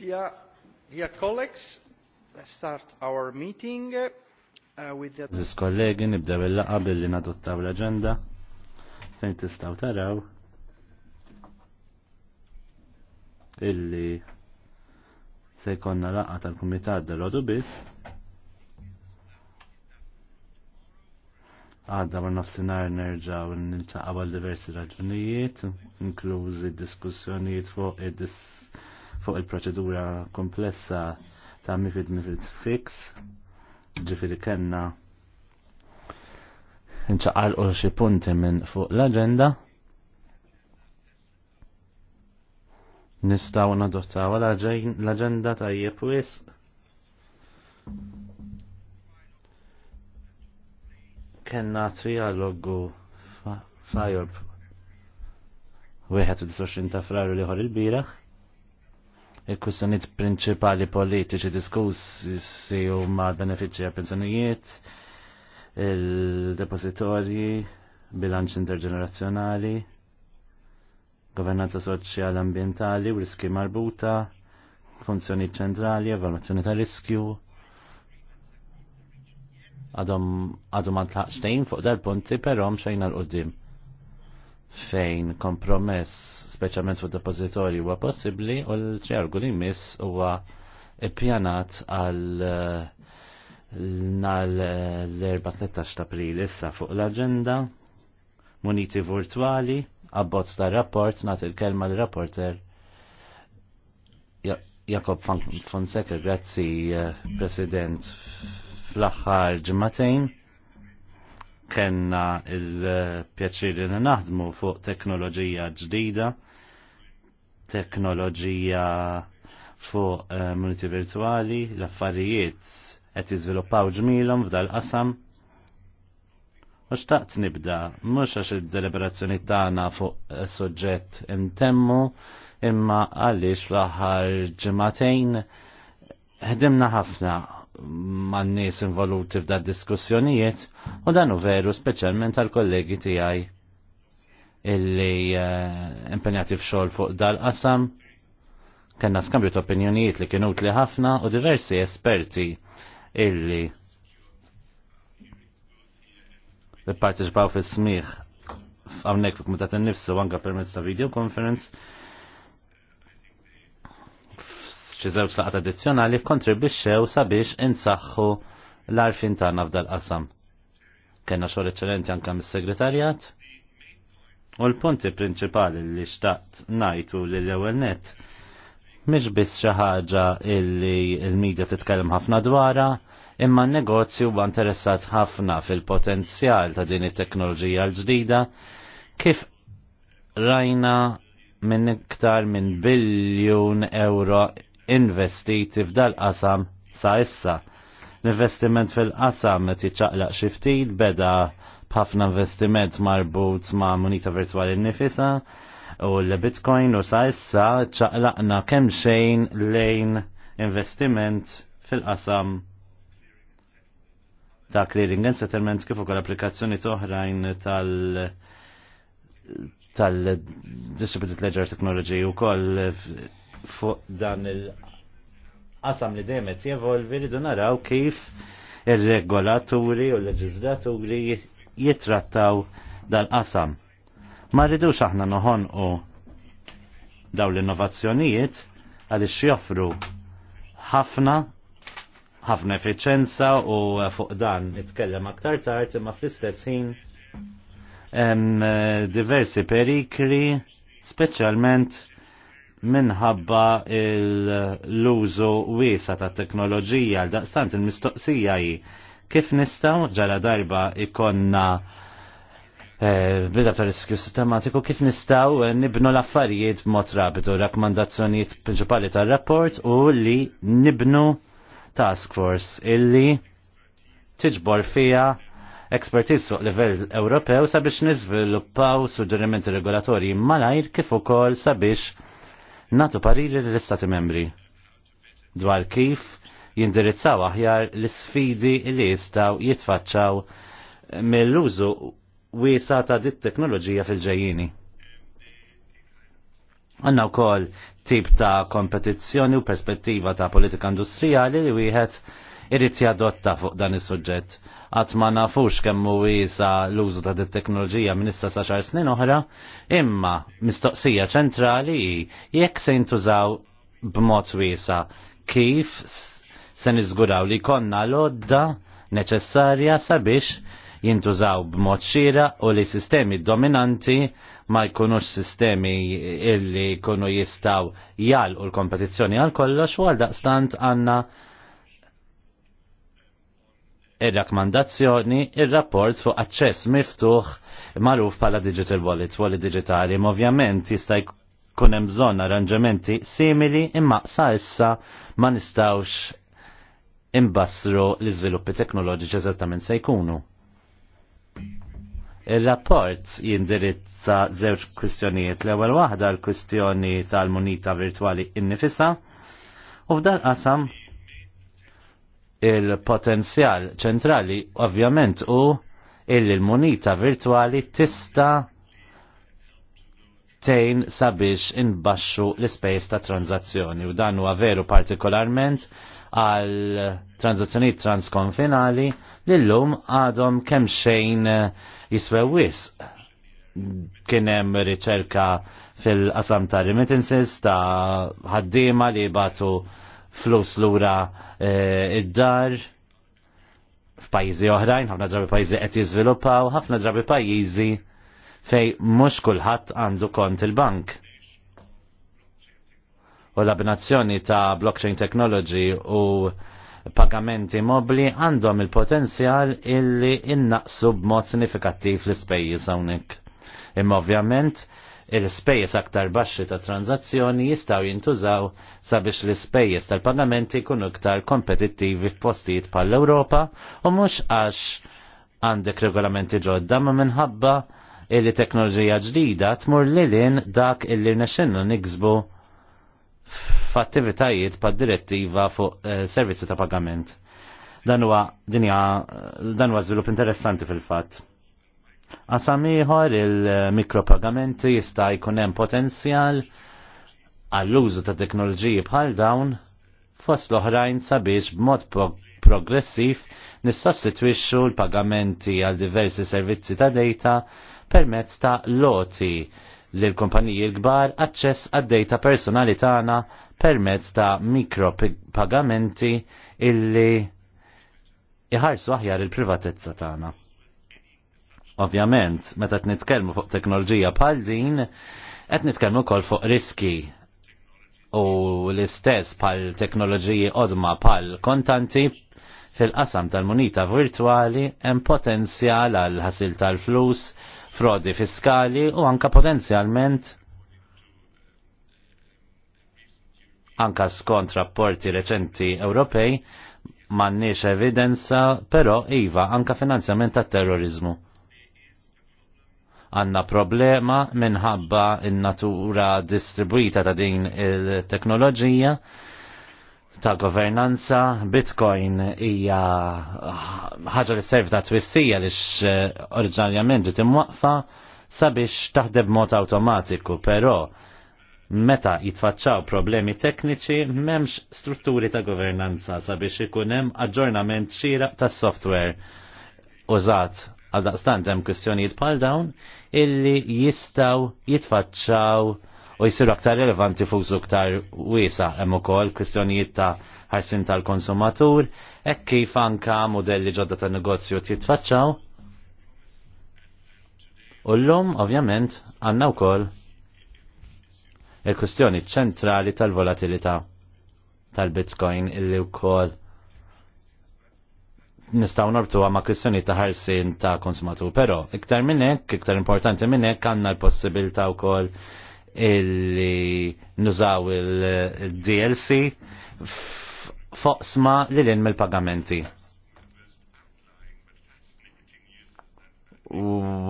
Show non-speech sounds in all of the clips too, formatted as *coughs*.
Dear, dear colleagues, let's start our meeting uh, with the... Ziz kollegi, nibda il-laqa billi nadottaw l-agenda fejn tistaw taraw illi se jkonna laqa tal-Kumitat dal-Odu biss għadda ma nafsinar nerġaw nil-taqqa diversi raġunijiet, inkluzi diskussjonijiet fuq id diskussjonijiet fuq il-proċedura komplessa ta' mifid mifid fix ġifiri kenna nċaqal u xie punti minn fuq l-agenda nistaw nadottaw l-agenda tajjeb wis kenna trialogu fajor wieħed 29 ta' fraru liħor il-biraħ il-kussjoniet prinċipali politiċi diskussi huma ma' benefiċi għal pensjonijiet, il-depozitorji, bilanċ interġenerazzjonali, governanza soċjal ambientali u riski marbuta, funzjoni ċentrali, evalwazzjoni ta' riskju. Għadhom għadhom għadhom fuq dal-punti, però mxejn l qoddim Fejn kompromess speċjalment fuq depozitorju huwa possibbli u l-triargu li jmiss huwa ippjanat għal nal l-14 ta' april issa fuq l-agenda muniti virtuali abbozz ta' rapport nagħti il-kelma l-rapporter Jakob Fonseca, grazzi eh, President fl-aħħar ġematejn kenna il eh, pjaċirin li naħdmu fuq teknoloġija ġdida teknoloġija fuq uh, eh, muniti virtuali, l-affarijiet qed jiżviluppaw ġmilhom f'dal qasam. U xtaqt nibda, mhux għax id-deliberazzjoni tagħna fuq eh, suġġett imtemmu, imma għaliex fl-aħħar ġimagħtejn ħdimna ħafna man nies involuti f'da diskussjonijiet u dan u veru speċjalment għal kollegi tiegħi illi eh, impenjati f'xogħol fuq dal-qasam, kellna skambju ta' opinjonijiet li kienu li ħafna u diversi esperti illi li parteċipaw fis smiħ f'għamnek f'kmitat n-nifsu anka permezz ta' video conference. żewġ laqat addizzjonali kontribwixxew sabiex insaħħu l-arfin tagħna f'dal qasam. Kenna xogħol eċċellenti anke mis-segretarjat U l-punti prinċipali li xtaqt najtu li l-ewel net mhix biss xi ħaġa illi l-medja titkellem ħafna dwarha, imma n-negozju huwa interessat ħafna fil-potenzjal ta' din it-teknoloġija l-ġdida kif rajna minn iktar minn biljun euro investiti f'dal qasam sa' issa. L-investiment fil-qasam t-iċaqlaq xi ftit beda Ħafna investiment marbut ma' munita virtuali nifisa u l-Bitcoin u sa' issa ċaqlaqna kemm xejn lejn investiment fil-qasam ta' clearing and settlement kif ukoll applikazzjoni toħrajn tal- tal-distributed ledger technology u koll fuq dan il-qasam li dejjem qed jevolvi li naraw kif ir-regolaturi u l-leġislaturi jitrattaw dal-qasam. Ma rridux aħna noħonqu daw l-innovazzjonijiet għaliex joffru ħafna ħafna effiċenza u fuq dan itkellem aktar tard imma fl-istess ħin eh, diversi perikli speċjalment minħabba l-użu wiesa ta' teknoloġija l-daqstant il-mistoqsija hi Kif nistaw ġala darba ikonna eh, bidha tal riskju sistematiku kif nistaw eh, nibnu l-affarijiet b'mod rapidu, rakkomandazzjonijiet prinċipali tar-rapport u li nibnu task force illi tiġbor fija ekspertiż fuq livell Ewropew sabiex niżviluppaw suġġerimenti regolatorji malajr kif ukoll sabiex natu pariri l-Istati membri dwar kif jindirizzaw aħjar l-sfidi li jistaw jitfaċċaw mill-użu wiesa ta' dit teknoloġija fil-ġejjini. Għanna u kol tip ta' kompetizzjoni u perspettiva ta' politika industrijali li wieħed irrit jadotta fuq dan is-suġġett. Qatt ma nafux kemm wiesa l-użu ta' dit teknoloġija minn issa sa' xar snin oħra, imma mistoqsija ċentrali jekk se jintużaw b'mod wiesa kif se niżguraw li konna l-odda neċessarja sabiex jintużaw b'mod xira u li sistemi dominanti ma jkunux sistemi illi jkunu jistaw jal u l-kompetizzjoni għal kollox u għal daqstant għanna ir-rakmandazzjoni il rapport fuq aċċess miftuħ magħruf bħala digital wallet, wallet digitali, ovvjament jista' jkun hemm bżonn arranġamenti simili imma sa issa ma nistawx imbassru l-iżviluppi teknoloġiċi eżattament se jkunu. Il-rapport jindirizza żewġ kwistjonijiet l-ewwel waħda l-kwistjoni tal-munita virtwali innifisa u f'dan qasam il-potenzjal ċentrali ovvjament u illi l-munita virtuali tista tejn sabiex inbaxxu l-ispejs ta' tranzazzjoni u dan huwa veru partikolarment għal tranzazzjonijiet transkonfinali li l-lum għadhom kemm xejn jiswewis. Kienem Kien hemm riċerka fil-qasam ta' remittances ta' ħaddiema li batu flus lura e, id-dar f'pajjiżi oħrajn, ħafna drabi pajjiżi qed jiżviluppaw, ħafna drabi pajjiżi fej mhux kulħadd għandu kont il-bank u l-abnazzjoni ta' blockchain technology u pagamenti mobli għandhom il-potenzjal illi innaqsu b'mod sinifikattiv l-ispejjiż hawnhekk. Imma ovvjament il-spejjeż aktar baxxi ta' tranzazzjoni jistgħu jintużaw sabiex l-ispejjeż tal-pagamenti jkunu iktar kompetittivi f'postijiet bħall-Ewropa u mhux għax għandek regolamenti ġodda ma minħabba illi teknoloġija ġdida tmur lilin dak illi nexxinnu niksbu f'attivitajiet pa' direttiva fuq eh, servizzi ta' pagament. Dan huwa dinja dan huwa żvilupp interessanti fil-fatt. Qasam ieħor il-mikropagamenti jista' jkun hemm potenzjal għall-użu ta' teknoloġiji bħal dawn fost l-oħrajn sabiex b'mod progressiv nissostitwixxu l-pagamenti għal diversi servizzi ta' data permezz ta' loti l kumpaniji l-kbar aċċess għad-data personali tagħna permezz ta' mikropagamenti illi iħarsu aħjar il-privatezza tagħna. Ovvjament, meta qed nitkellmu fuq teknoloġija bħal din, qed nitkellmu wkoll fuq riski u l-istess pal teknoloġiji qodma bħal kontanti fil-qasam tal-munita virtuali hemm potenzjal għal ħasil tal-flus, frodi fiskali u anka potenzjalment anka skont rapporti reċenti Ewropej mannix evidenza, però iva anka finanzjament ta' terrorizmu. Għanna problema minħabba in-natura distribuita ta' din il-teknoloġija ta' governanza, Bitcoin hija ħaġa li ta' twissija li oriġinarjament ġiet imwaqfa sabiex taħdeb mod automatiku però meta jitfaċċaw problemi tekniċi m'hemmx strutturi ta' governanza sabiex ikun hemm aġġornament xieraq tas-software użat għal daqstant hemm kwistjonijiet bħal dawn illi jistgħu jitfaċċaw u jisiru aktar relevanti fuq aktar wiesa hemm ukoll kwistjonijiet ta' ħarsin tal-konsumatur, hekk kif anka modelli ġodda ta' negozju titfaċċaw. U llum ovvjament għandna wkoll il-kwistjoni ċentrali tal-volatilità tal-Bitcoin illi wkoll nistaw nortu ma' kwistjoni ta' ħarsin ta' konsumatur, pero iktar minnek, iktar importanti minnek, għanna l-possibilta u koll illi nużaw il-DLC foqsma li l-in mill-pagamenti.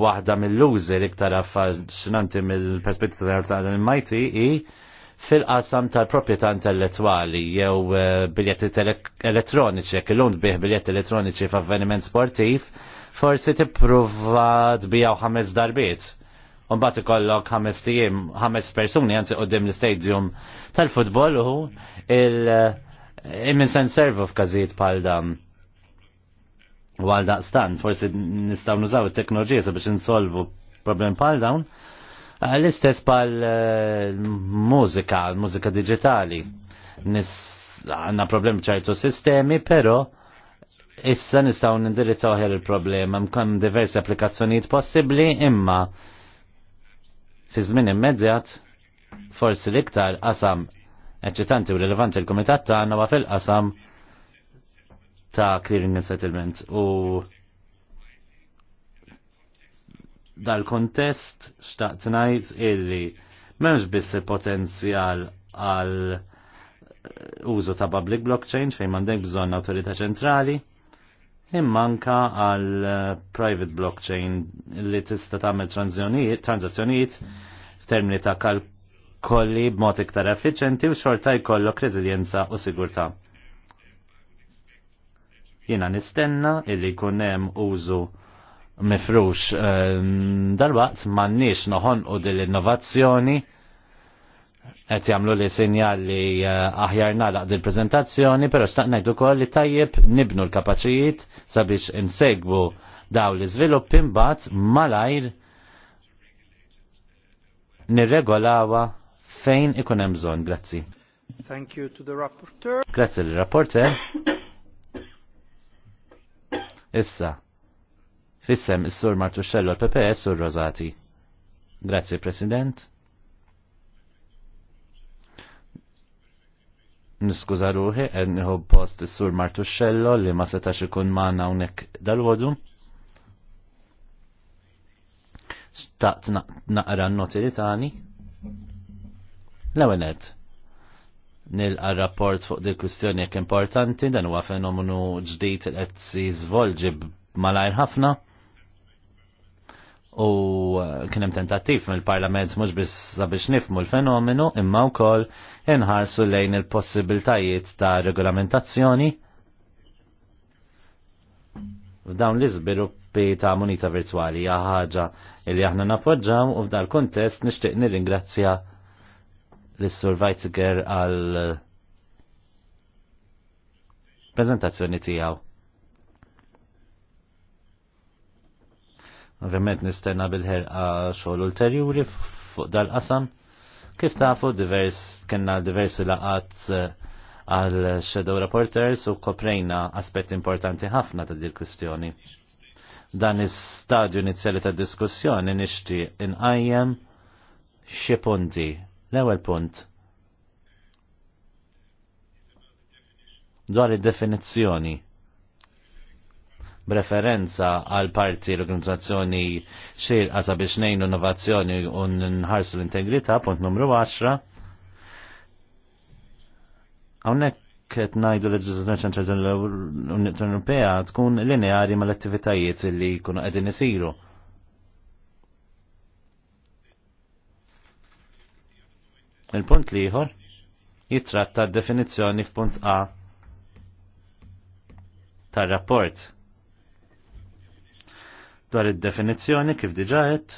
waħda mill-lużi li iktar affaxxinanti mill-perspettiva tal-MIT i fil-qasam tal-proprjetà intellettwali jew eh, biljetti elettroniċi, jekk il-lund bih biljetti elettroniċi f'avveniment sportiv, forsi tippruva tbijaw ħames darbiet Unbat ikollok ħames tijiem, ħames persuni għanzi qoddim l-stadium tal-futbol u il-immin eh, sen servu f'kazijiet pal dan. U għal daqstan, forsi nistaw nużaw il-teknoloġija sabiex insolvu problem pal dawn. Eh, l-istess pal eh, mużika, l-mużika digitali. Nis għanna problem ċertu sistemi, pero issa nistaw nindirizzaw il-problema. Mkan diversi applikazzjonijiet possibli, imma fi żmien immedjat forsi l-iktar qasam eċitanti u rilevanti l-Kumitat tagħna wa fil-qasam ta' clearing and settlement u dal-kontest xtaqt ngħid illi m'hemmx biss il-potenzjal għal użu ta' public blockchain fejn m'għandek bżonn awtorità ċentrali, immanka għal eh, private blockchain li tista tagħmel tranzazzjonijiet f'termini ta' kalkoli b'mod iktar effiċenti u xorta jkollok reżiljenza u sigurtà. Jiena nistenna illi jkun hemm użu mifrux eh, darbaqt m'għandniex noħonqu din l-innovazzjoni qed jagħmlu li sinjali eh, aħjar laqd din prezentazzjoni, però xtaq ngħid ukoll li tajjeb nibnu l-kapaċijiet sabiex insegwu daw li żvilupp imbagħad malajr nirregolawa fejn ikun hemm bżonn. Grazzi. Thank you to the rapporteur. Grazzi l rapporteur Issa. Fissem is-sur Martuxello l-PPS u r-Rosati. Grazzi President. niskuza ruħi, nħu post is-sur Martuxxello li ma setax ikun maħna unek dal wodu Staqt naqra n-noti li tani. L-ewenet, nilqa rapport fuq di kustjoni jekk importanti, dan huwa fenomenu ġdid li qed jiżvolġi malajr ħafna u uh, kienem tentattiv mill-parlament mux biss sabiex nifmu l-fenomenu imma wkoll inħarsu lejn il-possibiltajiet ta' regolamentazzjoni f'dawn l iżviluppi ta' munita virtuali hija ħaġa li aħna nappoġġaw u f'dal kuntest nixtieq nirringrazzja lis-Sur Weizsäcker għal prezentazzjoni tiegħu. Ovvjament nistenna bil-ħerqa xogħol ulterjuri fuq dal-qasam. Kif tafu divers kena diversi laqat eh, għal Shadow Reporters u koprejna aspett importanti ħafna ta' dil kwistjoni Dan is-stadju inizjali ta' diskussjoni nixtieq inqajjem xi punti. L-ewwel punt. Dwar id-definizzjoni Referenza għal parti l-organizzazzjoni xirqa sabiex nejn innovazzjoni u nħarsu l-integrità, punt numru 10. Hawnhekk qed ngħidu l-leġiżlazzjoni ċentrali l-Unjoni Ewropea tkun lineari mal-attivitajiet li jkunu qegħdin isiru. Il-punt liħor jitratta definizzjoni f'punt A tar-rapport dwar id-definizzjoni kif diġaħet,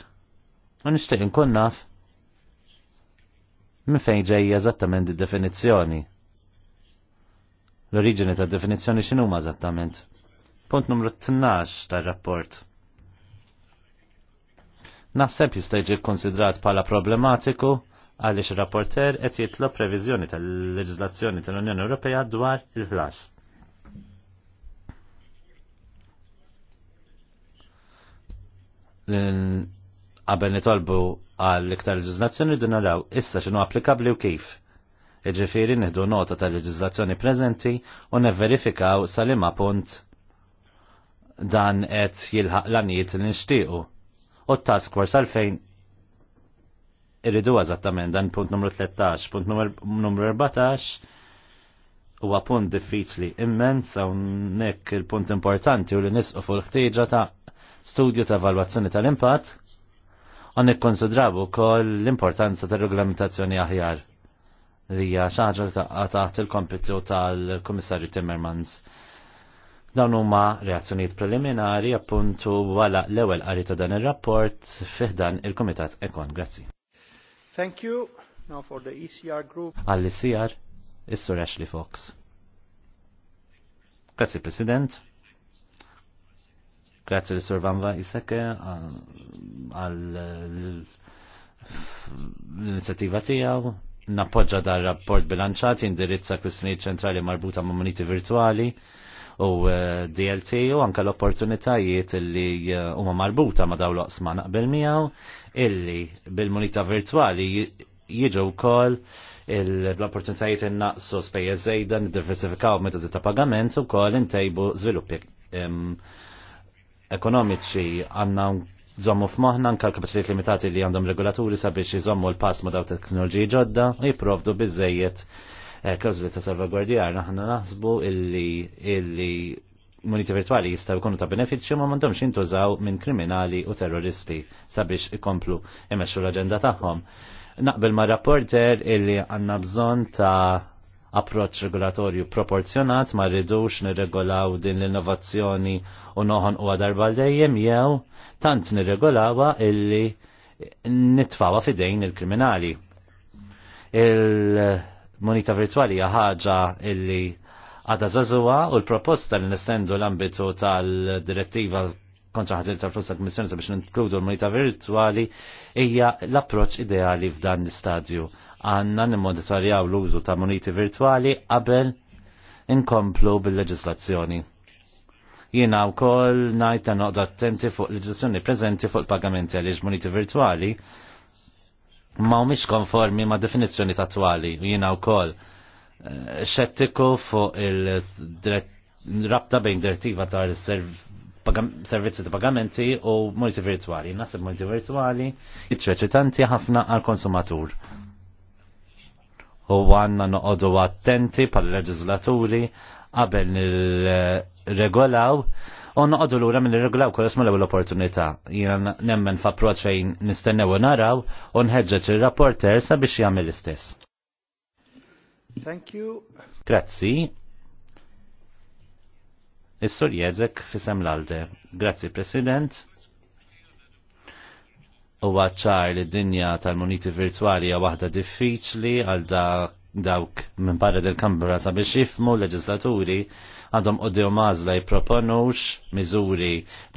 u nishtiq nkun naf minn fejn ġejja eżattament id-definizzjoni. L-oriġini ta' definizzjoni x'inhuma eżattament. Punt numru 12 tar-rapport. Naħseb jista' jiġi konsidrat bħala problematiku għaliex ir-rapporter qed jitlob previżjoni tal-leġiżlazzjoni tal-Unjoni Ewropea dwar il-ħlas. qabel nitolbu għal iktar leġizlazzjoni din naraw issa x'inhu applikabbli u kif. Iġifiri nieħdu nota tal-leġizlazzjoni preżenti u neverifikaw salima punt dan qed jilħaq l-anijiet li nixtiequ. U t-task force għalfejn irridu għazattamen dan punt numru 13, punt numru 14 huwa punt diffiċli immens hawnhekk il-punt importanti u li nisqu fuq il-ħtieġa ta' studju ta' valwazzjoni tal-impatt, għan ikkonsidrabu kol l-importanza tal regolamentazzjoni aħjar li hija xaħġa li taħt il-kompitu tal-Komissarju Timmermans. Dawn huma reazzjonijiet preliminari appuntu wala l-ewwel qari ta' dan ir-rapport fiħdan il-Kumitat Ekon. Grazzi. Thank you. Now for the ECR group. Għall-ECR, is-Sur Ashley Fox. Grazzi President. Grazie li sorvanva jisek għal l-inizjattiva tijaw. Nappoġġa dar rapport bilanċat indirizza kwistjonijiet ċentrali marbuta ma' moniti virtuali u eh, DLT u anka l-opportunitajiet li eh, huma marbuta ma' dawn l-oqsma naqbel miegħu illi bil-monita virtuali jiġu wkoll l-opportunitajiet innaqsu spejjeż żejda, niddiversifikaw metodi ta' pagament u wkoll intejbu żviluppi ehm, ekonomiċi għanna Zommu f'maħna anka l-kapacitet limitati li għandhom regolaturi sabiex jżommu l-pass ma daw teknoloġiji ġodda u jiprovdu biżejjed eh, klawżuli ta' salvagwardjar naħna naħsbu illi illi moniti virtuali jistaw jkunu ta' benefiċċju ma m'għandhomx jintużaw minn kriminali u terroristi sabiex ikomplu imexxu l-aġenda tagħhom. Naqbel ma' rapporter illi għandna bżonn ta' approċċ regolatorju proporzjonat ma rridux nirregolaw din l-innovazzjoni u noħon u għadarba dejjem jew tant nirregolawa illi nitfawa fidejn il-kriminali. Il-monita virtuali ħaġa illi għada zazuwa u l-proposta li nistendu l-ambitu tal-direttiva kontra ħazil tal-flus tal-Kommissjoni sabiex ninkludu l-monita virtuali hija l-approċ ideali f'dan l-istadju għanna nimmonitorjaw l-użu ta' moniti virtuali qabel inkomplu bil-leġislazzjoni. Jiena u kol najt ta' noqda attenti fuq leġislazzjoni prezenti fuq pagamenti għaliex moniti virtuali ma' mix konformi ma' definizzjoni attwali. Jiena u kol eh, xettiku fuq il-rabta bejn direttiva ta' servizzi ta' pagamenti u multi virtuali. Nasib multi virtuali, iċċeċitanti ħafna għal konsumatur u għanna noqodu attenti pal leġislaturi qabel nil-regolaw u noqodu l min minn regolaw kol isma l-ewel opportunità. Jina nemmen fa' proċejn nistennew u naraw u nħedġeċ il-rapporter sabiex jagħmel l-istess. Thank you. Grazzi. Is-sur Jezek fisem l-Alde. Grazzi, President huwa ċar li d-dinja tal-muniti virtuali hija waħda diffiċli għal dawk minn barra del-Kambra sabiex jifmu l-leġislaturi għandhom qudiem mażla jipproponux miżuri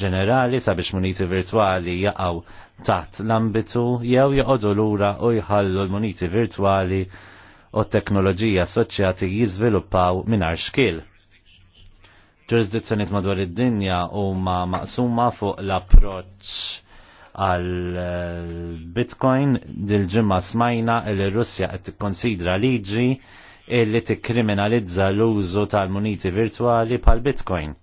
ġenerali sabiex muniti virtuali jaqgħu taħt l-ambitu jew joqogħdu lura u jħallu l-muniti virtuali u t-teknoloġija assoċjati jiżviluppaw mingħajr arxkil. Ġurisdizzjoniet madwar id-dinja huma maqsuma fuq l-approċċ għal eh, Bitcoin dil-ġimma smajna il russja qed tikkonsidra liġi illi tikkriminalizza l-użu tal-muniti virtuali bħal Bitcoin.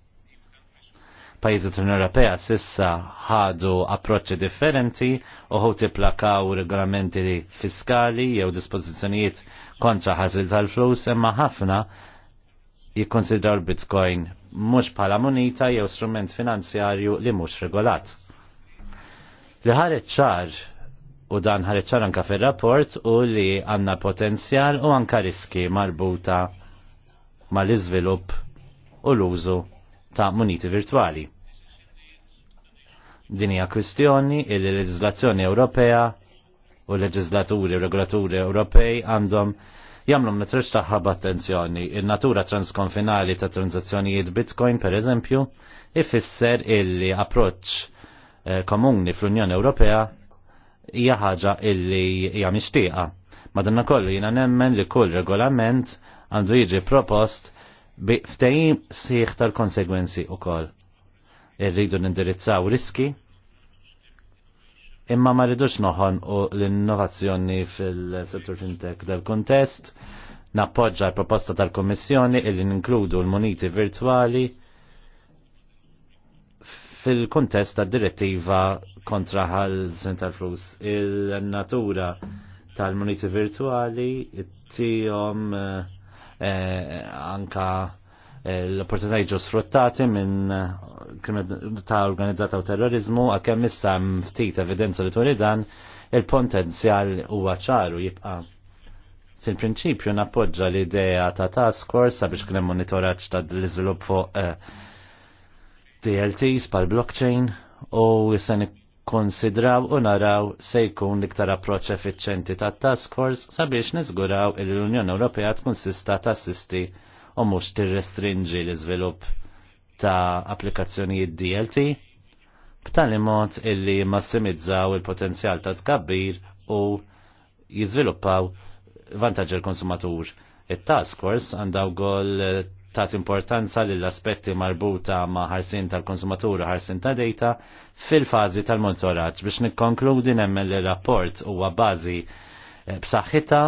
Pajjiżi tal Ewropea sissa ħadu approċċi differenti uħu tiplakaw regolamenti fiskali jew dispożizzjonijiet kontra ħażil tal-flus imma ħafna jikkonsidraw l-Bitcoin mhux bħala moneta jew strument finanzjarju li mhux regolat. Li ħareċ ċar u dan ħareċ ċar anka fil-rapport u li għanna potenzjal u anka riski marbuta mal iżvilupp u l-użu ta' muniti virtuali. Din hija kwistjoni il leġiżlazzjoni Ewropea u leġislaturi u regolaturi Ewropej għandhom jamlu nitrix taħħa attenzjoni. Il-natura transkonfinali ta' tranzazzjonijiet Bitcoin, per eżempju, ifisser illi approċ Eh, komuni fl-Unjoni Ewropea hija ħaġa illi hija mixtieqa. Madanna jiena nemmen li kull regolament għandu jiġi propost bi ftehim sieħ tal-konsegwenzi ukoll. Irridu nindirizzaw riski imma ma rridux noħon u l-innovazzjoni fil-settur fintech del kontest nappoġġa l-proposta tal-Kommissjoni illi ninkludu l-moniti virtuali fil-kontest ta' direttiva kontra ħal-sin tal-flus. Il-natura tal-moniti virtuali tijom eh, eh anka eh, l opportunità ġo sfruttati minn eh, kriminalità organizzata u terrorizmu għakemm issa ftit evidenza li turi dan il-potenzjal huwa ċaru jibqa' fil-prinċipju nappoġġa l-idea ta' task force sabiex kien monitoraġġ ta' l-iżvilupp fuq eh, TLTs pal blockchain u se nikkonsidraw u naraw se jkun l-iktar approċċ ta' task force sabiex niżguraw il l-Unjoni Ewropea tkun sista tassisti u mhux tirrestrinġi l-iżvilupp ta' applikazzjonijiet DLT b'tali mod illi massimizzaw il-potenzjal ta' tkabbir u jiżviluppaw vantaġġi il-konsumatur. It-task force għandaw gol tat importanza lill aspetti marbuta ma' ħarsin tal konsumatur u ħarsin ta' data fil-fazi tal-monitoraġġ biex nikkonkludi nemmen li rapport huwa bażi eh, b'saħħitha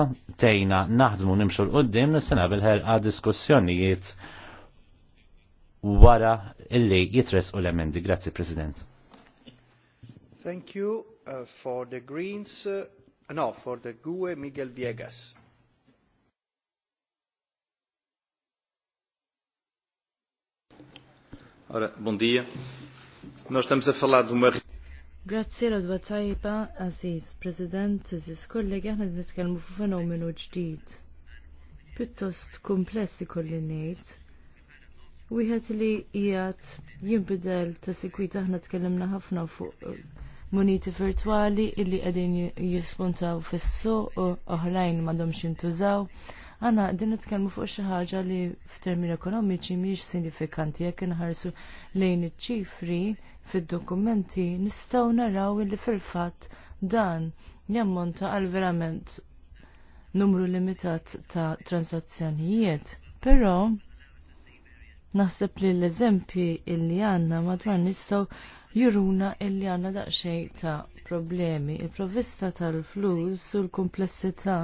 tejna naħdmu nimxu l qoddim nistena bil għad diskussjonijiet wara illi jitres u l-emendi. Grazzi, President. Thank you uh, for the Greens, uh, no, for the GUE Miguel Viegas. Ora, bom dia. Nós estamos a falar de uma. Grazzi l-odwa tajba, Aziz, President, Aziz, kollegi, aħna nitkellmu fuq fenomenu ġdid. Pittost komplessi kolli ngħid. Wieħed li qiegħed jinbidel ta' sekwita aħna tkellimna ħafna fuq eh, moniti virtuali illi qegħdin jispuntaw fis-suq oħrajn m'għandhomx jintużaw. Uh, għanna din nitkellmu fuq xi ħaġa li f'termini ekonomiċi mhijiex sinifikanti jekk inħarsu lejn iċ-ċifri fid-dokumenti nistgħu naraw li fil-fatt dan jammonta għal verament numru limitat ta' transazzjonijiet. Però naħseb li l-eżempji illi għanna madwar nissaw juruna illi għanna daqxej ta' problemi. Il-provista tal-flus u l-komplessità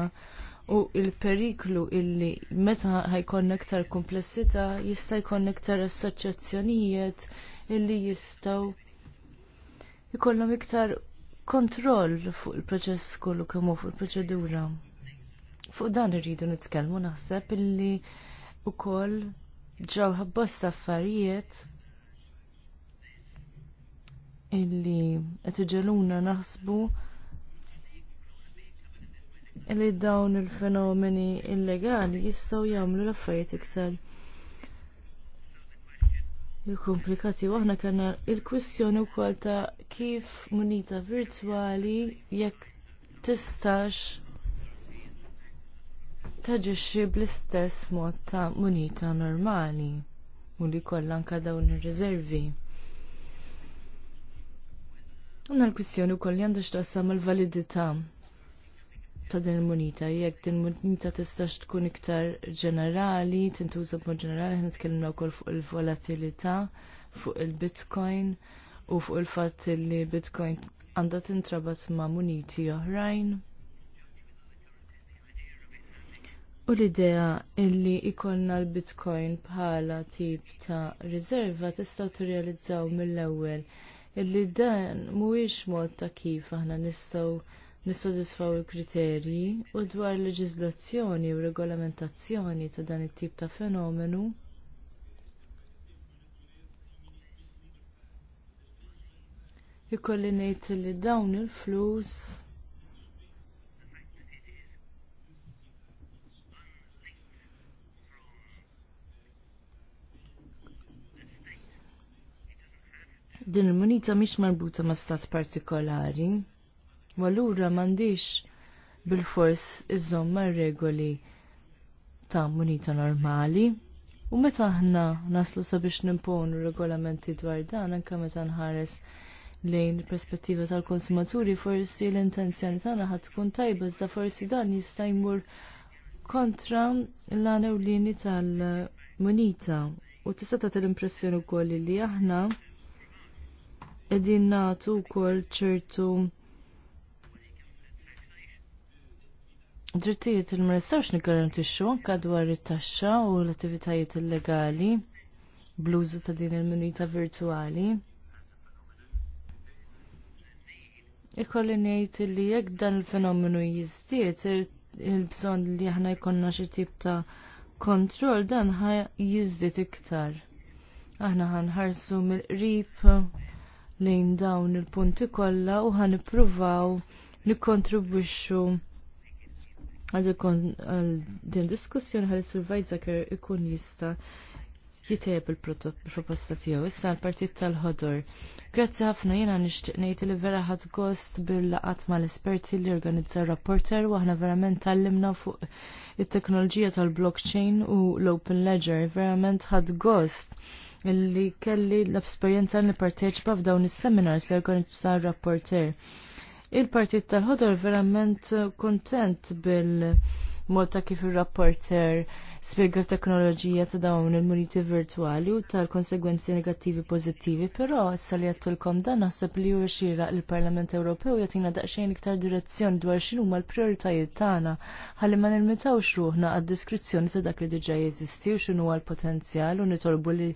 u il-periklu illi meta ħajkon iktar komplessità jista' jkun iktar assoċjazzjonijiet illi jistgħu jkollhom iktar kontroll fuq il-proċess kollu kemm fuq il-proċedura. Fuq dan irridu nitkellmu naħseb illi ukoll ġew ħabbosta affarijiet illi qed iġeluna naħsbu li dawn il-fenomeni illegali jistgħu jagħmlu l-affarijiet iktar il-komplikati waħna kellna il-kwistjoni wkoll ta' kif munita virtwali jekk tistax taġixxi bl-istess mod ta' munita normali u li kollha anke dawn ir-riservi. Għanna l-kwistjoni u koll għandax xtaqsam il-validità ta' din il-munita, jekk din il-munita tistax tkun iktar ġenerali, tintuża b'mod ġenerali, ħna tkellimna wkoll fuq il-volatilità, fuq il-Bitcoin u fuq il-fatt li Bitcoin għandha tintrabat ma' muniti oħrajn. U l-idea illi ikollna l-Bitcoin bħala tip ta' riserva tistgħu tirrealizzaw mill-ewwel illi dan mhuwiex mod ta' kif aħna nistgħu nissodisfaw il-kriterji u dwar leġiżlazzjoni u regolamentazzjoni ta' dan it-tip ta' fenomenu ikolli ngħid li dawn il-flus din il-munita mhix marbuta ma' stat partikolari. Wallura mandiċ m'għandix bil-fors iżomm regoli ta' munita normali. U meta aħna naslu sabiex nimponu regolamenti dwar dan anke meta nħares lejn perspettiva tal-konsumaturi forsi l-intenzjoni tagħna ħad tkun tajba iżda forsi dan jista' jmur kontra l-għanewlini tal-munita u tista' tagħti l-impressjoni wkoll li aħna qegħdin nagħtu wkoll ċertu drittijiet il nistgħux niggarantixxu anke dwar it-taxxa u l-attivitajiet illegali bluzu ta' din il-munita virtuali. Ikolli ngħid li jekk dan il-fenomenu jiżdied il-bżonn li aħna jkollna xi tip ta' kontroll dan ħaj jiżdied iktar. Aħna ħanħarsu mill-qrib lejn dawn il-punti kollha u ħanippruvaw nikkontribwixxu għal din diskussjoni għal survajt zakar ikun jista jiteb il-proposta tiegħu issa l-Partit tal-Ħodor. Grazzi ħafna jiena nixtieq ngħid li vera ħad gost bil-laqat mal-esperti li organizza rapporter u aħna verament tal-limna fuq it-teknoloġija tal-blockchain u l-open ledger. Verament ħadd gost li kelli l-esperjenza li parteċipa f'dawn is-seminars li organizza rapporter il-partit tal-ħodor verament kontent bil-mod ta' kif il-rapporter spiega teknoloġija ta' dawn il-muniti virtuali u tal-konsegwenzi negattivi pozittivi, però issa li għattulkom dan naħseb li huwa xira il-Parlament Ewropew jatina daqsxejn iktar direzzjoni dwar xinu ma l prioritajiet tagħna ħalli ma nilmitawx xruħna għad-diskrizzjoni ta' dak li diġà jeżisti u x'inhu l-potenzjal u nitolbu li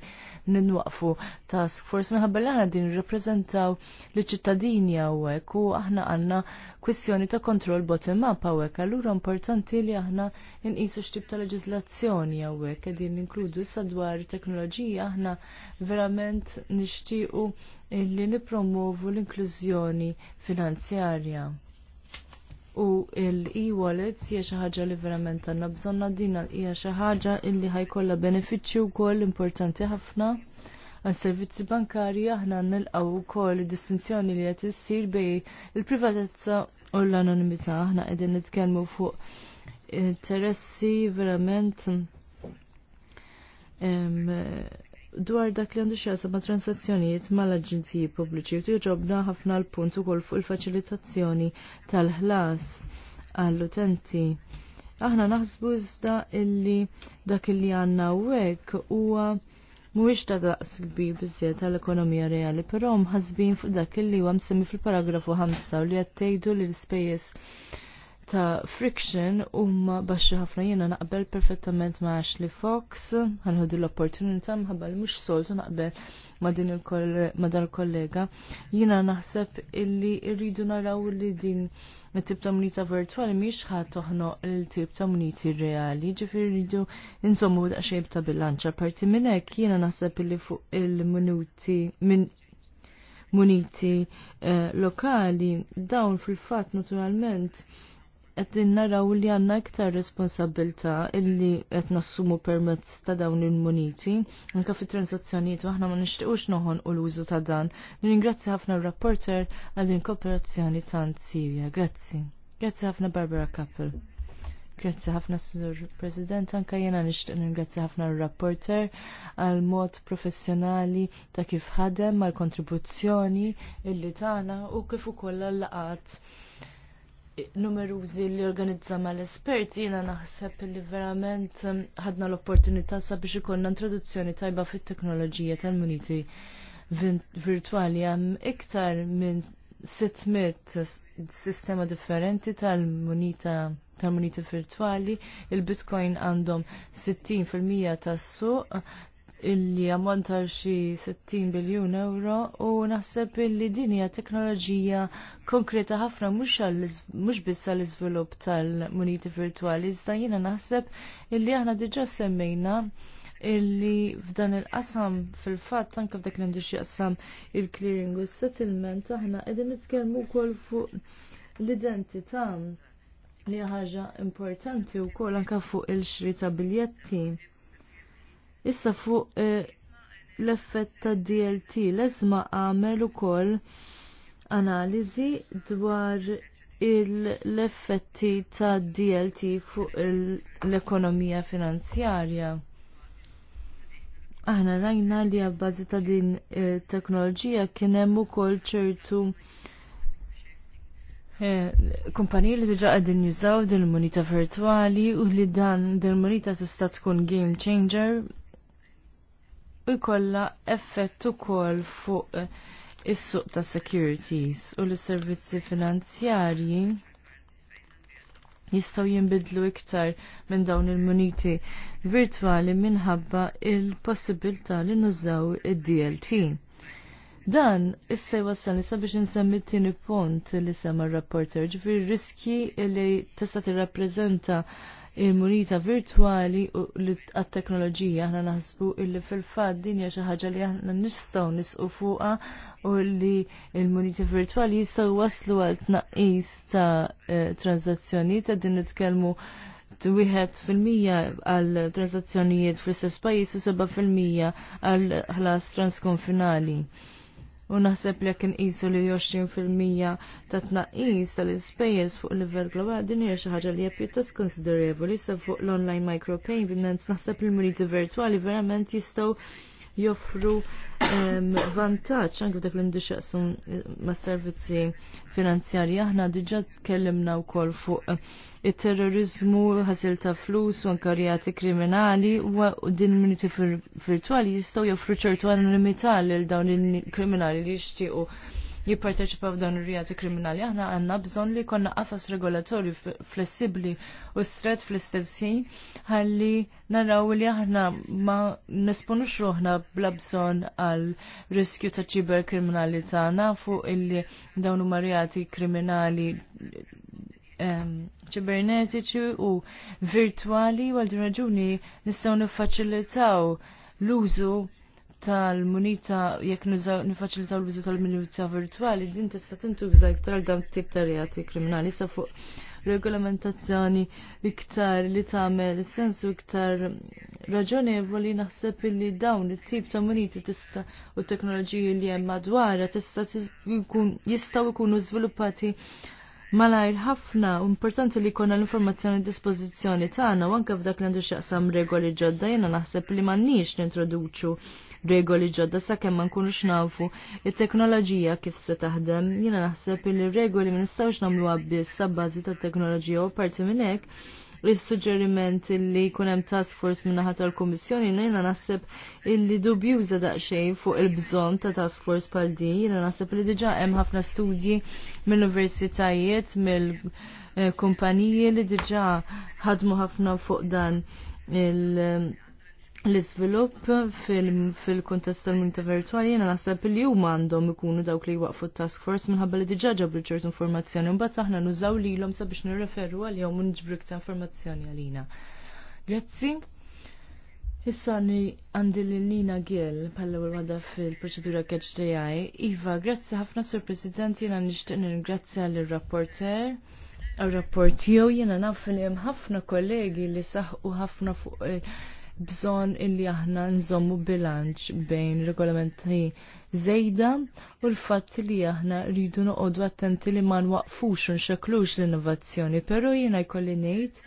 ninwaqfu task force minħabba li din nirrappreżentaw li ċittadini hawnhekk u aħna għandna kwistjoni ta' kontroll bottom up għawek allura importanti li aħna nqisu xtib ta' leġiżlazzjoni hawnhekk qegħdin ninkludu issa dwar teknoloġija aħna verament nixtiequ li nippromovu l-inklużjoni finanzjarja. U l-e-wallets hija xi ħaġa li verament għandna bżonna din hija xi ħaġa li ħajkollha benefiċċju wkoll importanti ħafna għas-servizzi bankari aħna nilqaw ukoll distinzjoni li qed issir bej il-privatezza u l-anonimità. Aħna qegħdin nitkellmu fuq interessi verament dwar dak li għandu xjasa ma' transazzjonijiet mal agenziji pubbliċi u joġobna ħafna l-punt ukoll fuq il-faċilitazzjoni tal-ħlas għall-utenti. Aħna naħsbu iżda illi dak li għanna wek huwa mhuwiex ta' daqs kbir biżjed tal-ekonomija reali, però mħasbin fuq dak illi huwa msemmi fil-paragrafu 5 u li qed tgħidu li l-ispejjeż ta' friction umma baxxi ħafna jiena naqbel perfettament ma' Ashley Fox, ħanħodu l-opportunità mħabba li mhux soltu naqbel ma' din ma' kollega. Jiena naħseb illi rridu naraw li din tip ta' munita virtuali miex ħad toħnoq il-tip ta' muniti reali, ġifiri rridu insommu xejb ta' bilanċa. Parti minn hekk jiena naħseb li fuq il-munuti minn muniti eh, lokali dawn fil-fatt naturalment qed naraw li għandna iktar responsabilità illi qed nassumu permezz ta' dawn il-muniti anke fit transazzjonijiet u aħna ma nixtiequx noħon u l-użu ta' dan. Ningrazzi ħafna r-rapporter għal din kooperazzjoni tant Sirja. Grazzi. Grazzi ħafna Barbara Kappel. Grazzi ħafna Sur President, anka jena nixtieq ningrazzi ħafna r-rapporter għal mod professjonali ta' kif ħadem mal kontribuzzjoni illi tagħna u kif ukoll għall laqat numerużi li organizza mal esperti jina naħseb li verament ehm, ħadna l-opportunità sabiex ikonna introduzzjoni tajba fit-teknoloġija tal-muniti virtuali hemm iktar minn 600 sistema differenti tal-munita tal-muniti virtuali, il-Bitcoin għandhom 60% tas-suq illi ammonta xi 60 biljun euro u naħseb illi din hija teknoloġija konkreta ħafna mhux biss għall iżvilupp tal-muniti virtwali, iżda jiena naħseb illi aħna diġà semmejna illi f'dan il-qasam fil-fatt anke f'dak li għandu xi qasam il-clearing u settlement aħna qegħdin nitkellmu wkoll fuq l-identità li ħaġa importanti wkoll anke fuq il-xri ta' biljetti. Issa fuq eh, l-effett ta' DLT lezma għamel għamel ukoll analiżi dwar l-effetti ta' DLT fuq l-ekonomija finanzjarja. Aħna rajna li għabbażi ta' din eh, teknoloġija kien hemm ukoll ċertu eh, Kumpaniji li diġa għadin jużaw din il-monita virtuali u li dan din il-monita tista' tkun game changer u jkollha effett ukoll fuq eh, is-suq ta' securities u l-servizzi finanzjarji jistgħu jinbidlu iktar minn dawn il-muniti virtwali minħabba il-possibilità li nużaw id-DLT. Dan, issa jwassal nisa biex nsemmi t-tini punt li sema r-rapporter, ġifir riski li tista' tirrappreżenta il-munita virtuali u l teknoloġija aħna naħsbu illi fil-fatt din hija xi ħaġa li aħna nistgħu nisqu fuqha u li il-munita virtuali jistgħu waslu għal tnaqqis ta' eh, tranzazzjoni ta' din nitkellmu wieħed fil-mija għal tranzazzjonijiet fl-istess pajjiż u seba' fil-mija għal ħlas transkonfinali. U naħseb li jekk inqisu li 20% ta' tnaqqis tal-ispejjeż fuq livell globali din hija xi ħaġa li hija pjuttost konsiderevoli sa fuq l-online micropayments naħseb il-muniti virtwali verament jistgħu joffru ehm, vantaġġ anke dak l-indixaqsum eh, mas-servizzi finanzjarji aħna diġà tkellimna wkoll fuq eh, il-terrorizmu, ħasil ta' flus u ankarjati kriminali u din minuti virtuali jistaw joffru ċertu anonimità lil dawn il-kriminali li jixtiequ jipparteċipa f'dan ir-rijati kriminali. Aħna għandna bżonn li konna qafas regolatorju flessibbli u stret fl-istessin ħalli naraw li aħna ma nisponux ruħna bla bżonn għal riskju ta' ċiber kriminali ta' nafu illi dawn huma rijati kriminali ċibernetiċi u virtuali u għal raġuni nistgħu niffaċilitaw l-użu tal-munita jekk nifacilitaw l-użu tal-munita virtuali din tista' tintuża iktar għal dawn tip ta' reati kriminali sa fuq regolamentazzjoni iktar li tagħmel sensu iktar raġonevoli naħseb li dawn it-tip ta' muniti tista' u t teknoloġiji li hemm madwarha tista' jistgħu jkunu żviluppati malajr ħafna importanti li jkollna l-informazzjoni dispożizzjoni tagħna u anke f'dak li għandu xaqsam regoli ġodda jiena naħseb li nix nintroduċu regoli ġodda sakemm ma nkunux nafu it-teknoloġija kif se taħdem. Jiena naħseb li regoli ma nistgħux nagħmluha biss sa' bazi tat-teknoloġija u parti minn hekk il-suġġeriment illi jkun hemm task force minn naħa tal-Kummissjoni jiena naħseb illi dubjuża daqsxejn fuq il-bżonn ta' task force bħal din, Jina naħseb li diġà hemm ħafna studji mill-universitajiet, mill-kumpaniji eh, li diġa' ħadmu ħafna fuq dan il- l-izvilupp fil-kontest fil tal-munita virtuali jena nasab li huma għandhom ikunu dawk li waqfu task force minħabba li diġa ġabru ċertu informazzjoni un bat aħna nużaw li l-om sabiex nirreferu għal jew unġbruk ta' informazzjoni għalina. Grazzi. Issa għandi l-Nina Gill pal-ewwel għada fil-proċedura catch Iva, grazzi ħafna sur President jiena nixtieq nirringrazzja lir-rapporter għal rapport jew jiena naf li ħafna kollegi li saħqu ħafna fuq eh, bżon illi aħna nżommu bilanċ bejn regolamenti zejda u l-fatt li aħna rridu noqogħdu attenti li ma nwaqfux u nxeklux l-innovazzjoni, però jiena jkolli ngħid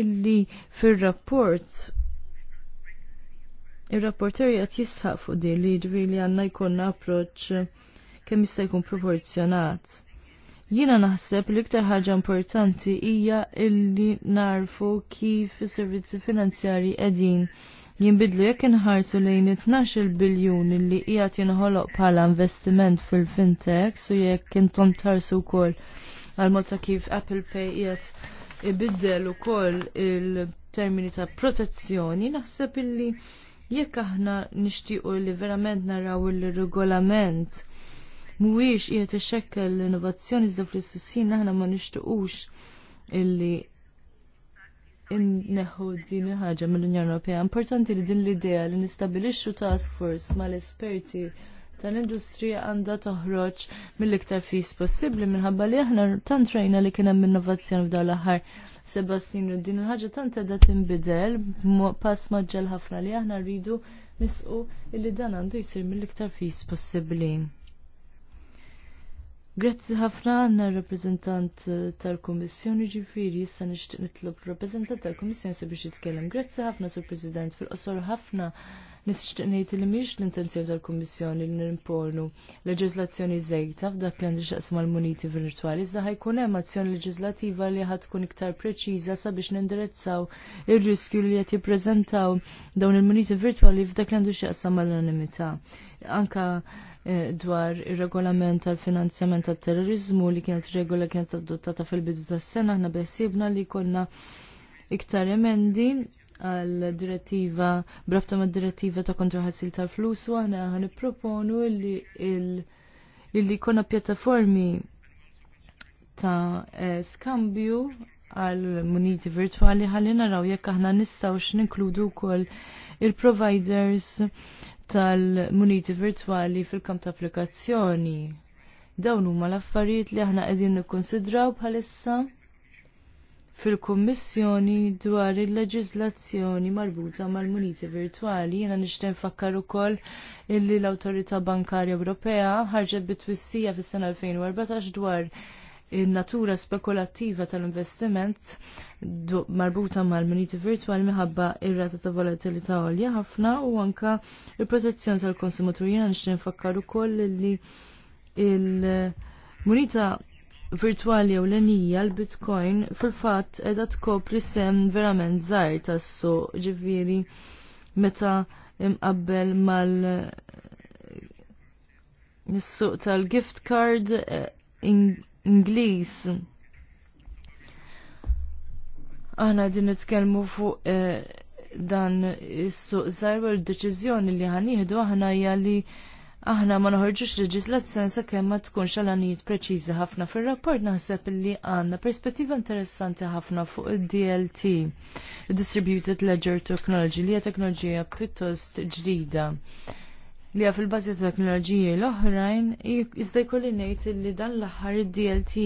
illi fir-rapport Il-rapporter jgħat jisħaq fuq di li ġvili għanna jkun approċ kemm jista' jkun proporzjonat. Jiena naħseb li iktar ħaġa importanti hija illi narfu kif is-servizzi finanzjarji qegħdin jinbidlu jekk inħarsu lejn 12 biljun li qiegħed jinħoloq bħala investiment fil-fintech su jekk intom tarsu wkoll għal ta' kif Apple Pay qiegħed ibiddel ukoll il-termini ta' protezzjoni naħseb illi jekk aħna nixtiequ li verament naraw il-regolament mhuwiex qiegħed xekkel l-innovazzjoni zda fl-istessin aħna ma nishtuqux illi inneħu din il-ħaġa mill-Unjoni Ewropea. Importanti li din l-idea li nistabilixxu task force mal-esperti tal-industrija għandha toħroġ mill-iktar fis possibbli minħabba li aħna tant rajna li kien hemm innovazzjoni f'dawn l-aħħar seba' snin u din il-ħaġa tant qiegħda tinbidel pass maġġel ħafna li aħna rridu nisqu illi dan għandu jsir mill-iktar fis possibbli. Grazzi ħafna għanna rappresentant eh, tal-Komissjoni ġifiri, issa nixtieq nitlob rappresentant tal-Komissjoni sabiex jitkellem. Grazzi ħafna sur President fil-qosor ħafna nixtieq ngħid li mhix l-intenzjoni tal-Komissjoni li nimponu leġizlazzjoni żejta f'dak li għandix xaqsma l-muniti virtwali, iżda ħajkun hemm azzjoni leġizlativa li ħad tkun iktar preċiża sabiex nindirizzaw ir-riskju li qed jippreżentaw dawn il-muniti virtwali f'dak li għandu xaqsma mal-anonimità. Anka Eh, dwar ir-regolament tal-finanzjament tal-terrorizmu li kienet regola kienet adottata fil-bidu tas-sena aħna beħsibna li konna iktar emendi għal direttiva brafta ma' direttiva ta' kontra ħassil tal-flus u aħna għan proponu li li konna pjattaformi ta' eh, skambju għal muniti virtuali ħalli naraw jekk aħna nistgħu ninkludu wkoll il-providers tal-muniti virtuali fil-kamp ta' applikazzjoni. Dawn huma l-affarijiet li aħna qegħdin nikkonsidraw bħalissa fil-Kummissjoni dwar il-leġiżlazzjoni marbuta mal-muniti virtuali jiena nixtieq nfakkar ukoll illi l-Awtorità Bankarja Ewropea ħarġet twissija fis-sena 2014 dwar il-natura spekulattiva tal-investiment marbuta mal-muniti virtuali minħabba ir-rata ta' volatilità għolja ħafna u anka il-protezzjoni tal-konsumatur jena nixtieq nfakkar ukoll li il-munita virtuali u l-enija l-bitcoin fil-fatt edha tkopri sem verament żgħar tasso ġiviri meta imqabbel mal Nissuq tal-gift card eh, in Ingliż. Aħna din nitkellmu fuq eh, dan is-suq d deċiżjoni li ħanieħdu aħna hija li aħna ma noħorġux leġislazzjoni sakemm ma tkunx għalanijiet preċiżi ħafna fir-rapport naħseb li għandna perspettiva interessanti ħafna fuq id-DLT, Distributed Ledger Technology, li hija teknoloġija pjuttost ġdida li għaf il-bazi ta' teknoloġiji l-oħrajn, jizda jkolli nejt li dan l-ħar DLT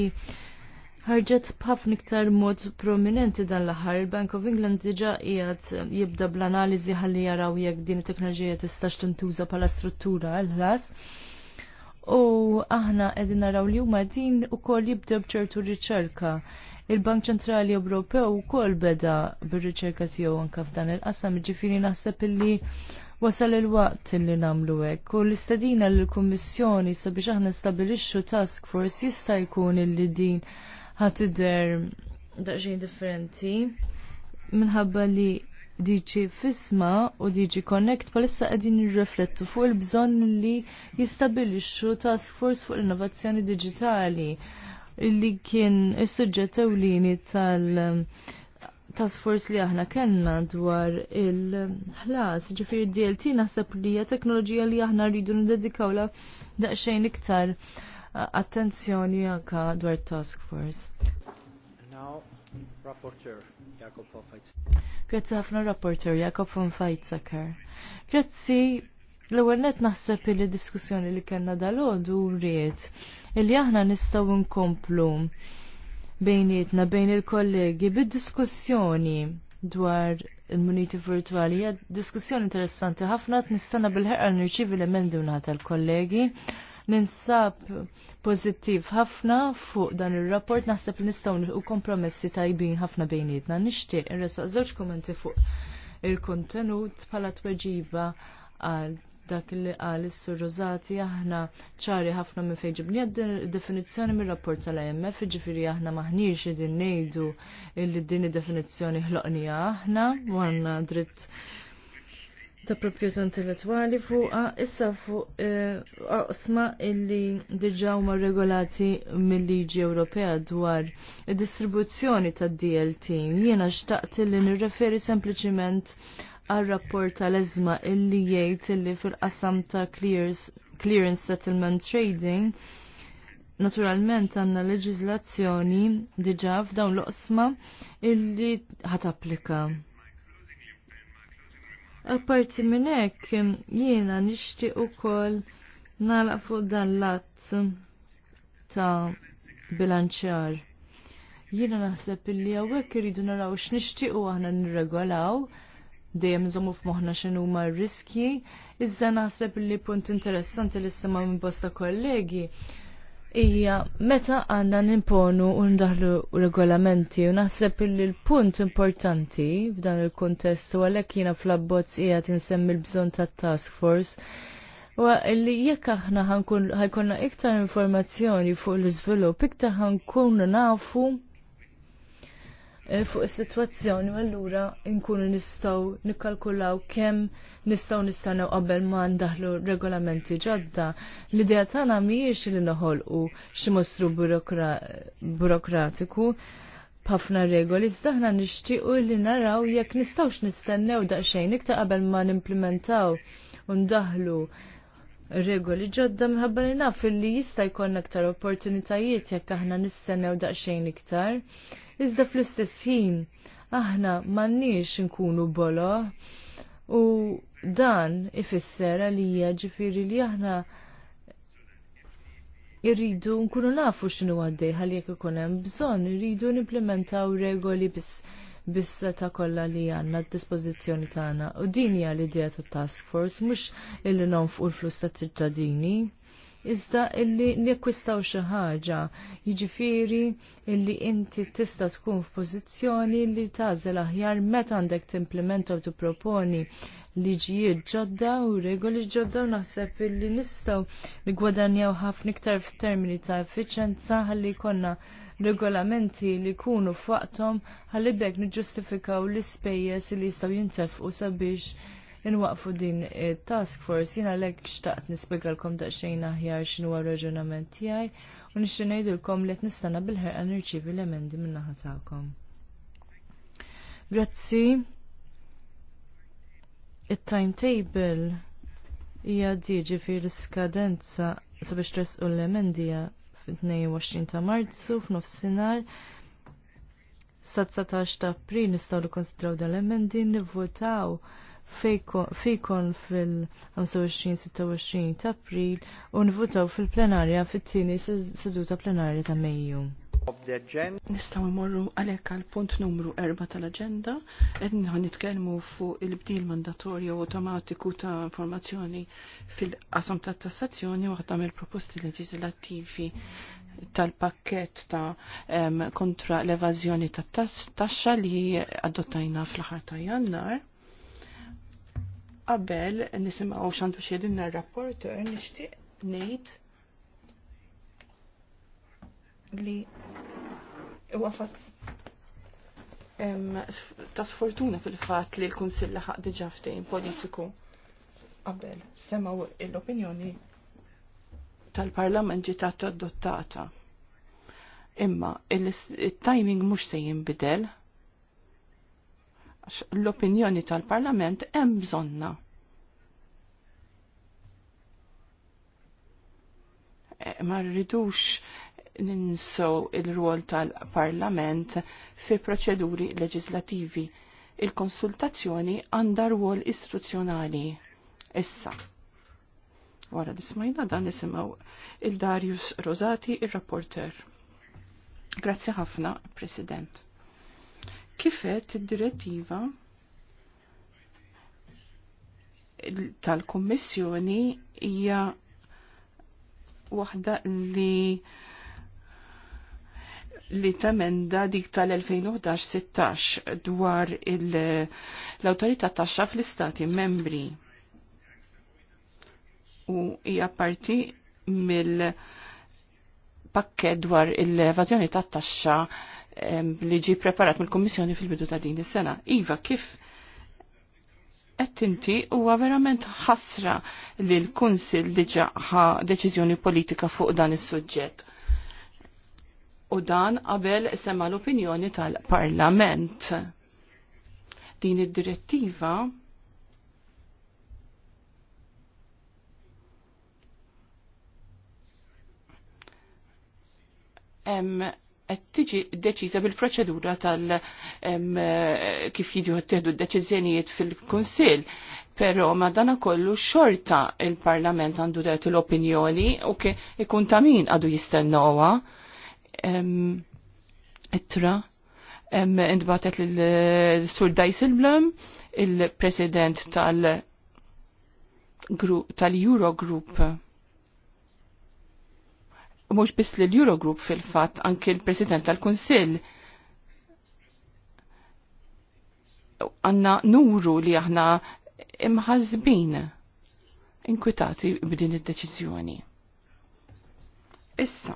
ħarġet b'ħafna iktar mod prominenti dan l-aħħar. Il-Bank of England diġà qiegħed jibda bl-analiżi ħalli jaraw jekk din it-teknoloġija tistax tintuża bħala struttura l-ħlas. U aħna qegħdin naraw li huma din ukoll jibda b'ċertu riċerka. Il-Bank Ċentrali Ewropew ukoll beda bir-riċerka tiegħu anka f'dan il-qasam, ġifiri naħseb illi wasal il-waqt li namlu hekk u l istadina l-Kummissjoni sabiex aħna stabilixxu task force jista' jkun illi din idher daqsxejn differenti minħabba li diġi fisma u diġi connect palissa qegħdin jirreflettu fuq il bżonn li jistabilixxu task force fuq l-innovazzjoni digitali li kien is-suġġett ewlieni tal- task force li aħna kellna dwar il-ħlas, ġifir DLT naħseb li hija teknoloġija li aħna rridu la daqsxejn iktar attenzjoni anka dwar task force. Now, rapporteur Jakob von Grazzi ħafna rapporteur Jakob von Feitzaker. Grazzi L-ewwel naħseb li diskussjoni li kellna dal-għodu rrit, illi aħna nistgħu nkomplu bejnietna bejn il-kollegi bid-diskussjoni dwar il-muniti virtuali diskussjoni interessanti ħafna nistana bil-ħerqa nirċivi l-emendi tal-kollegi. Ninsab pozittiv ħafna fuq dan ir-rapport naħseb li nistgħu nilqu kompromessi tajbin ħafna bejnietna. Nixtieq resa żewġ kommenti fuq il-kontenut bħala tweġiba għal dak li qal is-Sur Rosati aħna ċari ħafna minn fejn ġibni definizzjoni mir-rapport tal-IMF, ġifieri aħna maħniex qegħdin ngħidu li din id-definizzjoni ħloqnija aħna u għandna dritt ta' proprjetà intellettwali fuqha issa fuq eh, osma illi diġà huma regolati mill-liġi Ewropea dwar id-distribuzzjoni tad-DLT. Jiena xtaqt li nirreferi sempliċiment għal-rapport tal-ezma illi jgħid illi fil-qasam ta' clearance settlement trading. Naturalment għanna leġizlazzjoni diġa f'dawn l-qosma illi ħat applika. Apparti minn hekk jiena nixtieq ukoll kol fuq dan l-att ta' bilanċjar. Jiena naħseb illi hawnhekk iridu naraw x'nixtiequ aħna nirregolaw dejjem nżommu f'moħħna x'inhu huma r-riskji, iżda naħseb li punt interessanti li sema minn bosta kollegi hija meta għandna nimponu u ndaħlu regolamenti u naħseb li l-punt importanti f'dan il-kuntest u għalhekk jiena fl-abbozz hija tinsemmi l-bżonn tat-task force U li jekk aħna ħajkonna iktar informazzjoni fuq l-iżvilupp, iktar ħankunu nafu Eh, fuq is-sitwazzjoni u allura nkunu nistgħu nikkalkulaw kemm nistgħu nistennew qabel ma ndaħlu regolamenti ġodda. L-idea tagħna mhijiex li noħolqu xi mostru burokratiku b'ħafna regoli, iżda aħna nixtiequ li naraw jekk nistgħux nistennew daqsxejn iktar qabel ma nimplementaw u ndaħlu regoli ġodda minħabba li naf li jista' jkollna aktar opportunitajiet jekk aħna nistennew daqsxejn iktar iżda fl-istess ħin aħna m'għandniex inkunu bolo u dan ifisser għalija ġifieri li aħna irridu nkunu nafu x'inhu għaddej ħalli jekk ikun hemm bżonn irridu nimplementaw regoli biss bissa ta' kollha li għandna d-dispożizzjoni tagħna. U din hija l-idea ta' task force mhux illi u l-flus ta' ċittadini iżda illi nekwistaw xi ħaġa. Jiġifieri illi inti tista' tkun f'pożizzjoni li tażel aħjar meta għandek timplementa u tipproponi liġijiet ġodda u regoli ġodda u naħseb illi nistgħu gwadanjaw ħafna iktar f'termini ta' effiċenza ħalli jkollna regolamenti li jkunu f'waqthom ħalli bekk niġġustifikaw l-ispejjeż li jistgħu jintefqu sabiex Nwaqfu din task force jina lek xtaqt nispiegalkom daqxejn aħjar xinu għal raġunament tijaj u nixtri ngħidulkom li qed nistana bil-ħerqa nirċievi l-emendi minna naħa tagħkom. Grazzi. It-timetable hija fi l iskadenza sabiex u l-emendija fit-22 ta' Marzu f'nofsinhar sa 19 ta' April nistgħu konsidraw dal-emendi nivvotaw fejkon fil-25-26 ta' april u nvutaw fil-plenarja fit-tieni seduta plenarja ta' Mejju. Nistaw imorru għalek għal punt numru 4 tal-agenda, ednħu nitkelmu fuq il-bdil mandatorju automatiku ta' informazzjoni fil-qasam ta' tassazzjoni waħda mill-proposti leġislattivi tal-pakket ta' kontra l-evazjoni ta' taxxa li adottajna fl-ħar ta' jannar Qabel nisimgħu x'għandu xjedinna r-rapporter nixtieq ngħid li huwa fatt ta' sfortuna fil-fatt li l-Kunsill laħaq diġà ftehim politiku qabel semgħu l-opinjoni tal-Parlament ġitat adottata. Imma il-timing mhux se jinbidel l-opinjoni tal-Parlament hemm bżonna. Eh, ma rridux ninsow il rwol tal-Parlament fi proċeduri leġislativi. Il-konsultazzjoni għandha rwol istituzzjonali. Issa. Wara dismajna dan nisimaw il-Darius Rosati, il-rapporter. Grazzi ħafna, President. Kifet id-direttiva tal-Kommissjoni hija waħda li li temenda dik tal-2011-16 dwar l-autorità taxxa fl-istati membri u hija parti mill-pakket dwar il evazjoni tat-taxxa li ġi preparat mill-Kommissjoni fil-bidu ta' din is-sena. Iva, kif qed inti huwa verament ħasra li l-Kunsil diġa ħa deċiżjoni politika fuq dan is-suġġett. U dan qabel sema l-opinjoni tal-Parlament. Din id-direttiva hemm qed tiġi deċiża bil-proċedura tal kif jiġu ttieħdu d-deċiżjonijiet fil-Kunsill. Però ma dana kollu xorta il-Parlament għandu dert l-opinjoni u ke ikun ta' min għadu jistennowa. Ittra, indbatet l-Sur Dijsselblom, il-President tal-Eurogroup. tal eurogroup mhux biss li l-Eurogroup fil-fatt anki l-President tal-Kunsill għanna nuru li aħna imħazbin inkwitati b'din id-deċiżjoni. Issa,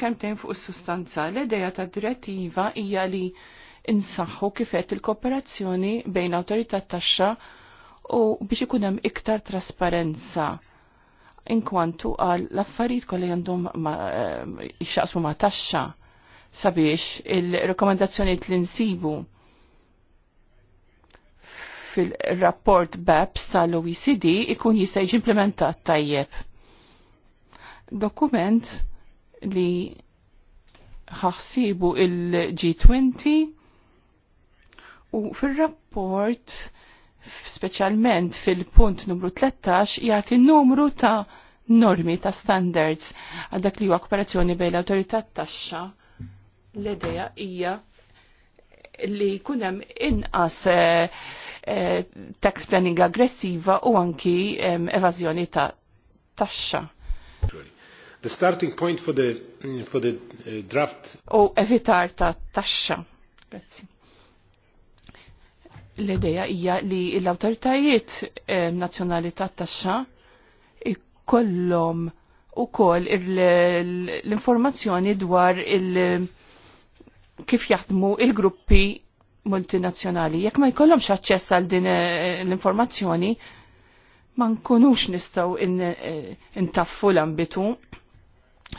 kemm tejn fuq is-sustanza, l-idea ta' direttiva hija li insaħħu kifet il-kooperazzjoni bejn awtorità taxxa u biex ikun hemm iktar trasparenza inkwantu għal l-affarijiet kolli għandhom jxaqsmu eh, ma' taxxa sabiex il-rekomendazzjoni l-insibu fil-rapport BEPS tal-OECD ikun jista' jiġi implementat tajjeb. Dokument li ħaxsibu il-G20 u fil-rapport specialment fil-punt numru 13 jagħti numru ta' normi ta' standards għal dak li huwa kooperazzjoni bejn l-awtorità taxxa l-idea hija li jkun hemm inqas eh, eh, tax planning aggressiva u anki evażjoni ta' taxxa. The starting point for the, for the eh, draft. U evitar ta' taxxa. Grazie l-ideja hija li l-awtoritajiet nazzjonali tat-taxxa ikollhom ukoll l-informazzjoni dwar il- kif jaħdmu il-gruppi multinazzjonali. Jekk ma jkollhomx aċċess għal din eh, l-informazzjoni, ma nkunux nistgħu eh, intaffu l-ambitu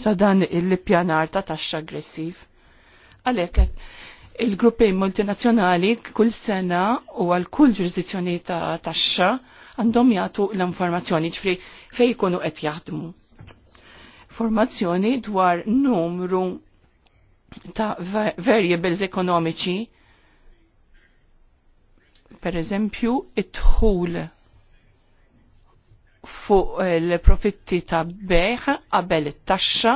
ta' dan il-pjanar ta' taxxa aggressiv. Għalhekk il-gruppi multinazzjonali kull sena u għal kull ġurisdizzjoni ta' taxxa għandhom jagħtu l-informazzjoni ġifri fej jkunu qed jaħdmu. Formazzjoni dwar numru ta' variables ekonomiċi per eżempju it-tħul fuq il-profitti ta' beħ qabel it-taxxa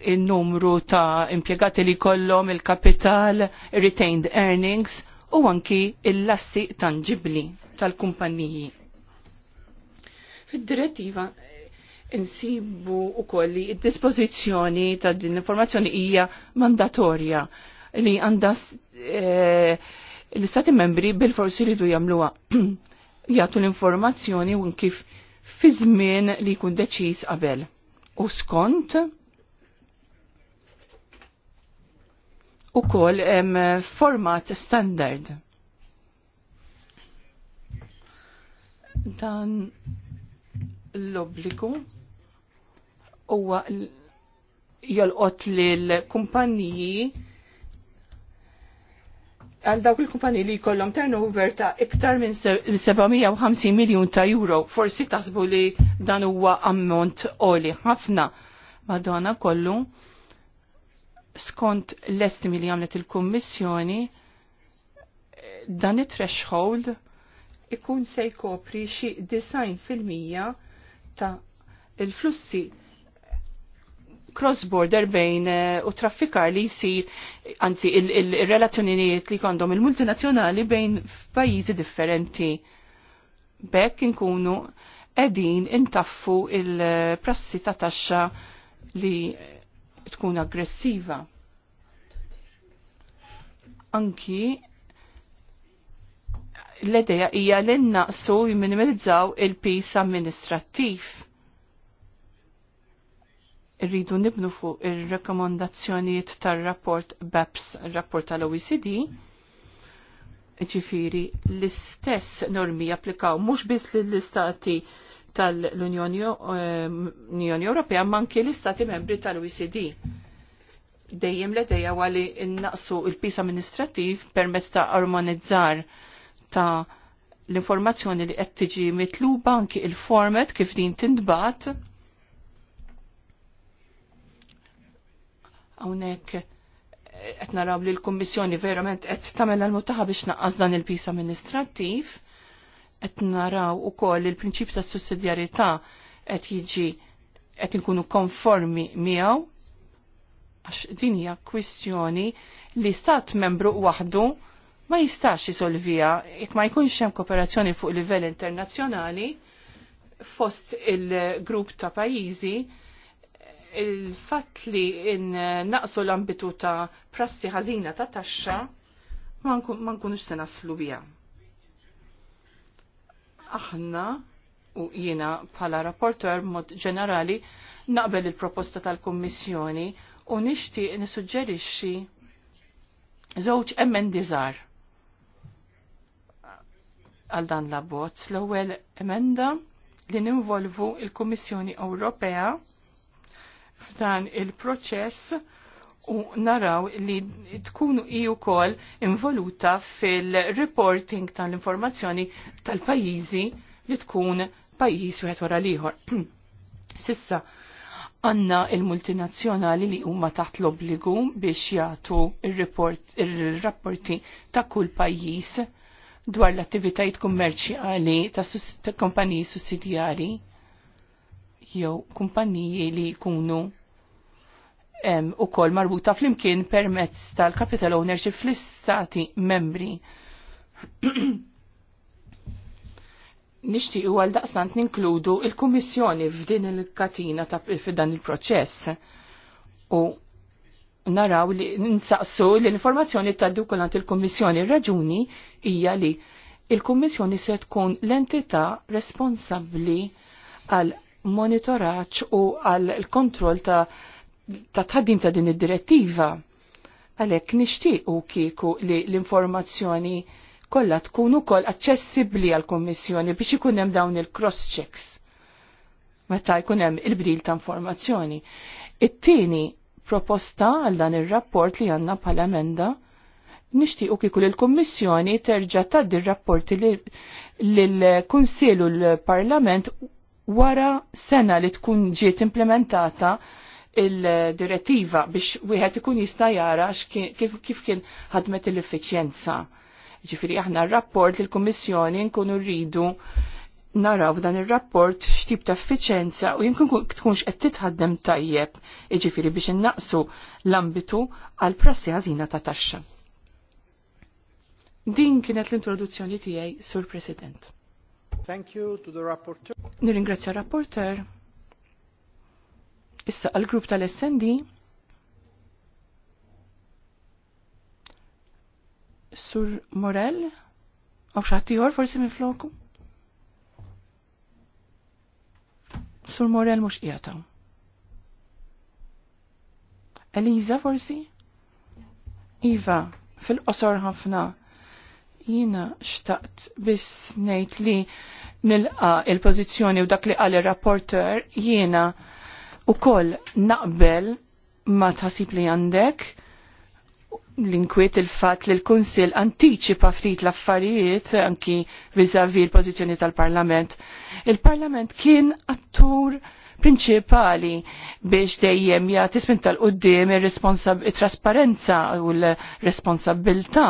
il-numru ta' impiegati li kollom il-kapital, retained earnings u anki il-lassi tangibli tal-kumpanniji. Fid-direttiva insibu u kolli il dispozizjoni ta' din l-informazzjoni hija mandatorja li għandha eh, l-istati membri bil-forsi li du jamluwa *clears throat* jgħatu l-informazzjoni u kif fi żmien li jkun deċiż qabel. U skont u kol format standard. Dan l-obbligu huwa jolqot li l-kumpaniji għal dawk il-kumpaniji li jkollhom turnover ta' iktar minn 750 miljun ta' euro. Forsi tasbu li dan huwa ammont oli ħafna madonna kollu skont l-estimi li għamlet il-Kommissjoni, dan it-threshold ikun se jkopri xi 90 fil-mija ta' il-flussi cross-border bejn eh, u traffikar li jisir, anzi, il-relazzjonijiet li kondom il-multinazzjonali bejn f'pajjiżi differenti. Bekk inkunu edin intaffu il-prassi ta' taxxa li tkun aggressiva. Anki l ideja hija l naqsu jminimizzaw il-pis amministrattiv. Irridu nibnu fuq ir-rekomandazzjonijiet tar-rapport BEPS, rapport tal-OECD, ġifiri l-istess normi japplikaw mhux biss lill-istati li tal-Unjoni eh, Ewropea manki l-Istati membri tal-OECD. Dejjem le dejja għali innaqsu il-pis amministrativ permezz ta' armonizzar ta' l-informazzjoni li qed tiġi mitluba anki il-format kif din tintbat. Hawnhekk qed naraw li l-Kummissjoni verament qed tagħmel għall mutaħa biex naqqas dan il-pis amministrattiv qed naraw ukoll il-prinċip ta' sussidjarità qed jiġi qed inkunu konformi miegħu għax din hija kwistjoni li stat membru waħdu ma jistax jisolvija jekk ma jkunx hemm kooperazzjoni fuq livell internazzjonali fost il-grupp ta' pajjiżi il-fatt li naqsu l-ambitu ta' prassi ħażina ta' taxxa ma nkunux se naslu biha. Aħna u jiena bħala rapporter mod ġenerali naqbel il-proposta tal-Kummissjoni u nixtieq nisuġġerixxi żewġ emendi żgħar għal dan l-abbozz. L-ewwel emenda li ninvolvu il-Kummissjoni Ewropea f'dan il-proċess u naraw li tkunu iju kol involuta fil-reporting tal-informazzjoni tal-pajizi li tkun pajizi wieħed wara liħor. *clears throat* Sissa, għanna il-multinazzjonali li huma taħt l-obbligu biex jagħtu il rapporti ta' kull pajjiż dwar l-attivitajiet kummerċjali ta' kompaniji sussidjari jew kumpaniji li jkunu em, u kol marbuta fl-imkien permezz tal-capital ownership fl-istati membri. *clears throat* Nishti u għal daqstant ninkludu il-Kommissjoni f'din il-katina ta' f'dan il-proċess u naraw li nsaqsu l-informazzjoni ta' dukulant il-Kommissjoni. raġuni hija li il-Kommissjoni se tkun l-entità responsabli għal monitoraċ u għal kontroll ta' ta' tħaddim ta' din id-direttiva. Għalek nishtiq u kieku li l-informazzjoni kollha tkun ukoll aċċessibbli għal kommissjoni biex ikun hemm dawn il-cross checks. Meta jkun hemm il-bril ta' informazzjoni. It-tieni proposta għal dan ir-rapport li għandna bħala emenda nixtiequ kieku l-Kummissjoni terġa' tgħaddi r-rapporti lill-Kunsill u l-Parlament wara sena li tkun ġiet implementata il-direttiva biex wieħed ikun jista' jara kif, kif kien ħadmet l-effiċjenza. Ġifieri aħna r-rapport il kummissjoni nkunu rridu naraw dan ir-rapport x'tip ta' effiċjenza u jinkun tkunx qed titħaddem tajjeb, jiġifieri biex innaqsu l-ambitu għal prassi ħażina ta' taxxa. Din kienet l-introduzzjoni tiegħi, Sur President. Thank you to the rapporteur. Nirringrazzja rapporteur. Issa għal-grupp tal-SND Sur Morel għaw xaħtiħor forsi minn floku? Sur Morel mux jgħata. Eliza forsi? Iva, fil-qosor ħafna jina xtaqt biss nejt li nilqa il-pozizjoni u dak li għal rapporter jiena u koll naqbel ma tħasib li għandek l-inkwiet il-fat li l-Kunsil antiċipa ftit l-affarijiet anki vizavi l-pozizjoni tal-Parlament. Il-Parlament kien attur prinċipali biex dejjem jagħti spin tal-qudiem ir-trasparenza u l-responsabilità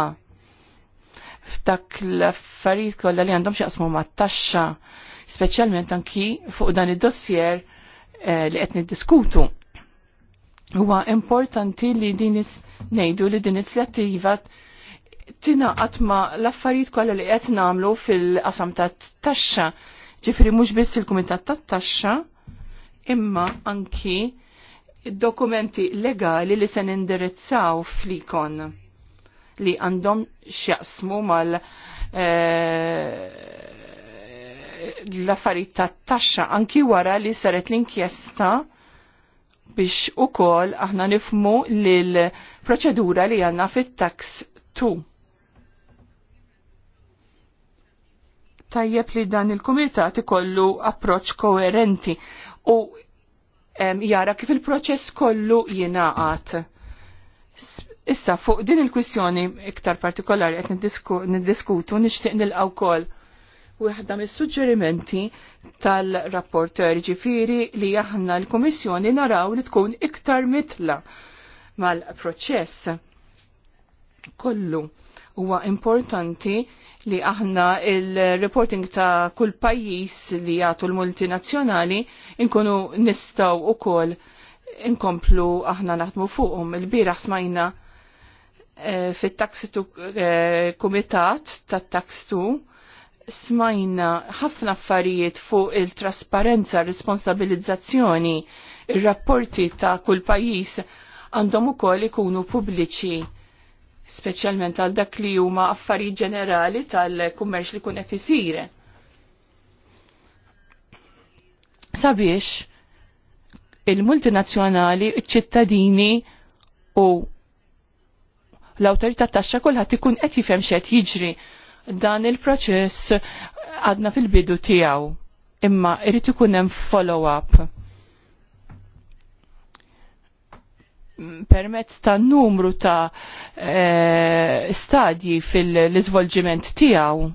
f'dak l-affarijiet kollha li għandhom x'jaqsmu mat-taxxa, speċjalment anki fuq dan id-dossier Eh, li qed niddiskutu. Huwa importanti li din ngħidu li din inizjattiva tina ma' l-affarijiet kollha li qed nagħmlu fil-qasam tat-taxxa. Ġifri mhux biss il-kumitat tat-taxxa, imma anki dokumenti legali li se nindirizzaw flikon li għandhom xjaqsmu mal eh, l-affarijiet tat-taxxa anki wara li saret l-inkjesta biex ukoll aħna nifmu l proċedura li għandna fit-tax 2. Tajjeb li dan il-kumitat ikollu approċċ koerenti u jara kif il-proċess kollu jingħaqad. Issa fuq din il-kwissjoni iktar partikolari qed niddiskutu nixtieq nilqgħu wkoll Waħda mis-suġġerimenti tal-rapporter ġifiri li aħna l-Komissjoni naraw li tkun iktar mitla mal-proċess kollu. Huwa importanti li aħna il-reporting ta' kull pajjiż li jagħtu l-multinazzjonali inkunu nistgħu ukoll inkomplu aħna naħdmu fuqhom. Il-bieraħ smajna eh, fit-taxitu eh, kumitat tat-taxitu smajna ħafna affarijiet fuq il-trasparenza, responsabilizzazzjoni, il-rapporti ta' kull pajis għandhom ukoll ikunu pubbliċi speċjalment għal dak li huma affarijiet ġenerali tal-kummerċ li kun qed isir. Sabiex il-multinazzjonali, iċ-ċittadini u l-awtorità taxxa kulħadd ikun qed jifhem x'qed jiġri dan il-proċess għadna fil-bidu tiegħu. Imma irrit ikun hemm follow-up. Permezz ta' numru ta' e, stadji fil izvolġiment tiegħu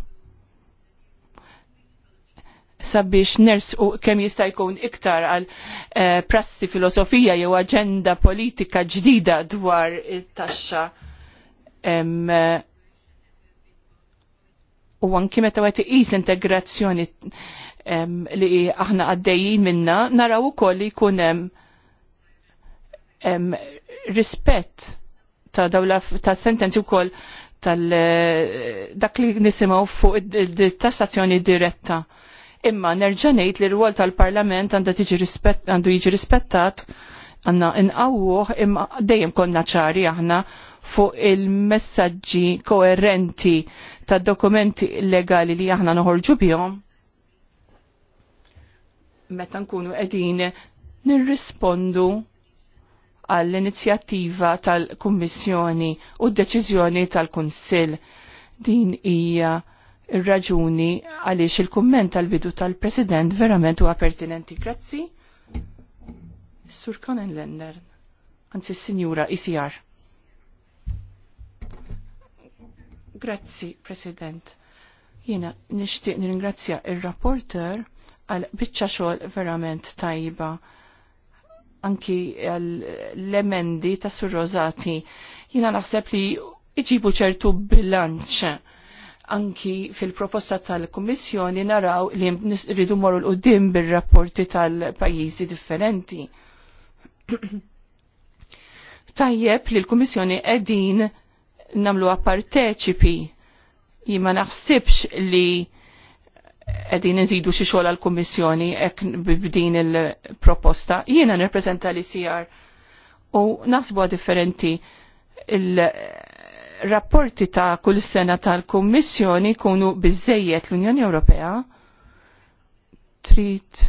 sabiex nersqu kemm jista' jkun iktar għal eh, prassi filosofija jew aġenda politika ġdida dwar it-taxxa u anki meta għet iqis integrazzjoni li aħna għaddejjin minna, naraw ukoll li jkun hemm rispett ta' dawla ta' sentenzi wkoll tal dak li nisimgħu fuq il tassazzjoni diretta. Imma nerġa' ngħid li r-rwol tal-Parlament għandu tiġi rispett għandu jiġi rispettat għandna inqawwuh imma dejjem konna ċari aħna fuq il-messaġġi koerenti tad dokumenti legali li aħna noħorġu bihom meta nkunu qegħdin nirrispondu għall-inizjattiva tal-Kummissjoni u d-deċiżjoni tal-Kunsill. Din hija ir-raġuni għaliex il-kumment tal-bidu tal-President verament huwa pertinenti. Grazzi. Sur Conan Lender, anzi s-Sinjura ICR. E Grazzi, President. Jina nishtiq nirringrazzja il-rapporter għal bicċa xogħol verament tajba anki l-emendi ta' surrozati. Jina naħseb li iġibu ċertu bilanċ anki fil-proposta tal kummissjoni naraw li rridu morru l-qoddim bil-rapporti tal-pajjiżi differenti. *coughs* Tajjeb li l kummissjoni qegħdin namlu parteċipi jima naħsibx li għedin nżidu xi xogħol għall-Kummissjoni hekk b'din il-proposta. Jiena nirprezenta l icr u naħsbu differenti il-rapporti ta' kull sena tal-Kummissjoni kunu bizzejiet l-Unjoni Ewropea trid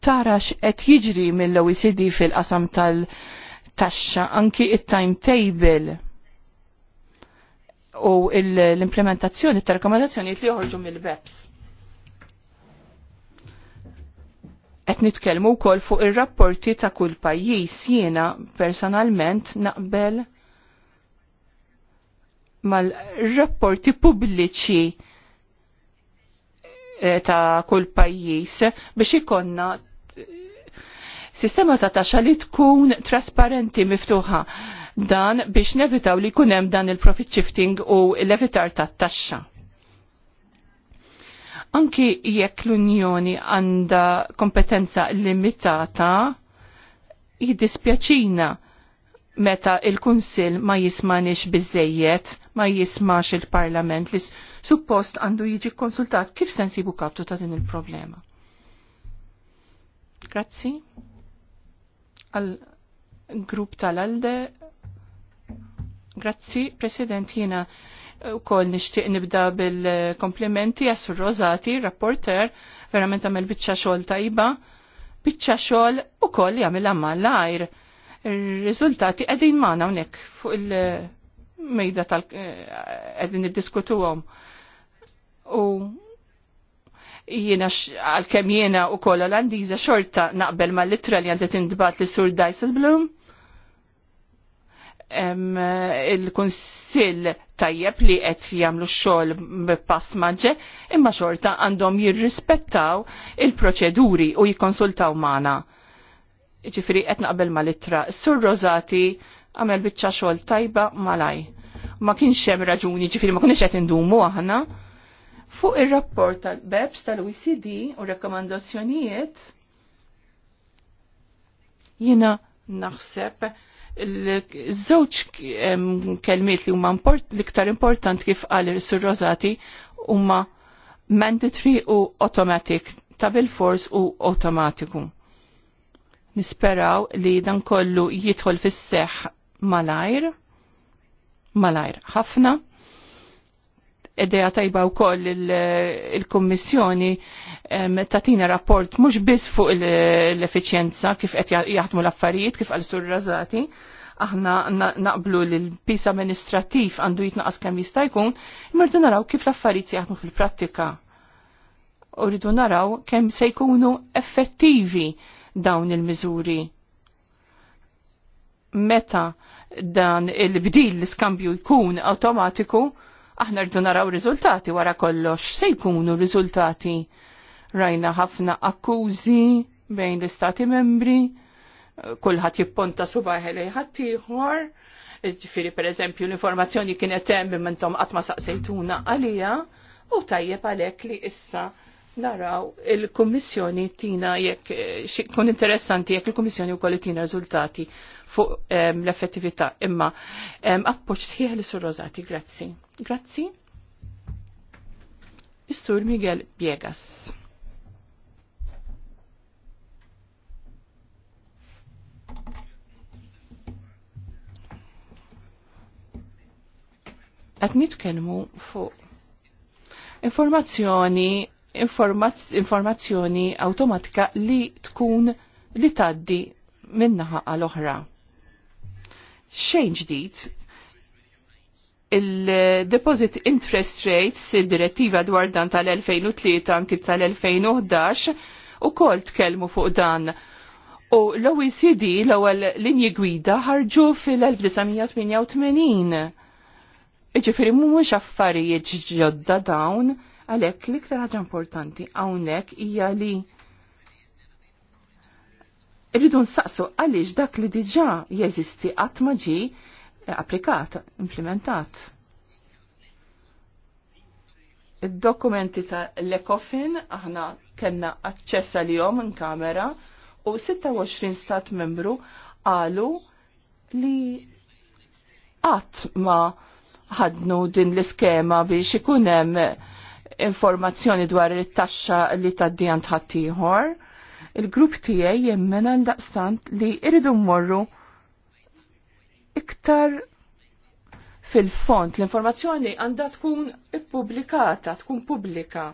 tara x'qed jiġri mill-OECD fil-qasam tal-taxxa anki it-timetable u l-implementazzjoni t-rekomendazzjoni li joħorġu mill-BEPS. Qed nitkellmu wkoll fuq ir-rapporti ta' kull pajjiż jiena personalment naqbel mal-rapporti pubbliċi eh, ta' kull pajjiż biex ikonna sistema ta' taxa li tkun trasparenti miftuħa dan biex nevitaw li kunem dan il-profit shifting u l-evitar ta' taxxa. Anki jekk l-Unjoni għanda kompetenza limitata, jiddispjaċina meta il-Kunsil ma jismanix bizzejiet, ma jismax il-Parlament li suppost għandu jiġi konsultat kif sensibu kaptu ta' din il-problema. Grazzi. Al grupp tal-alde Grazzi, President, jina u kol nishtiq nibda bil-komplimenti għasur Rosati, rapporter, verament għamil bitċa xol tajba, bitċa xol u kol jgħamil għamma l-ajr. rizultati għedin maħna unik fuq il-mejda tal- għedin id-diskutu għom. U jiena għal-kem jiena u għal-għandiza xorta naqbel ma l-litra li għandet indibat li sur Dijsselbloom. Bloom il-Kunsill tajjeb li qed jagħmlu x-xogħol b'pass maġġe, imma xorta għandhom jirrispettaw il-proċeduri u jikkonsultaw magħna. Ġifieri qed naqbel mal-ittra. Sur Rosati għamel biċċa xogħol tajba malaj. Ma kienx hemm raġuni, ġifieri ma kienx qed indumu aħna. Fuq ir-rapport tal-BEPS tal-OECD u rekomandazzjonijiet jiena naħseb Żewġ kelmiet li huma l-iktar important kif qal ir-Sur Rosati huma mandatory u automatic ta' bil-fors u automatiku. Nisperaw li dan kollu jidħol fis-seħ malajr, malajr ħafna ideja tajba u koll il-Kommissjoni tatina rapport mux bis fuq l-efficienza kif qed jaħdmu l-affarijiet kif għal sur aħna naqblu l-pis amministrativ għandu jitnaqas kemm jista' jkun, imma naraw kif l-affarijiet jaħdmu fil-prattika. U rridu naraw kemm se jkunu effettivi dawn il-miżuri. Meta dan il-bdil l-iskambju jkun automatiku, Aħna rridu naraw riżultati wara kollox. Se jkunu riżultati? Rajna ħafna akkużi bejn l-istati membri, kulħadd jipponta subaħ li ħadd ieħor. Ġifieri pereżempju l-informazzjoni kienet hemm minnhom qatt ma saqsejtuna għalija u tajjeb għalhekk li issa naraw il-Kommissjoni tina jekk eh, kun interessanti jekk il-Kommissjoni wkoll tina riżultati fuq l-effettività imma appoġġ sħiħ li Rosati, grazzi. Grazzi. Istur Miguel Biegas. Qed nitkellmu fuq informazzjoni informazzjoni automatika li tkun li taddi minnaħa għal-oħra. Xejn ġdid, il-deposit interest rates, il-direttiva dwar dan tal-2003 anki tal-2011, u kol tkellmu fuq dan. U l-OECD l-ewwel linji gwida ħarġu fil-1988. Iġifieri mhumiex affarijiet ġodda dawn, Għalhekk l-iktar ħaġa importanti hawnhekk hija li rridu nsaqsu għaliex dak li diġà jeżisti qatt ma ġi eh, applikat, implementat. Id-dokumenti ta' l-ECOFIN aħna kellna aċċessa li jom kamera u 26 stat membru għalu li qatt ma ħadnu din l-iskema biex ikun hemm informazzjoni dwar it-taxxa li taddijan tħattijħor, il-grupp tiegħi jemmena l-daqstant li irridu mmorru iktar fil-font. L-informazzjoni għandha tkun ippubblikata, tkun pubblika.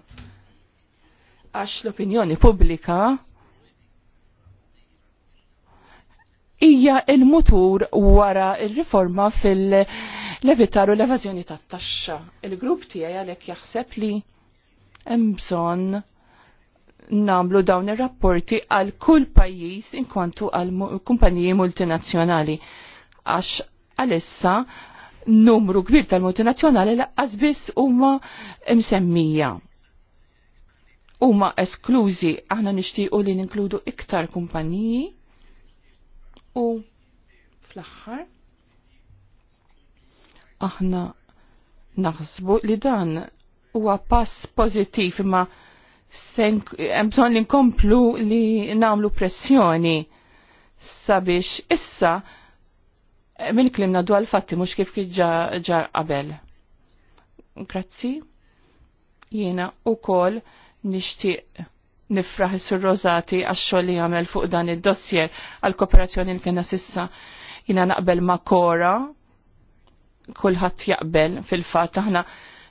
Għax l-opinjoni pubblika hija il-mutur wara il-riforma fil-levitaru l-evażjoni tat-taxxa. Il-grupp tiegħi għalhekk jaħseb li hemm bżonn namlu dawn ir-rapporti għal kull pajjiż inkwantu għal kumpaniji multinazzjonali. Għax għalissa numru kbir tal-multinazzjonali laqqas biss huma msemmija. Huma esklużi aħna nixtiequ li ninkludu iktar kumpaniji u fl-aħħar aħna naħsbu li dan huwa pass pozittiv, imma hemm bżonn li nkomplu li nagħmlu pressjoni sabiex issa eh, minn klimna dwar fatti mhux kif ġar qabel. Grazzi. Jiena ukoll nixtieq nifraħ is-Sur Rosati għax-xogħol li jagħmel fuq dan id-dossier għall kooperazzjoni li kienna sissa jiena naqbel ma' Kora kulħadd jaqbel fil-fatt aħna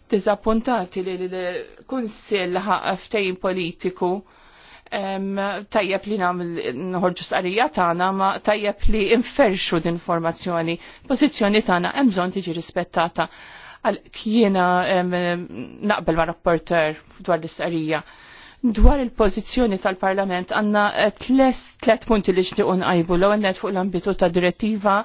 dizappuntati li l-Kunsill ftejn politiku tajjeb li nagħmel nħorġu sqarija tagħna ma tajjeb li inferxu d-informazzjoni. Pożizzjoni tagħna hemm bżonn tiġi rispettata għal kjena naqbel ma' rapporter dwar l sqarija Dwar il-pozizjoni tal-Parlament għanna tlet punti li xtiqun għajbu l għennet fuq l-ambitu ta' direttiva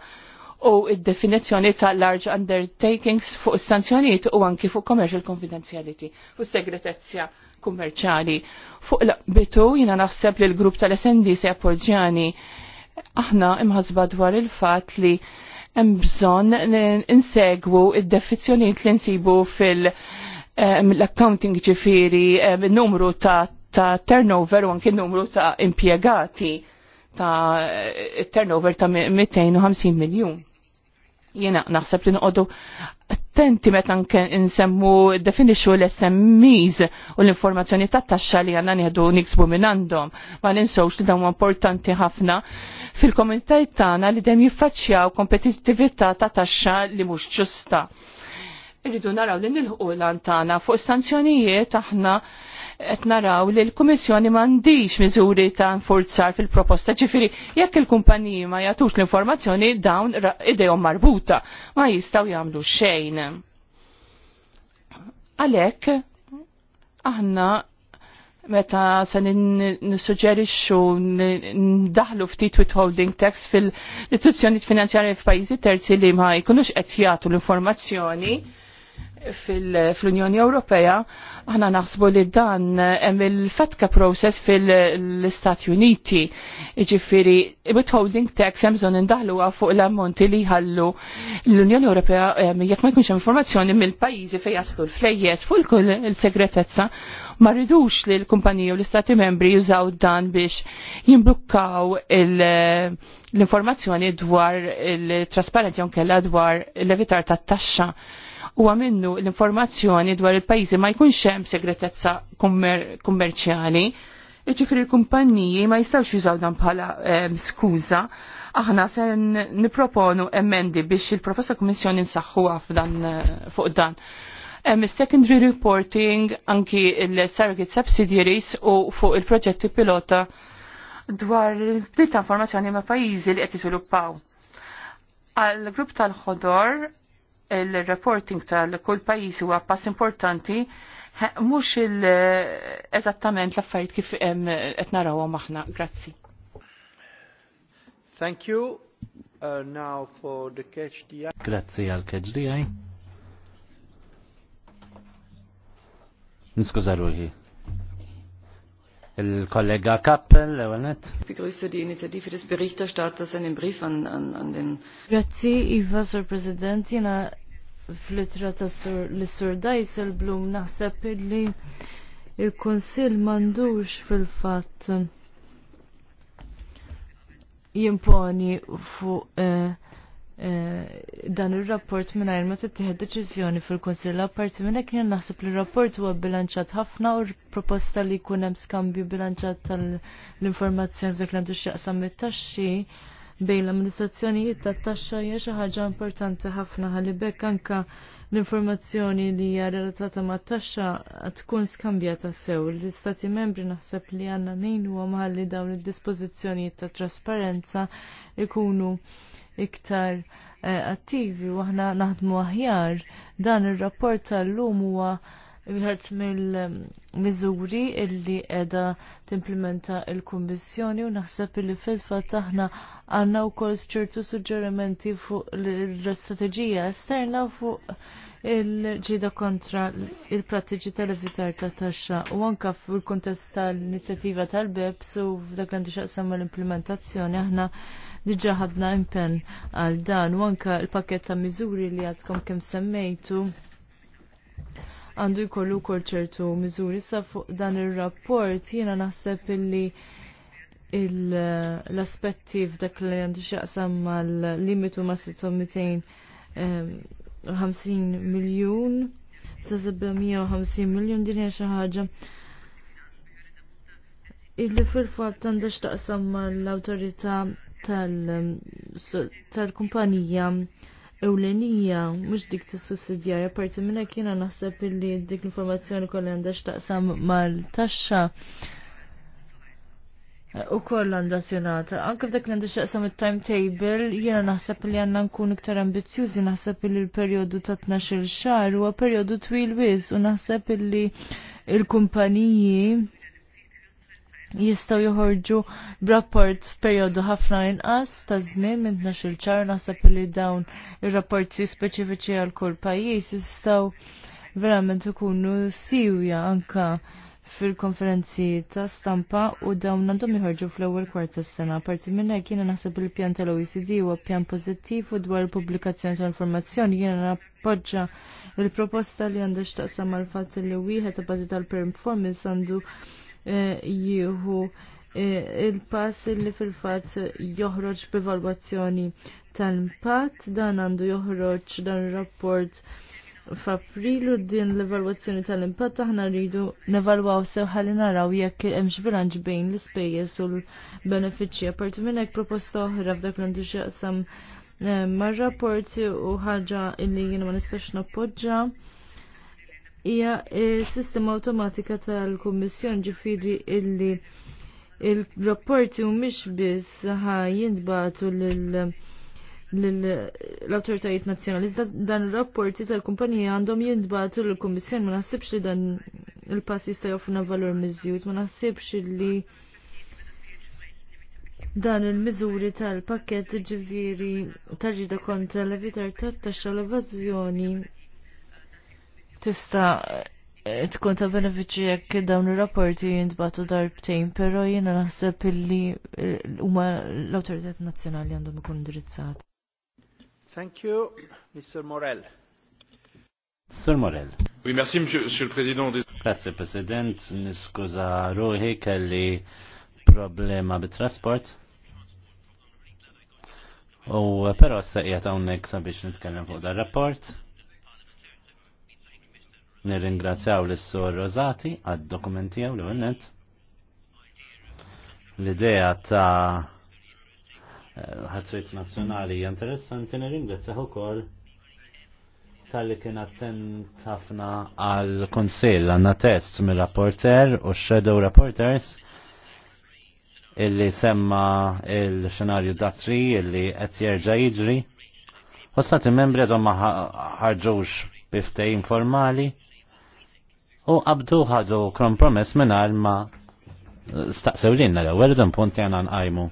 u id-definizzjoni ta' large undertakings fuq is-sanzjonijiet u anki fuq commercial confidentiality, fuq s-segretezzja kummerċali. Fuq l-bitu jina naħseb li l-grupp tal-SND se appoġġjani aħna imħasba dwar il-fat li hemm bżonn insegwu id-definizzjonijiet li nsibu fil-accounting eh, ġifiri eh, numru ta' ta' turnover u anki numru ta' impjegati ta' eh, turnover ta' 250 miljon jena naħseb li noqodu attenti meta nsemmu definixxu l-SMEs u l-informazzjoni ta' taxxa li għandna nieħdu niksbu minn għandhom. Ma ninsewx li dawn importanti ħafna fil-komunitajiet tagħna li dejjem jiffaċċjaw kompetittività ta' taxxa li mhux ġusta. Irridu naraw li nilħu l-antana fuq sanzjonijiet aħna qed naraw li l-Kummissjoni m'għandix miżuri ta' nfurzar fil-proposta ġifieri jekk il-kumpaniji ma jagħtux l-informazzjoni dawn idejhom marbuta ma jistgħu jagħmlu xejn. Għalhekk aħna meta se nissuġġerixxu ndaħlu ftit withholding tax fil-istituzzjonijiet finanzjarji f'pajjiżi terzi li ma jkunux qed jagħtu l-informazzjoni fil-Unjoni Ewropea, aħna naħsbu li dan hemm il-fatka process fil-Istati Uniti. jiġifieri withholding tax hemm bżonn indaħluha fuq l-ammonti li jħallu l-Unjoni Ewropea jekk ma jkunx hemm informazzjoni mill-pajjiżi fejn jaslu l-flejjes fuq kull il-segretezza ma rridux li l kumpaniji u l-Istati membri jużaw dan biex jimblukkaw l-informazzjoni dwar il-trasparenza unkella dwar l-evitar tat-taxxa huwa minnu l-informazzjoni dwar il-pajjiżi ma jkunx hemm segretezza kummerċjali. Iġifieri l-kumpanniji ma jistgħux jużaw dan bħala ehm, skuża. Aħna se niproponu emendi biex il-Professor Kummissjoni nsaħħuha dan fuq dan. Hemm secondary reporting anki il-surrogate subsidiaries u fuq il-proġetti pilota dwar il plita informazzjoni ma' pajjiżi li qed jizviluppaw. għal grupp tal-ħodor il-reporting tal-kull pajis huwa pass importanti mhux il eh, eżattament l-affarijiet kif hemm qed narawhom aħna. Grazzi. Thank you. Uh, now for the catch DI. Grazzi għal catch DI. Niskuża ruħi. Il-kollega Kappel, l-ewelnet. Begrüße die Initiative des Berichterstatters in dem Brief an, an, an den... Grazie, Iva, Sir President, jena fl-itra ta' l-Sur Dajsel Blum naħseb li il-Konsil mandux fil-fat jimponi fuq eh, Eh, dan il-rapport jirma ma tittieħed deċiżjoni fil l apparti minna kien naħseb li rapport huwa bilanċat ħafna u proposta li jkun hemm skambju bilanċat tal-informazzjoni f'dak l għandu x'jaqsam mit-taxxi bejn l-amministrazzjonijiet tat-taxxa hija xi ħaġa importanti ħafna ħalli bekk anke l-informazzjoni li hija relatata mat-taxxa tkun skambjata sew. L-Istati membri naħseb li għandna ngħinu ħalli dawn id-dispożizzjonijiet ta' trasparenza ikunu iktar eh, attivi u aħna naħdmu aħjar dan ir-rapport tal-lum huwa Wieħed mill-miżuri illi qiegħda timplementa l-Kummissjoni u naħseb li fil-fatt aħna għandna wkoll ċertu suġġerimenti fuq l-istrateġija esterna fuq il-ġida kontra il-prattiġi tal-evitar ta' taxxa u anka fil-kontest tal-inizjattiva tal-BEPS u f'dak l-għandu xaqsam l-implementazzjoni aħna diġa ħadna impen għal dan u anka l-pakket ta' miżuri li għadkom kemm semmejtu għandu jkollu kol ċertu miżuri sa fuq dan ir-rapport jiena naħseb illi l-aspetti f'dak li għandu xaqsam mal-limitu ma' 650 miljon sa 750 miljon din hija xi ħaġa illi fil-fatt għandha x'taqsam mal-awtorità Um, tal-kumpanija ewlenija mhux dik t sussidjarja parti minna kiena naħseb illi dik l-informazzjoni kolli għandha x'taqsam mal-taxxa U koll għanda sjonata. Anke f'dak li għanda xaqsam il-timetable, jena naħseb li għanna nkun iktar ambizjużi, naħseb li l-periodu ta' 12 xar huwa periodu twil wis u naħseb li l-kumpaniji jistaw joħorġu b'rapport periodu ħafna inqas ta' żmien minn il ċar naħseb li dawn ir-rapporti speċifiċi għal kull pajjiż jistaw verament ikunu siwja anka fil-konferenzi ta' stampa u dawn għandhom jħorġu fl-ewwel kwart tas-sena. Parti minn hekk jiena naħseb il-pjan tal-OECD huwa pjan pożittiv u dwar il-pubblikazzjoni ta' informazzjoni jiena nappoġġa il-proposta li għandha x'taqsam għal fatt li wieħed ta' bażi tal-performance għandu Eh, jieħu eh, il-pass li fil-fat joħroġ b'evalwazzjoni tal-impatt dan għandu joħroġ dan rapport f'Aprilu din l-evalwazzjoni tal-impatt aħna rridu nevalwaw sew ħalli naraw jekk hemm xi bilanċ bejn l-ispejjeż u l-benefiċċji. Apparti minn hekk proposta oħra f'dak l-għandu x'jaqsam eh, mar-rapporti u ħaġa illi jiena ma nistax nappoġġa hija s-sistema automatika tal-Kummissjon ġifiri illi il-rapporti mhumiex biss ħa jintbatu lil l-autoritajiet nazjonali. Dan rapporti tal-kumpanija għandhom jindbatu l-Kommissjon, ma naħsibx li dan il-pass jista' joffrina valur miżjud, ma naħsibx li dan il-miżuri tal-pakket ġiviri taġida kontra l-evitar tat-taxxa l-evażjoni tista' tkun ta' benefiċi jekk dawn ir-rapporti jintbatu darbtejn, però jiena naħseb illi eh, huma l-awtoritet nazzjonali għandhom ikun indirizzati. Thank you, Mr. Morel. Sir Morel. Oui, merci, Monsieur, le Président. Grazie, President. Niskuza ruħi kelli problema bit-trasport. U però s-saqijat unnek sabiex nitkellem fuq dar rapport Nirringrazzjaw l sur Rosati għad dokumentijaw li l-għennet. L-idea ta' eh, ħatrit nazjonali interessanti nirringrazzjaw ukoll tal-li kien attent ħafna għal konsil għanna test mill-rapporter u shadow rapporters illi semma il-xenarju datri illi qed jerġa' jiġri. U membri għadhom ma ħarġux biftej informali u qabdu ħadu kompromess minn ma staqsew l-inna l-ewel dan punti għana nqajmu.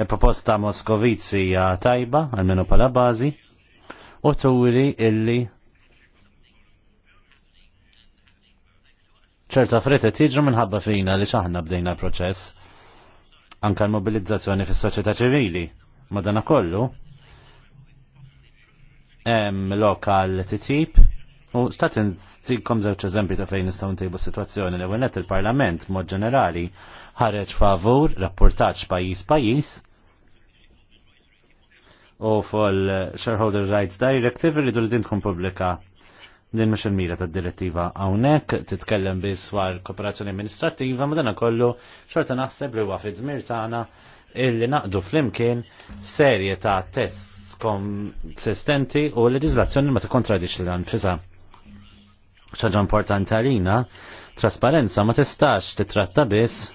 Il-proposta Moskovici hija tajba, għalmenu pala bażi, u turi illi ċerta fretta tiġru minħabba fina li xaħna bdejna l-proċess. Anka l-mobilizzazzjoni fis soċjetà ċivili. dana kollu, hemm lokal titjib, U stat intikom żewġ eżempji ta' fejn nistgħu ntejbu sitwazzjoni l ewwel il-Parlament mod ġenerali ħareġ favur rapportaġġ pajjiż pajjiż u fol Shareholder Rights Directive rridu li din tkun pubblika din mhux il-mira tad-direttiva hawnhekk titkellem biss war kooperazzjoni amministrativa ma dana kollu xorta naħseb li huwa fi żmir tagħna illi naqdu flimkien serje ta' test konsistenti u l legislazzjoni ma tikkontradix l Fisa ċaġa importanti għalina, trasparenza ma tistax titratta biss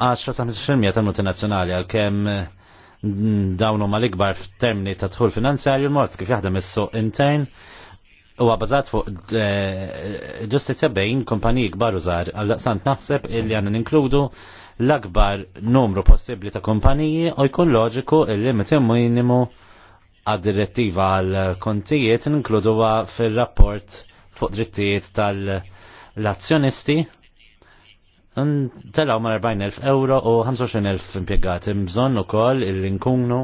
10-15% tal-multinazzjonali għal-kem dawnu ma l-ikbar f'termini ta' tħul finanzjarju l mort kif jaħdem is-suq intern u għabazat fuq eh, ġustizja bejn kompaniji kbar użar. Għal-daqsant naħseb illi għanna ninkludu l-akbar numru possibli ta' kompaniji u jkun loġiku li mitim minimu għad-direttiva għal-kontijiet ninkluduwa fil-rapport fuq drittijiet tal-azzjonisti telaw ma' 40.000 euro u 25.000 impiegati mżon u koll il-inkunu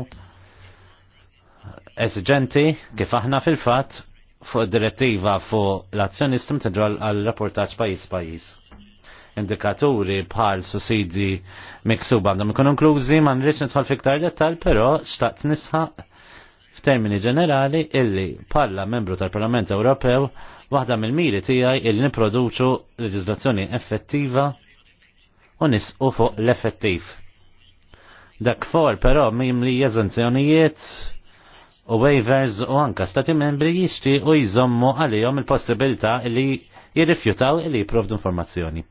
esġenti kif aħna fil-fat fuq direttiva fuq l-azzjonistim tidrol għal rapportaċ pajis pajis. Indikaturi bħal sussidi miksub għandhom ikun inklużi ma nriċ nitħol fiktar dettal, però xtaqt nisħaq f'termini ġenerali illi bħala membru tal-Parlament Ewropew Waħda mill-miri tiegħi il nipproduċu leġislazzjoni effettiva u nisqu fuq l-effettiv. Dak for però mimli jeżenzjonijiet u waivers u anka stati membri jixti u jżommu għalihom il-possibilità li jirrifjutaw li jiprovdu informazzjoni.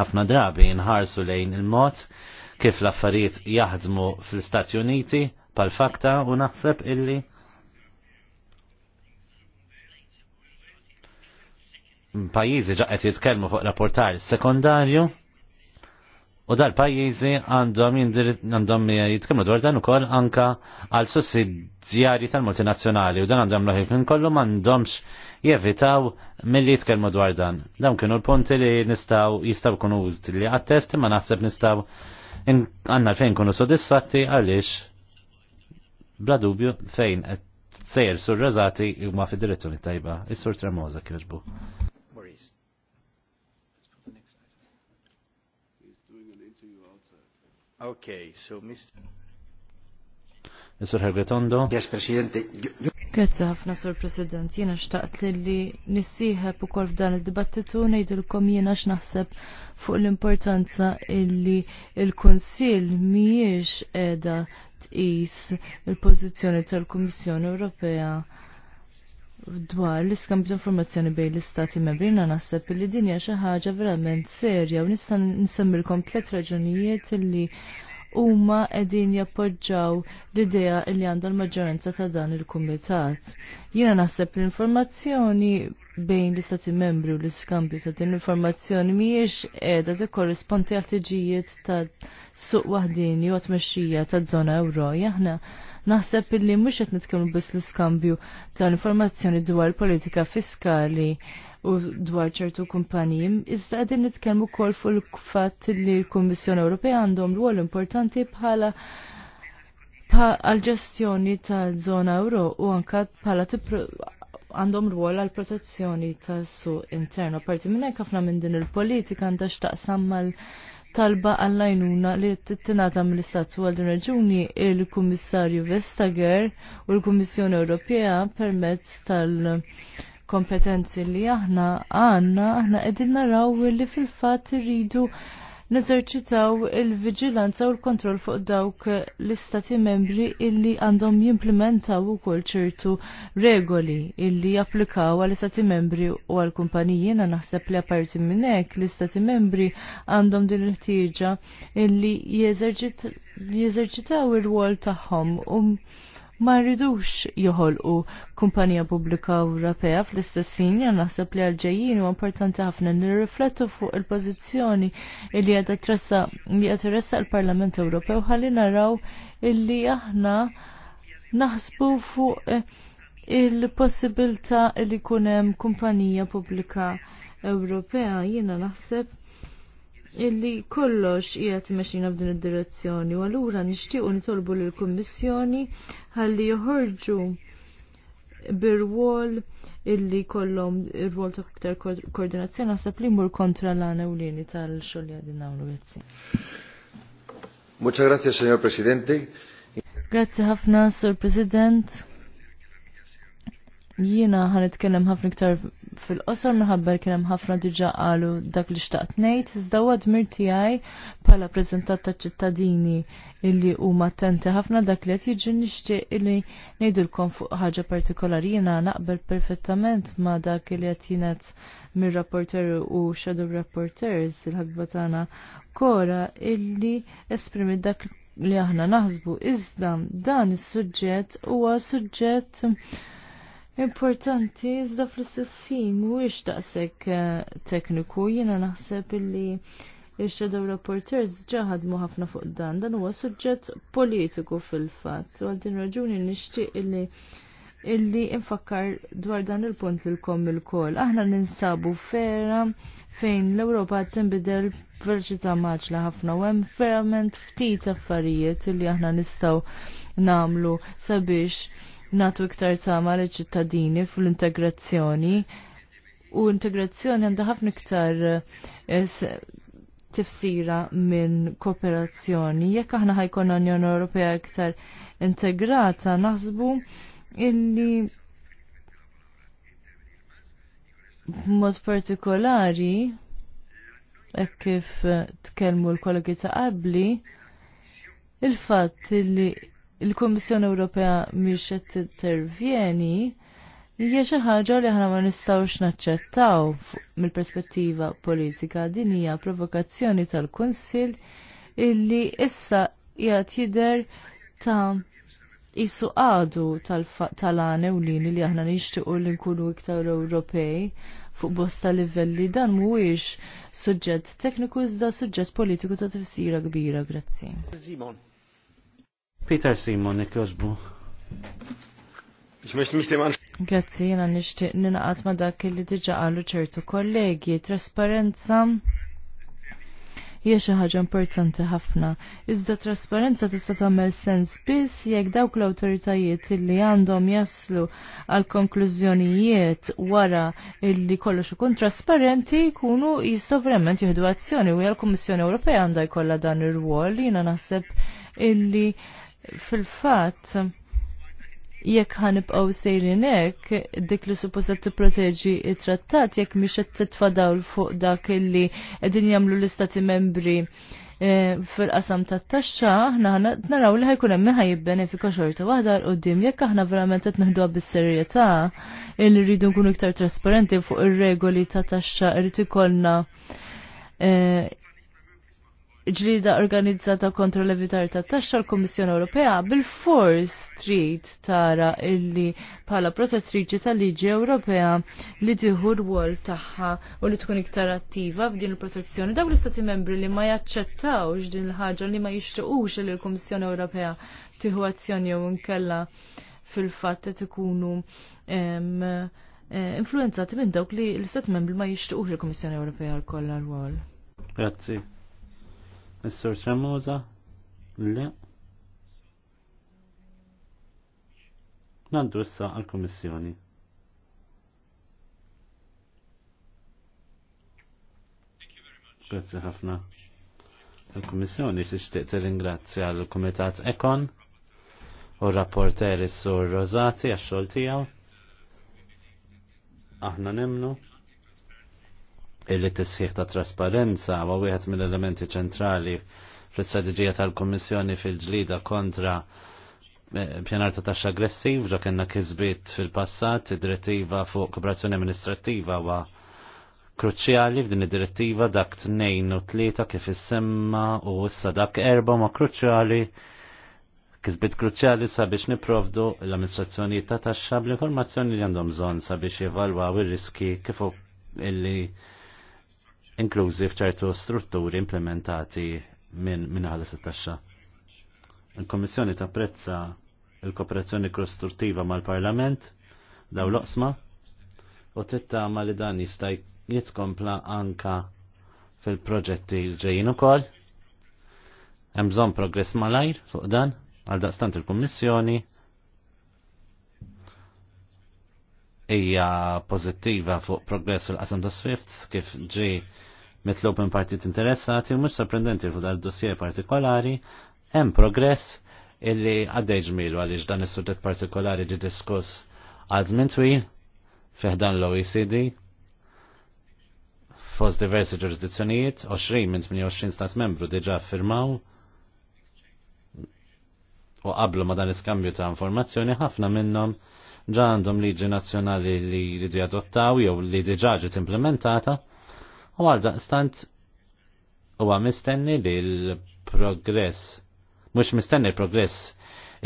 Ħafna drabi nħarsu lejn il-mod kif l-affarijiet jaħdmu fl-Stati Uniti pal-fakta u naħseb illi pajizi ġaqet jitkelmu fuq rapportar sekundarju u dal-pajizi għandhom għandhom jitkellmu dwar dan ukoll anka għal sussidjarji tal-multinazzjonali u dan għandhom loħi kien kollu m'għandhomx jevitaw milli jitkellmu dwar dan. Dawn kienu l-punti li nistgħu jistgħu jkunu utili għat-test ma naħseb nistgħu għandna fejn kunu sodisfatti għaliex bla dubju fejn qed sejr sur reżati huma fid-direzzjoni tajba. Is-sur Tremoza kirbu. Okay, so Mr. Mr. Hergetondo. Yes, President. Grazie ħafna, Sur President. Jena xtaqt li nissiħeb u kol f'dan il-dibattitu nejdilkom jena x'naħseb fuq l-importanza illi il-Konsil miex edha tqis il-pożizzjoni tal-Kummissjoni Ewropea dwar l-iskambju ta' informazzjoni bejn l-istati membri na naħseb li din hija xi ħaġa verament serja u nista' nsemmilkom tliet raġunijiet li huma qegħdin jappoġġaw l-idea li għandha l-maġġoranza ta' dan il-kumitat. Jiena naħseb l-informazzjoni bejn l-istati membri u l-iskambju ta' din l-informazzjoni mhijiex qiegħda tikkorrispondi għal tiġijiet ta' suq waħdini u t-tmexxija ta' żona Ewro. Aħna naħseb illi mhux qed nitkellmu biss l-iskambju tal-informazzjoni dwar politika fiskali u dwar ċertu kumpaniji iżda qegħdin nitkellmu wkoll fuq il-fatt li l-Kummissjoni Ewropea għandhom rwol importanti bħala għal-ġestjoni ta' zona euro u anka bħala għandhom rwol għal protezzjoni tas suq interno. Parti minn hekk ħafna minn din il-politika għandha x'taqsam mal- talba għallajnuna li t-tinata mill-istat u għaldin raġuni il-Kummissarju Vestager u l-Kummissjoni Ewropea permezz tal-kompetenzi li aħna għanna, aħna edin naraw li fil-fat rridu neżerċitaw il vigilanza u l-kontroll fuq dawk l-istati membri illi għandhom jimplementaw ukoll ċertu regoli illi japplikaw għall-istati membri u għall-kumpaniji na naħseb li apparti minn hekk l-istati membri għandhom din il-ħtieġa illi jeżerċitaw il wol tagħhom u um ma rridux joħolqu kumpanija pubblika Ewropea fl-istess sinja naħseb li għalġejjin huwa importanti ħafna nirriflettu fuq il-pożizzjoni li qiegħda tressa li qed l-Parlament Ewropew ħalli naraw illi aħna naħsbu fuq eh, il-possibilità li kunem kumpanija pubblika Ewropea jiena naħseb illi kollox jgħat meċin f'din id-direzzjoni u allura nixtiequ nitolbu lill kommissjoni ħalli joħorġu bir-rwol illi kollom ir-rwol ta' iktar koordinazzjoni naħseb li jmur kontra l-għana u lini tal-xogħol li għamlu nagħmlu Muċa grazie, gracias, Presidente. Grazie ħafna, Sur President. Jiena ħan itkellem ħafna iktar fil-qosor naħabbar kien hemm ħafna diġà qalu dak li xtaqt ngħid, iżda huwa dmir tiegħi bħala preżentat ta' ċittadini illi huma attenti ħafna dak li qed jiġi nixtieq illi ngħidulkom fuq ħaġa partikolari jiena naqbel perfettament ma' dak li qed jinet mir-rapporter u shadow rapporters il-ħabba tagħna kora illi esprimi dak li aħna naħsbu iżda dan is-suġġett huwa suġġett importanti iżda fl-istess ħin mhuwiex daqshekk eh, tekniku jiena naħseb illi il-Shadow Reporters ġaħadmu ħafna fuq dan, dan huwa suġġett politiku fil-fatt. U għaddin raġuni nixtieq illi illi infakkar dwar dan il-punt lilkom il-kol. Aħna ninsabu fera fejn l-Ewropa qed tinbidel b'veloċità maġla ħafna u hemm verament ftit affarijiet illi aħna nistgħu nagħmlu sabiex natu iktar tama li ċittadini fl-integrazzjoni u integrazzjoni għandha ħafna iktar eh, tifsira minn kooperazzjoni. Jekk aħna ħajkun Unjoni Ewropea iktar integrata, naħsbu illi mod partikolari hekk kif tkellmu l-kollegi ta' qabli il-fatt illi il-Kummissjoni Ewropea mhix qed intervjeni hija xi ħaġa li aħna ma nistgħux naċċettaw mill-perspettiva politika din hija provokazzjoni tal-Kunsill illi issa qiegħed jidher ta' isu għadu tal-għana u lini li aħna nixtiequ li nkunu iktar Ewropej fuq bosta livelli dan mhuwiex suġġett tekniku iżda suġġett politiku ta' tifsira kbira, grazzi. Simon. Peter Simon, ikjożbu. Grazzi, jena nishtiq ninaqat ma dak li diġa għallu ċertu kollegi. Trasparenza hija xi ħaġa importanti ħafna. Iżda trasparenza tista' tagħmel sens biss jekk dawk l-awtoritajiet li għandhom jaslu għal konklużjonijiet wara illi kollox ikun trasparenti jkunu jistgħu verament jieħdu azzjoni u l-Kummissjoni Ewropea għandha jkollha dan ir-rwol jiena naħseb illi fil-fatt jekk ħanibqaw sejrin hekk dik li supposta tipproteġi it-trattat jekk miex qed titfadaw fuq dak illi qegħdin jagħmlu l-istati membri e, fil-qasam tat-taxxa aħna naraw li ħajkun hemm ħaj jibbenefika xorta waħda l qoddim jekk aħna verament qed neħduha bis-serjetà illi rridu nkunu iktar trasparenti fuq ir-regoli ta' taxxa irid ikollna e, ġlida organizzata kontra l-evitar ta' taxxa l-Kommissjoni Ewropea bil-fors trid tara illi bħala protettriċi tal-liġi Ewropea li tieħu r-wol tagħha u li tkun iktar attiva f'din il-protezzjoni. Dawk l-istati membri li ma jaċċettawx din il-ħaġa li ma jixtiequx li l-Kummissjoni Ewropea tieħu azzjoni jew inkella fil-fatt qed ikunu eh, influenzati minn dawk li l istati membri ma jixtiequx il-Kummissjoni Ewropea l-kollha rwol. Grazzi. Is-sur Le. Nandu issa għal-Komissjoni. Grazie ħafna. Il-Kummissjoni tixtieq tirringrazzja l-Kumitat Ekon u r-rapporter is-Sur Rosati għax-xogħol tiegħu. Aħna nemnu illi tisħiħ ta' trasparenza huwa wieħed mill-elementi ċentrali fl-istrateġija tal kummissjoni fil-ġlida kontra eh, pjanar ta' taxxa aggressiv, ġo kena kizbit fil-passat, id-direttiva fuq kooperazzjoni amministrattiva wa kruċjali f'din id-direttiva dak tnejn u tlieta kif issemma u issa dak erba ma kruċjali kizbit kruċjali sabiex niprovdu l-amministrazzjoni ta' taxxa bl-informazzjoni li għandhom bżonn sabiex jevalwaw ir-riski kif illi inklużi fċertu strutturi implementati minn min ħalis it-taxxa. Il-Kommissjoni tapprezza il-kooperazzjoni kostruttiva mal-Parlament daw l-oqsma u tittama li dan jista' jitkompla anka fil-proġetti l-ġejjin ukoll. Hemm bżonn progress malajr fuq dan għal daqstant il-Kummissjoni hija pożittiva fuq progress fil-qasam ta' Swift kif ġi l-open party partit interessati u mhux sorprendenti fuq dal dossier partikolari hemm progress illi għaddej ġmilu għaliex dan is-suġġett partikolari ġi diskuss għal żmien twil fiħdan l-OECD fost diversi ġurisdizzjonijiet, 20 minn 28 stat membru diġa firmaw u qablu ma dan iskambju ta' informazzjoni ħafna minnhom ġa għandhom liġi nazzjonali li jridu jadottaw jew li diġa ġiet implementata u għal daqstant huwa mistenni li l-progress, mhux mistenni l-progress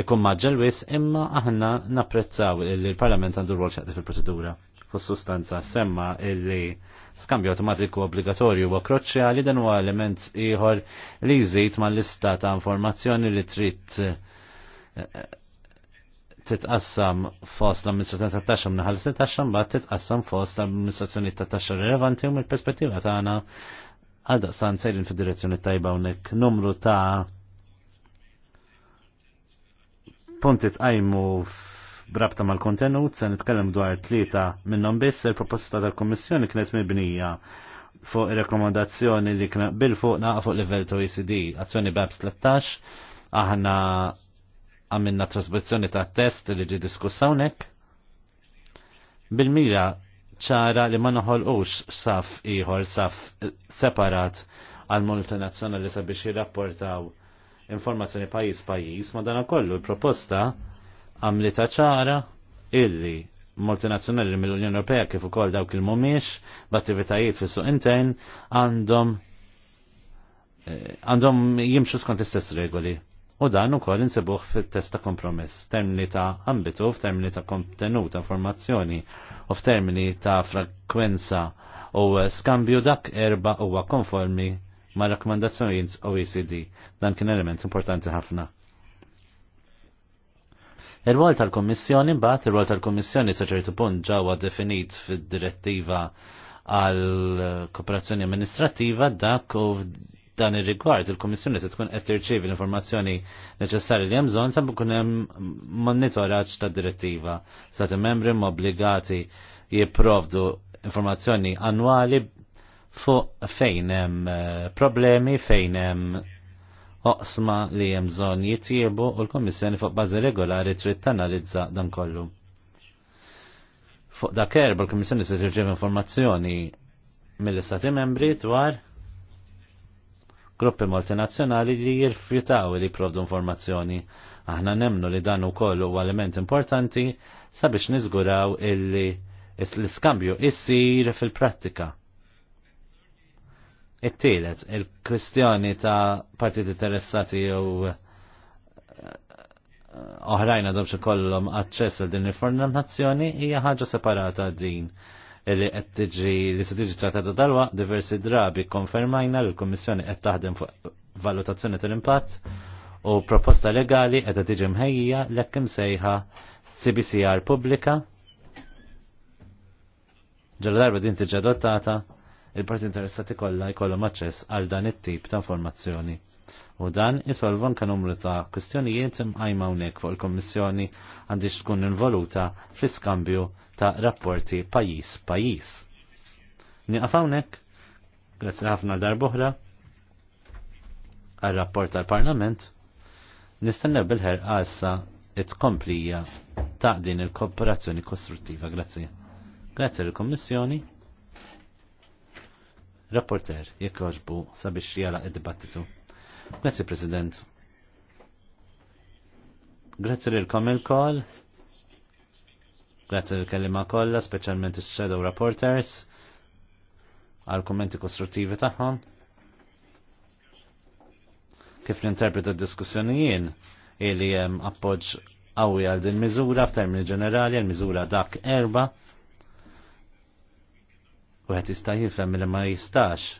ikun maġġel wis imma aħna napprezzaw li l-Parlament għandu rwol xaqti fil procedura Fus-sustanza semma illi skambju automatiku obbligatorju huwa kroċjali dan huwa element ieħor li jżid mal-lista ta' informazzjoni li trid eh, titqassam fost l-amministrazzjoni ta' taxxa minn se taxxa mbagħad titqassam fost l-amministrazzjoni ta' taxxa rilevanti u mill-perspettiva tagħna għal daqsan sejrin fid-direzzjoni tajba hawnhekk numru ta' punti tqajmu brabta mal-kontenut se nitkellem dwar tlieta minnhom biss il-proposta tal-Kummissjoni kienet mibnija fuq ir rekomendazzjoni li kien bil fuq naqa fuq livell ta' OECD, azzjoni BAPS 13, aħna għamilna trasposizzjoni ta' test li ġi diskussawnek bil-mira ċara li ma ux saf ieħor saf separat għal multinazzjonali sabiex jirrapportaw informazzjoni pajjiż pajjiż ma dan kollu l-proposta għamli ta' ċara illi multinazzjonali mill-Unjoni Ewropea kif ukoll dawk il-mumiex b'attivitajiet fis intern għandhom eh, għandhom jimxu skont l-istess regoli. U dan ukoll insibuh fit-test ta' kompromess, termini ta' ambitu, f'termini ta' kontenut, ta' informazzjoni, u f'termini ta' frekwenza u skambju dak erba huwa konformi ma' rakkomandazzjonijiet OECD. Dan kien element importanti ħafna. Ir-rwol tal-Kommissjoni mbagħad ir-rwol tal-Kommissjoni sa ċertu punt ġewwa definit fid-direttiva għal kooperazzjoni amministrativa dak u dan ir-rigward il-Kummissjoni se tkun qed tirċievi l-informazzjoni neċessarja li hemm bżonn sa ikun hemm monitoraġġ ta' direttiva stati membri obbligati jipprovdu informazzjoni annwali fuq fejn hemm eh, problemi, fejn hemm oqsma li hemm bżonn jitjiebu u l-Kummissjoni fuq bażi regolari trid tanalizza dan kollu. Fuq dak erba l-Kummissjoni se tirċievi informazzjoni mill-Istati membri dwar gruppi multinazzjonali li jirfjutaw li provdu informazzjoni. Aħna nemnu li dan ukoll huwa element importanti sabiex niżguraw illi l-iskambju jissir fil-prattika. It-tielet, il-kwistjoni ta' partiti interessati u eh, oħrajna dobx kollhom aċċess għal din l-informazzjoni hija ħaġa separata din li qed tiġi li se tiġi trattata darwa diversi drabi konfermajna li l-Kummissjoni qed taħdem fuq valutazzjoni tal-impatt u proposta legali qed tiġi mħejjija lekk imsejħa CBCR pubblika ġal darba din tiġi adottata il-parti interessati kollha jkollhom aċċess għal dan it-tip ta' informazzjoni u dan jitolvu anka numru ta' kwistjonijiet imqajma hawnhekk fuq il-Kommissjoni għandix tkun involuta fl-iskambju ta' rapporti pajjiż pajjiż. Nieqaf hawnhekk, grazzi ħafna darb'oħra għal rapport tal-Parlament, nistennew bil ħer għassa it-komplija ta' din il-kooperazzjoni kostruttiva. Grazzi. Grazzi l-Kommissjoni. Rapporter, jekk sabiex jala id-dibattitu. Grazzi, President. Grazzi lilkom Kamil kol Grazzi lil kellima kollha, speċjalment ix-shadow reporters għal kommenti kostruttivi tagħhom. Kif l-interpreta d-diskussjonijien illi jem appoġġ qawwi għal din miżura f'termini ġenerali għal miżura dak erba' u għet jista' jifhem li ma jistax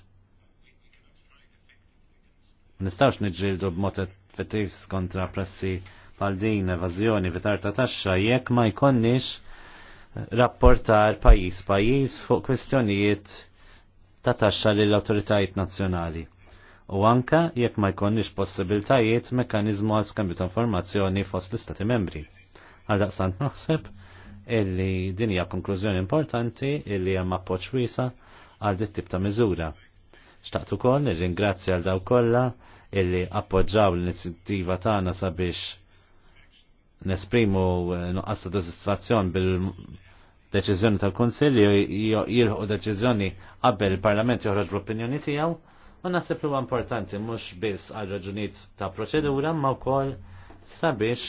Nistawx niġġieldu b'mod effettiv kontra pressi bħal din evażjoni vitar ta' taxxa jekk ma jkonniex eh, rapportar pajis pajis fuq kwestjonijiet ta' taxxa lill awtoritajiet nazzjonali. U anka jekk ma jkonniex possibiltajiet mekkaniżmu għal skambju ta' informazzjoni fost l-Istati membri. Għal daqsant naħseb illi din hija konklużjoni importanti illi hemm appoġġ wiesa' għal dit tip ta' miżura. Xtaqt ukoll nirringrazzja għal daw kollha illi appoġġaw l-inizjattiva tagħna sabiex nesprimu eh, nuqqas ta' bil-deċiżjoni tal-Konsilju jilħu deċiżjoni qabel il-Parlament joħroġ l-opinjoni tiegħu u naħseb li huwa importanti mhux biss għal raġunijiet ta' proċedura ma wkoll sabiex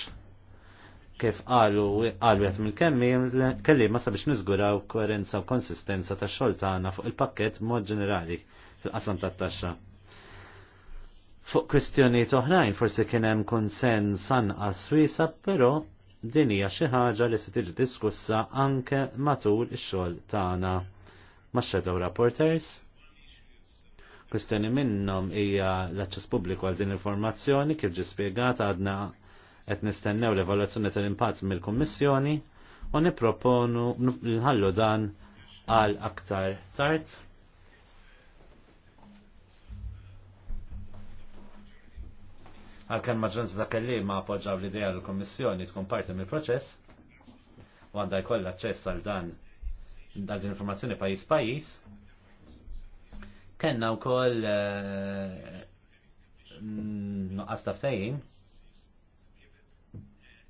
kif qalu qalu qed mill-kemmi kelliema sabiex niżguraw koerenza u konsistenza tax-xogħol tagħna fuq il-pakkett mod ġenerali fil-qasam tat-taxxa. Fuq kwestjoni oħrajn forsi kien hemm konsens sanqas swisa però din hija xi ħaġa li se tiġi diskussa anke matul ix-xogħol tagħna max rapporters. Kwestjoni minnhom hija l-aċċess pubbliku għal din informazzjoni kif ġi spjegata għadna qed nistennew l-evalwazzjoni tal-impatt mill-Kummissjoni u nipproponu nħallu dan għal aktar tard għalkemm maġġoranza ta' kelliema appoġġaw l ideja l kommissjoni tkun parti mill-proċess u għandha jkollha aċċess għal dan għal din informazzjoni pajjiż pajjiż. Kenna wkoll eh, nuqqas ta' il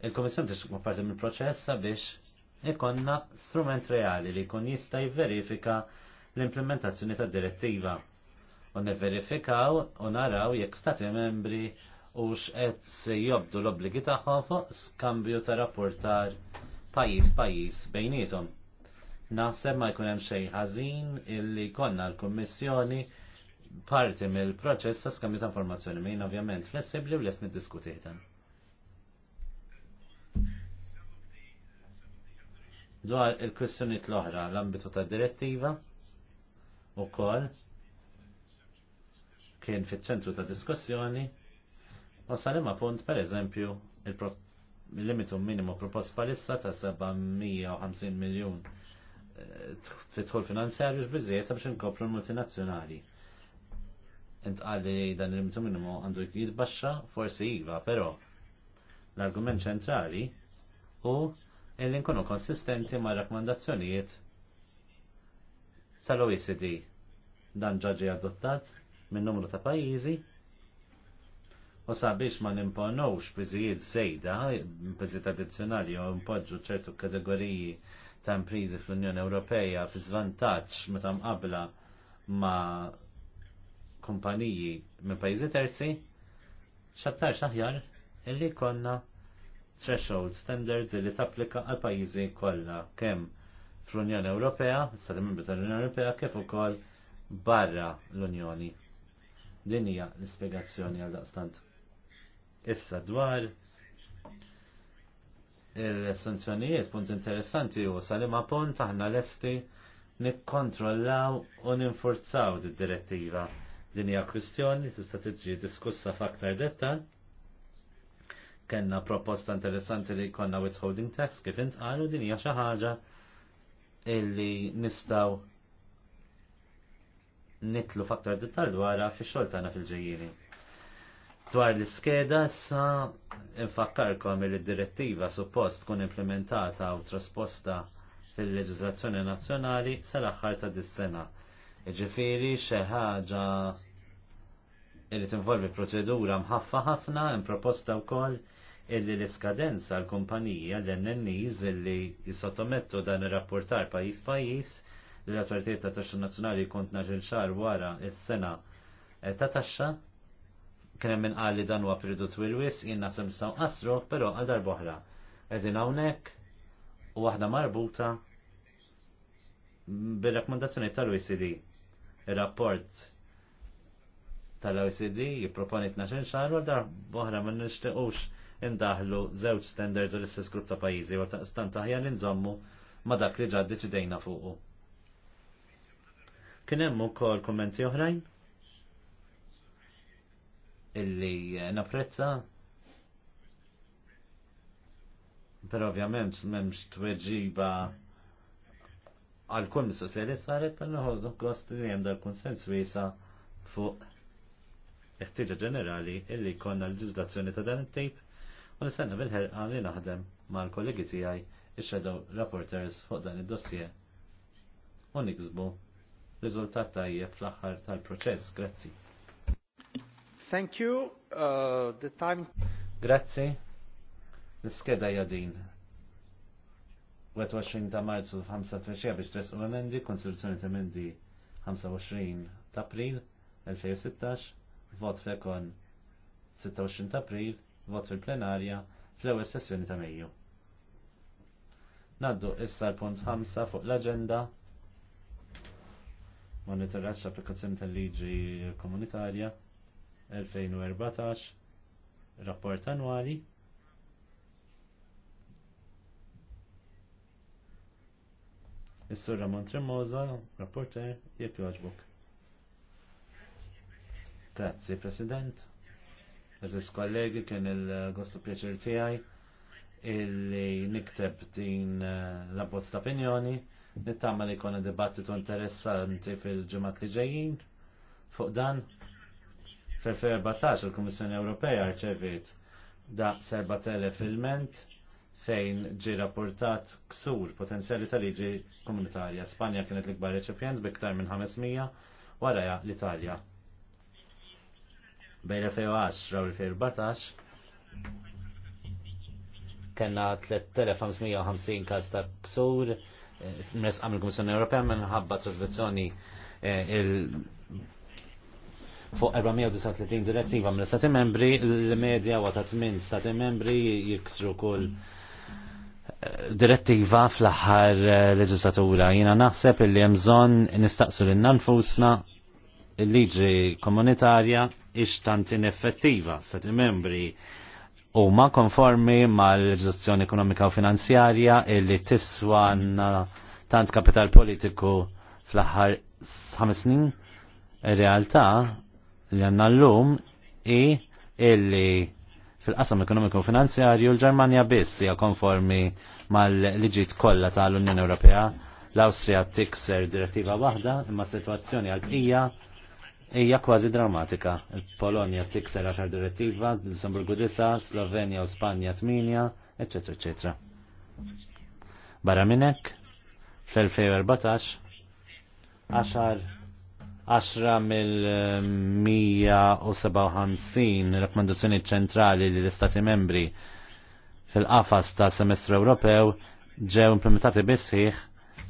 Il-Kommissjoni tkun parti mill-proċess sabiex ikonna strument reali li jkun jista' jverifika l-implementazzjoni tad direttiva u neverifikaw u naraw jekk stati membri u x'qed se jobdu l-obbligi tagħhom fuq skambju ta' rapportar pajjiż pajjiż bejnietom. Naħseb ma jkun hemm xejn ħażin illi konna l-Kummissjoni parti mill-proċess ta' skambju ta' informazzjoni min ovvjament flessibbli u les niddiskutita. Dwar il-kwistjoniet l-oħra, l-ambitu ta' direttiva u kol kien fiċ-ċentru ta' diskussjoni Wasal imma punt, per eżempju, il-limitu minimu propost palissa ta' 750 miljon eh, fitħol finanzjarju x'biżejjed sabiex inkopru l-multinazzjonali. Intqal għalli dan il-limitu minimu għandu baxxa, forsi iva, però l-argument ċentrali u illi nkunu konsistenti ma' rakkomandazzjonijiet tal-OECD dan ġaġi adottat minn numru ta' pajjiżi u sabiex ma nimponowx biżijiet sejda, biżijiet addizzjonali u impoġġu ċertu kategoriji ta' imprizi fl-Unjoni Ewropea fi żvantaġġ meta mqabla ma' kumpaniji minn pajjiżi terzi, xattar xaħjar illi konna threshold standards li tapplika għal pajjiżi kollha kemm fl-Unjoni Ewropea, stati membri tal-Unjoni Ewropea kif ukoll barra l-Unjoni. Din hija l-ispjegazzjoni għal daqstant. Issa dwar il-sanzjonijiet, punt interessanti u salima punt aħna lesti nikkontrollaw u ninforzaw di direttiva Din hija kwistjoni tista' tiġi diskussa f'aktar dettal. Kenna proposta interessanti li konna withholding tax kif intqal u din hija xi ħaġa illi nistgħu nitlu f'aktar dettal dwar fix-xogħol tagħna fil-ġejjieni. Dwar l-iskeda sa infakkarkom li direttiva suppost tkun implementata u trasposta fil-leġislazzjoni nazzjonali sal-aħħar ta' dis-sena. Iġifiri xi ħaġa li tinvolvi proċedura mħaffa ħafna improposta wkoll illi l-iskadenza l-kumpanija l-NNIs illi jisottomettu dan ir-rapportar pajjiż pajjiż l-autoritet ta' taxxa nazzjonali kont naġil wara il sena ta' taxxa kien hemm għalli dan huwa għapridu twilwis, wis jien naħseb pero għadar però għal għawnek, u aħna marbuta bir-rakkomandazzjoni tal-OECD. Ir-rapport tal-OECD jiproponi 12 xar u darba oħra ma nixtiequx indaħlu żewġ standards u l-istess grupp ta' pajjiżi u taqstan taħja li nżommu ma dak li ġaddi ċidejna fuqu. Kien hemm ukoll kummenti oħrajn? illi napprezza Pero ovvjament m'hemmx tweġiba għal kun mistoqsija li saret per noħodu gost li hemm dal konsens wiesa fuq il-ħtieġa ġenerali illi konna l-ġizlazzjoni ta' dan it tape u nistenna bil ħer li naħdem mal kollegi tiegħi ix-shadow rapporters fuq dan id-dossier u niksbu riżultat tajjeb fl-aħħar tal-proċess. Grazzi. Thank you. Uh, the time... Grazie. L-skeda jadin. 21 ta' marzu 5 biex tresqu emendi, konstituzzjoni ta' emendi 25 ta' april 2016, vot fekon 26 ta' april, vot fil-plenarja fl-ewwel sessjoni ta' Mejju. Naddu issa l-punt 5 fuq l-agenda l applikazzjoni tal-liġi komunitarja 2014 rapport annwali Is-Sur Ramon Tremosa, rapporter, jekk joġbuk. Grazzi, President. Eżis kollegi, kien il-gostu pjaċir tijaj illi nikteb din eh, la bozz ta' opinjoni, nittama li kona dibattitu interessanti fil-ġemat li ġejjin fuq dan Fil-2014 il-Kummissjoni Ewropea rċevit da 7.000 filment fejn ġi rapportat ksur potenzjali tal-liġi komunitarja. Spanja kienet l-ikbar reċipjent biktar minn 500 waraja l-Italja. Bejn 2010 u 2014 kena 3550 każ ta' ksur eh, mres il Komissjoni Ewropea minħabba trasvezzjoni eh, il fuq 439 direttiva mill stati membri l-medja wa ta' 8 stati membri jiksru kull eh, direttiva fl-aħħar eh, leġislatura. Jina naħseb li hemm bżonn nistaqsu lil nanfusna il-liġi komunitarja tant ineffettiva stati membri u ma konformi ma l-leġislazzjoni ekonomika u finanzjarja illi tiswa tant kapital politiku fl-aħħar 5 snin realtà li għanna l-lum i illi fil-qasam ekonomiku finanzjarju l-Ġermanja biss hija konformi mal-liġijiet kollha tal-Unjoni Ewropea. L-Awstrija tikser direttiva waħda imma situazzjoni għal ija hija kważi drammatika. Il-Polonja tikser 10 direttiva, Lussemburgu disa, Slovenja u Spanja 8, eċetera, eċetera. Barra minnek, fl-2014, 10 10 mill-157 rekomendazzjoni ċentrali li l-Istati membri fil-qafas ta' semestru Ewropew ġew implementati bisħiħ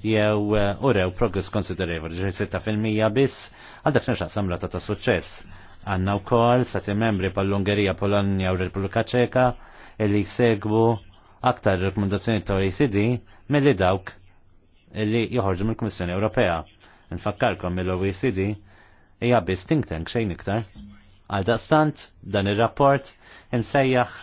jew uh, urew progress considerable ġeħi 6% biss għal dak nixaqsam rata ta' suċċess. Għanna wkoll sati membri pal-Ungerija, Polonja u Repubblika Ċeka li segwu aktar rekomendazzjoni ta' OECD milli dawk li joħorġu mill-Kummissjoni Ewropea Nfakkarkom mill-OECD hija biss think tank xejn iktar. Għal daqstant dan ir-rapport insejjaħ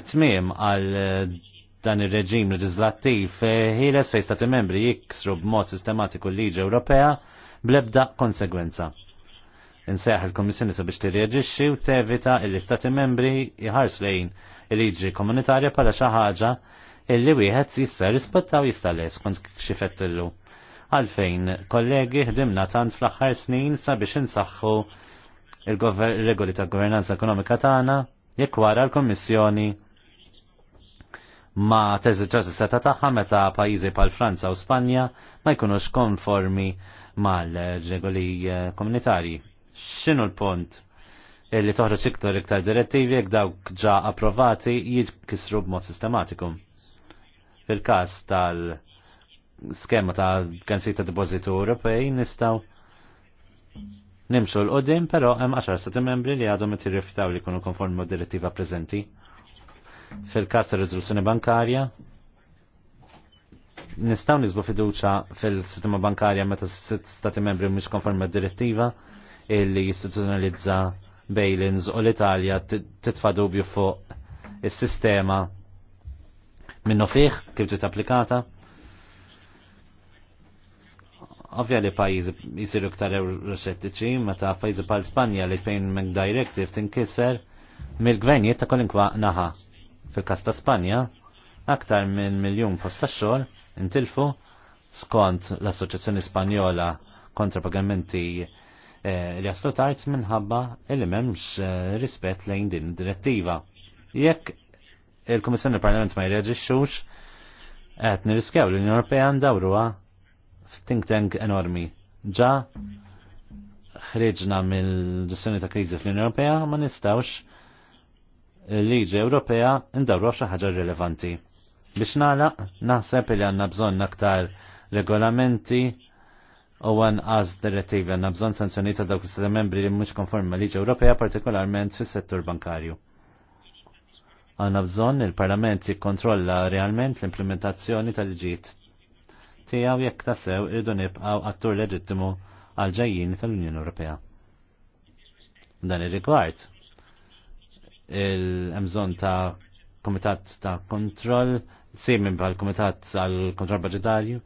it-tmiem għal eh, dan ir-reġim leġislattiv eh, ħieles fejn stati membri jiksru b'mod sistematiku l-liġi Ewropea bl-ebda konsegwenza. Inseħ il-Komissjoni sabiex tirreġixxi u tevita l-Istati membri jħars lejn il-liġi komunitarja bħala xi ħaġa illi wieħed jista' rispetta jista' les kont xi fettillu għalfejn kollegi ħdimna tant fl-aħħar snin sabiex insaħħu il-regoli ta' governanza ekonomika tagħna jekk wara l-Kommissjoni ma teżiġġaż seta tagħha meta pajjiżi bħal Franza u Spanja ma jkunux konformi mal-regoli eh, komunitarji. X'inhu l-punt? Illi toħroġ iktar iktar direttivi jekk dawk ġa approvati jitkisru b'mod sistematiku. Fil-każ tal- skema ta' kansi ta' depozitu Ewropej nistaw nimxu l-qodim, pero hemm 10 stati membri li għadhom qed rifitaw li jkunu konformi ma' direttiva preżenti. Fil-każ ta' riżoluzzjoni bankarja, nistaw nisbu fiduċa fil-sistema bankarja meta stati membri mhux konformi direttiva illi bail ins u l-Italja titfa dubju fuq is-sistema minnu fih kif ġiet applikata Ovvja li pajjiżi jisiru iktar ma meta pajjiżi pal Spanja li Payment Directive tinkisser mill-gvernijiet ta' kwa naħa. Fil-kas ta' Spanja, aktar minn miljun posta xogħol intilfu skont l-Assoċjazzjoni Spanjola kontra pagamenti eh, li jaslu tard minħabba li m'hemmx eh, rispett lejn din id-direttiva. Jekk il-Kummissjoni Parlament ma jreġixxux, qed niriskjaw l-Unjoni Europea ndawruwa think tank enormi. Ġa ħreġna mill-ġestjoni ta' kriżi fl-Unjoni Ewropea ma nistawx liġi Ewropea ndawru xi ħaġa rilevanti. Biex nala, naħseb li għandna bżonn aktar regolamenti u għan għaz direttivi għanna bżon sanzjoni ta' dawk istati membri li mux konformi liġi Ewropea partikolarment fis settur bankarju. Għanna bżon il-Parlament jikkontrolla realment l-implementazzjoni tal-liġijiet tiegħu jekk tasew irridu nibqaw attur leġittimu għal ġejjin tal-Unjoni Ewropea. Dan ir-rigward il-emżon ta' komitat ta' kontroll, simin bħal komitat għal kontroll budgetarju,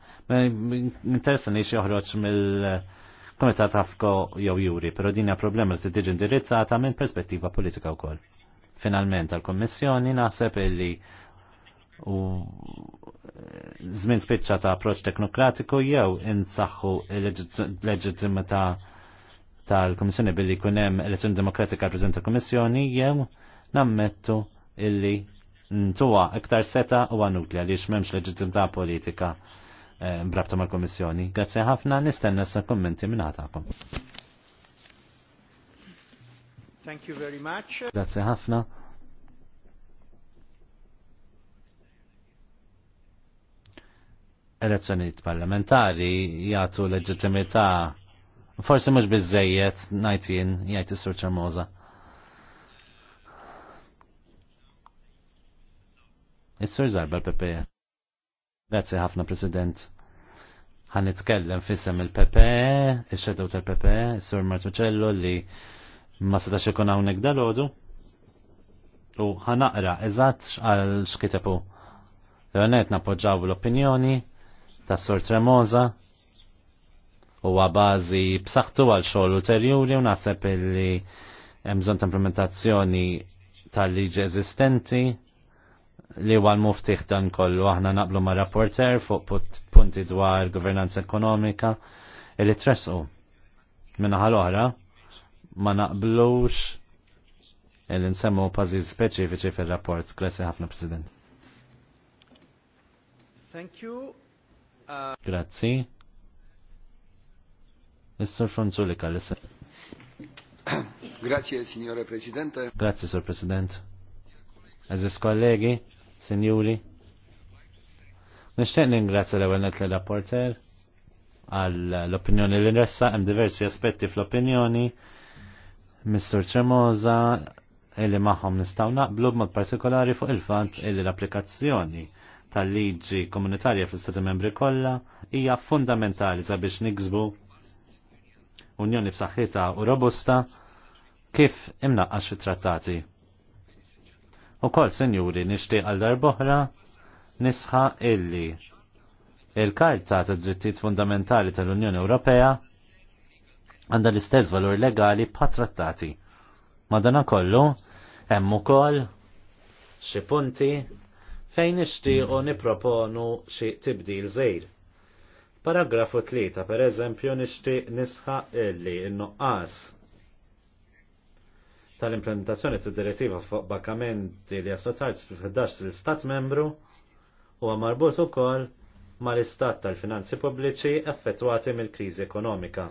interessani xie uħroċ mill-komitat għafko jew juri, pero dinja problema li tiġi indirizzata minn perspettiva politika u koll. Finalment għal kommissjoni naħseb illi żmien spiċċa ta' approċ teknokratiku jew insaħħu l-leġittimità tal-Komissjoni billi jkun hemm elezzjoni demokratika preżenta Komissjoni jew nammettu illi ntuwa iktar seta u għanutli għaliex m'hemmx leġittimità politika eh, brabta mal-Komissjoni. Grazzi ħafna nistenna sa' kommenti minn ħatakom. Thank you very much. Grazie ħafna. elezzjonijiet parlamentari jagħtu leġittimità forsi mhux biżejjed ngħid jien jgħid is-Sur Ċermoża. Is-Sur żarba l pp e. Grazzi ħafna President. Ħan nitkellem fissem il pp e, ix-xedew tal pp is-Sur e, Martuċello li ma setax ikun hawnhekk dalodu. U ħanaqra eżatt x'qal xkitabu. L-għanet napoġġaw l-opinjoni, ta' Sur Tremoza huwa bażi b'saħħtu għal xogħol ulterjuri u naħseb illi hemm bżonn ta' implementazzjoni tal-liġi eżistenti li huwa l-muftiħ dan kollu aħna naqblu ma' rapporter fuq punti dwar governanza ekonomika li tresqu. Minnaħa l-oħra ma naqblux illi nsemmu pażi speċifiċi fil-rapport. Klessi ħafna President. Thank you. Grazzi. Mr. Franzulika listen. Grazie, Signore Presidente. Grazie, Sur President. Aziz kollegi, Sinjuri. Nishtiq ningrazzja l-ewwel net l-rapporter għal l-opinjoni li nressa hemm diversi aspetti fl-opinjoni Mr. Tremosa illi magħhom nistgħu naqblu b'mod partikolari fuq il-fatt illi l-applikazzjoni tal-liġi komunitarja fl-Stati membri kollha hija fundamentali sabiex niksbu unjoni b'saħħitha u robusta kif imnaqqax fit-trattati. kol senjuri nixtieq għal darboħra nisħa illi il-karta ta' drittijiet fundamentali tal-Unjoni Ewropea għandha l-istess valur legali pa' trattati. Madana kollu, hemm ukoll xi punti fejn nixtiequ niproponu xi tibdil żejr. Paragrafu 3, per eżempju, nixtieq nisħaq illi n-nuqqas tal-implementazzjoni tad direttiva fuq bakamenti li assoċjat fil-11 l-Stat membru huwa marbut ukoll mal-istat tal-finanzi pubbliċi effettwati mill-kriżi ekonomika.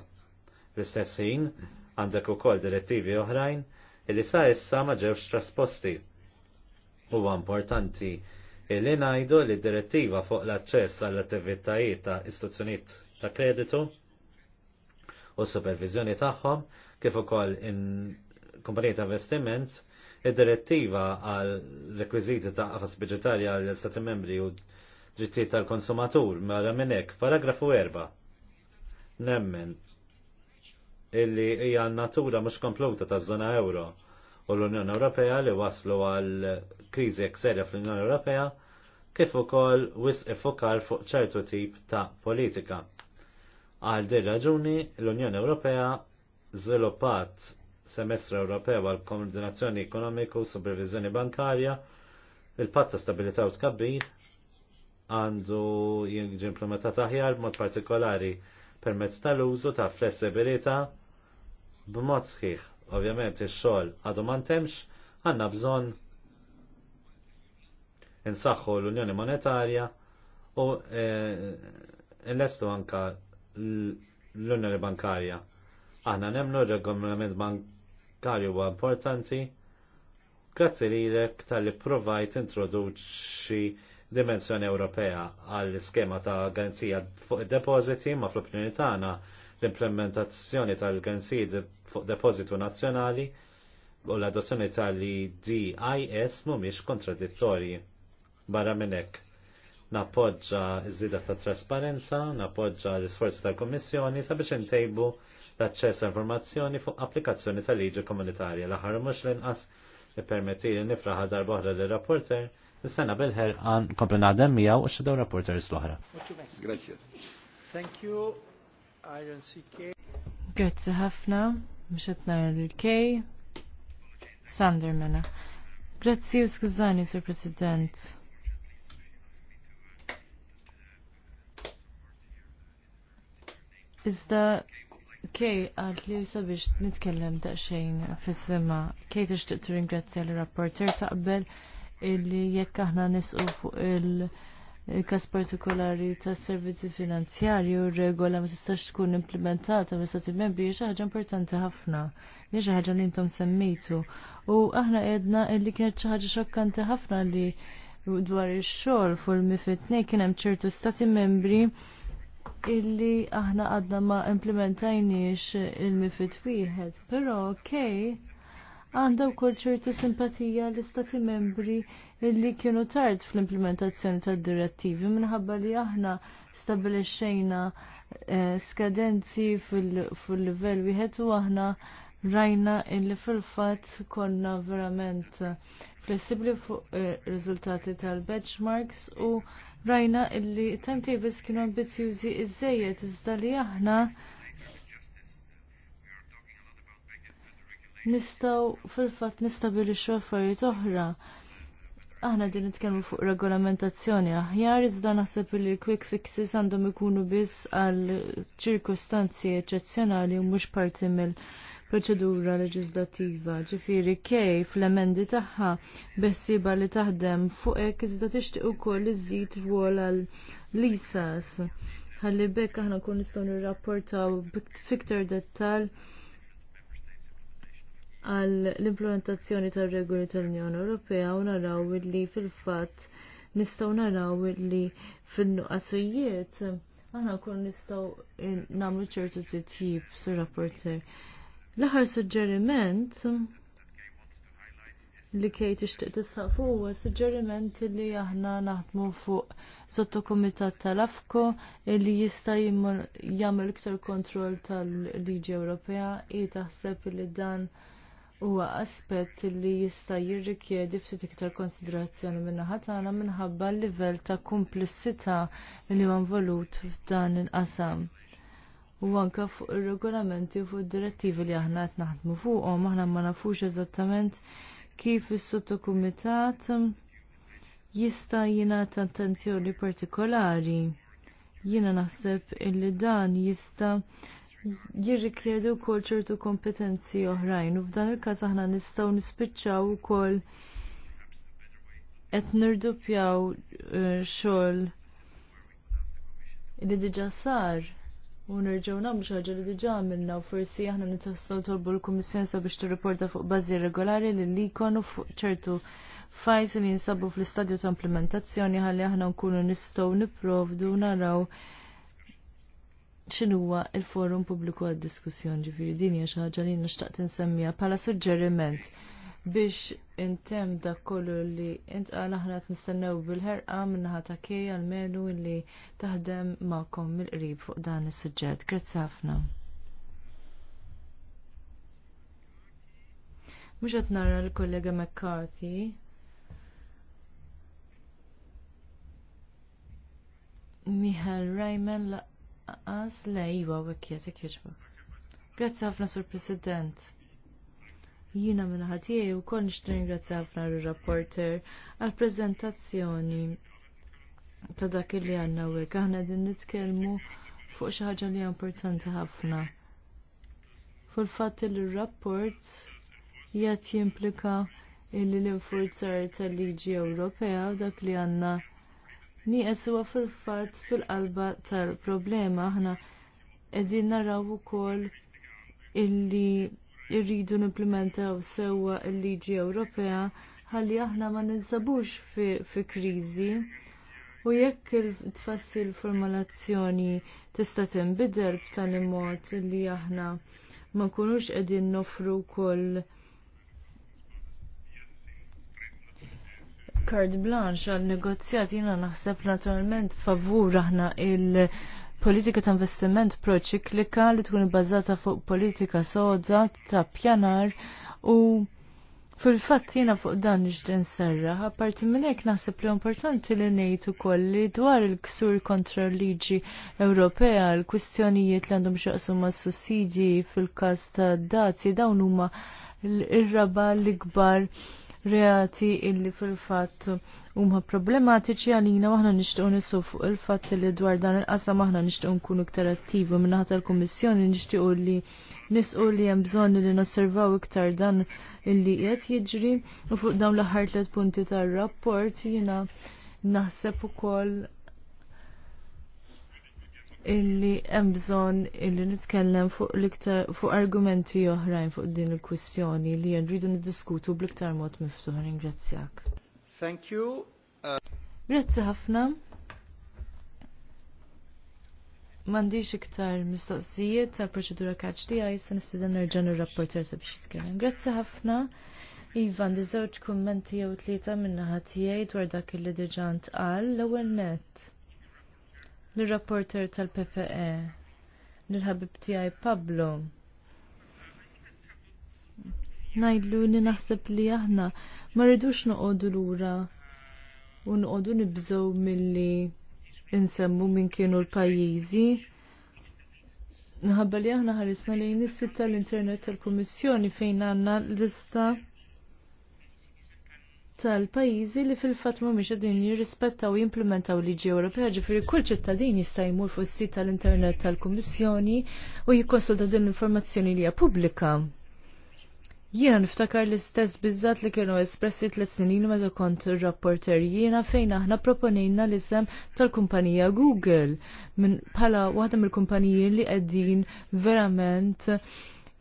L-istess ħin għandek ukoll direttivi oħrajn illi sa issa ma ġewx trasposti. Huwa importanti illi ngħidu li direttiva fuq l-aċċess għall attivitajiet ta' istituzzjonijiet ta' kreditu u supervizjoni tagħhom kif ukoll in kumpaniji ta' investiment id-direttiva għal rekwiżiti ta' qafas budġetarji għal stati membri u drittijiet tal-konsumatur mara mela minn hekk paragrafu 4 nemmen illi hija natura mhux kompluta taż-żona euro u l-Unjoni Ewropea li waslu għal kriżi ekserja fl-Unjoni Ewropea kif ukoll wisq ifukar fuq ċertu tip ta' politika. Għal din raġuni l-Unjoni Ewropea żviluppat semestru Ewropew għal koordinazzjoni ekonomiku u supervizjoni bankarja il-patt ta' stabilità u tkabbir għandu jinġi implementat aħjar mod partikolari permezz tal-użu ta' flessibilità b'mod sħiħ. Ovvjament ix-xogħol għadu ma ntemx, għandna bżonn insaħħu l-Unjoni Monetarja u e, l-estu anka l-Unjoni Bankarja. Aħna nemmnu r-regolament bankarju huwa importanti. Grazzi lilek tal-li provajt introduċi dimensjoni Ewropea għall-iskema ta' garanzija fuq id depositi ma' fl-opinjoni tagħna l-implementazzjoni tal gansid fuq depozitu nazzjonali u l-adozzjoni tal-DIS mhumiex kontradittorji. Barra minn hekk. Nappoġġa iż-żida ta' trasparenza, nappoġġa l-isforzi tal-Kummissjoni sabiex intejbu l-aċċess informazzjoni fuq applikazzjoni tal-liġi komunitarja. L-aħħar mhux l-inqas ippermetti li nifraħa darba oħra rapporter Is-sena bil-ħer għan kompli miegħu u x-xedew rapporter l-oħra. Grazie. Thank you. Grazzi ħafna, mux għetnar l-kej. Sander mena. Grazzi u skużani, Sir President. Iżda Kej, għalt li jisa biex nitkellem daqxejn fis-sema. Kej tixtieq ringrazzja l-rapporter taqbel illi jekk aħna nisqu fuq il- il-kas partikolari ta' servizzi finanzjarju, u regola ma tistax tkun implementata ma stati membri hija ħaġa importanti ħafna. Hija xi ħaġa li intom semmitu. U aħna qedna li kienet xi ħaġa xokkanti ħafna li dwar ix-xogħol fuq il-mifitnej kien hemm ċertu stati membri illi aħna għadna ma implementajniex il-mifit wieħed. Però okej, okay, għandha wkoll ċertu simpatija l-istati membri li kienu tard fl-implementazzjoni tad-direttivi minħabba li aħna stabilixxejna eh, skadenzi fil-livell wieħed u aħna rajna illi fil-fatt konna verament flessibli fuq eh, riżultati tal-benchmarks u rajna illi timetables kienu ambizjużi iżejjed iżda li aħna nistaw fil-fat nistabili affarijiet oħra. Aħna din nitkellmu fuq regolamentazzjoni aħjar iżda naħseb li quick fixes għandhom ikunu biss għal ċirkustanzi eccezzjonali u mhux parti mill proċedura leġislattiva. Ġifieri kej fl-emendi tagħha bessiba li taħdem fuq hekk iżda tixtieq ukoll iżid rwol għal lisas. Ħalli bekk aħna kun nistgħu nirrapportaw fiktar dettal għal l-implementazzjoni tar-regoli tal-Unjoni Ewropea u naraw li fil-fatt nistgħu naraw li fin-nuqqasijiet aħna kun nistgħu nagħmlu ċertu titjib sur rapporter. L-aħħar suġġeriment li kej tixtieq tisaq fuq huwa suġġeriment li aħna naħdmu fuq sottokumitat tal-Afko li jista' jagħmel iktar kontroll tal-Liġi Ewropea i taħseb li dan huwa aspett li jista' jirrikjedi ftit iktar konsiderazzjoni min-naħa tagħna minħabba l-livell ta' kumplessità li huwa involut f'dan il-qasam. U anke fuq ir-regolamenti u fuq id-direttivi li aħna qed naħdmu fuqhom aħna ma nafux eżattament kif is-sottokumitat jista' jingħata attenzjoni partikolari. Jiena naħseb illi dan jista' jirrikjedu wkoll ċertu kompetenzi oħrajn u f'dan il-każ aħna nistgħu nispiċċaw ukoll qed pjaw eh, xogħol li diġà sar u nerġgħu nagħmlu xaġa li diġà għamilna u forsi aħna nitħassu tolbu l-Kummissjoni sabiex tirriporta fuq bażi regolari li li konu fuq ċertu fajs li jinsabu fl-istadju ta' implementazzjoni ħalli aħna nkunu nistgħu nipprovdu naraw xinuwa il-forum pubbliku għad-diskussjon ġifiri din hija xi ħaġa li nixtaqt bħala suġġeriment biex intem dak kollu li intqal aħna t nistennew bil-ħerqa minnaħa ta' kej menu li taħdem ma'kom mill-qrib fuq dan is-suġġett. Grazzi ħafna. Mhux qed nara l-kollega McCarthy. Mihal Rayman la Għas le jiva u għekjet Grazzi ħafna sur President. Jina minna ħatijie u kol nishtin grazzi ħafna l-rapporter għal-prezentazzjoni ta' dak li għanna u għek. din nitkelmu fuq xaħġa li importanti ħafna. Fil-fat il-rapport jgħat jimplika li l-infurzar tal-liġi Ewropea u dak li għanna nieqes huwa fil-fatt fil-qalba tal-problema aħna qegħdin naraw ukoll illi irridu nimplementaw sewwa l-liġi Ewropea ħalli aħna ma ninsabux fi, fi kriżi u jekk tfassi l-formulazzjoni tista' tinbidel b'tali mod li aħna ma nkunux qegħdin nofru wkoll card blanche għal negozjat jina naħseb naturalment favur aħna il- politika ta' investiment proċiklika li tkun bazzata fuq politika soda ta' pjanar u fil-fatt jiena fuq dan iġden serra, apparti minn hekk naħseb li importanti li ngħid ukoll li dwar il-ksur kontra l-liġi Ewropea, l-kwistjonijiet li għandhom xaqsum ma' sussidji fil-każ ta' dati dawn huma ir-raba l-ikbar. l raba l ikbar reati illi fil-fatt huma problematiċi għalina aħna nixtiequ nisu il-fatt li dwar dan il-qasam aħna nixtiequ nkunu iktar attivi minn naħa tal-Kummissjoni nixtiequ li nisqu li hemm bżonn li nasservaw iktar dan illi qed jiġri u fuq dawn l-aħħar tliet punti tar-rapport jiena naħseb ukoll illi hemm bżonn illi nitkellem fuq l-iktar fuq argumenti oħrajn fuq din il-kwistjoni li rridu niddiskutu bl mod miftuħ ringrazzjak. Thank you. Uh... Grazzi ħafna. Mandiċ iktar mistoqsijiet tal-proċedura kaċ għaj se nistidan nerġan il-rapporter sabiex jitkellem. Grazzi ħafna. Ivan, di żewġ kummenti jew tlieta minna ħatijaj dwar dak il-li diġant għal l-ewwel net l-rapporter tal-PPE, l-ħabib tiegħi Pablo. Najdlu li naħseb li aħna ma rridux noqogħdu lura u noqogħdu nibżgħu milli insemmu minn kienu l-pajjiżi. Nħabba li aħna ħarisna lejn is-sitta l-internet tal-Kummissjoni fejn għandna lista tal-pajizi li fil-fat mhumiex qegħdin jirrispettaw u jimplementaw liġi Ewropea, ġifieri kull ċittadin jista' jmur fuq is-sit tal-Internet tal-Kummissjoni u jikkonsulta din l-informazzjoni li hija pubblika. Jiena niftakar l-istess bizzat li kienu espressi tliet snin meta kont rapporter jiena fejn aħna proponejna l-isem tal-kumpanija Google minn bħala waħda mill-kumpaniji li qegħdin verament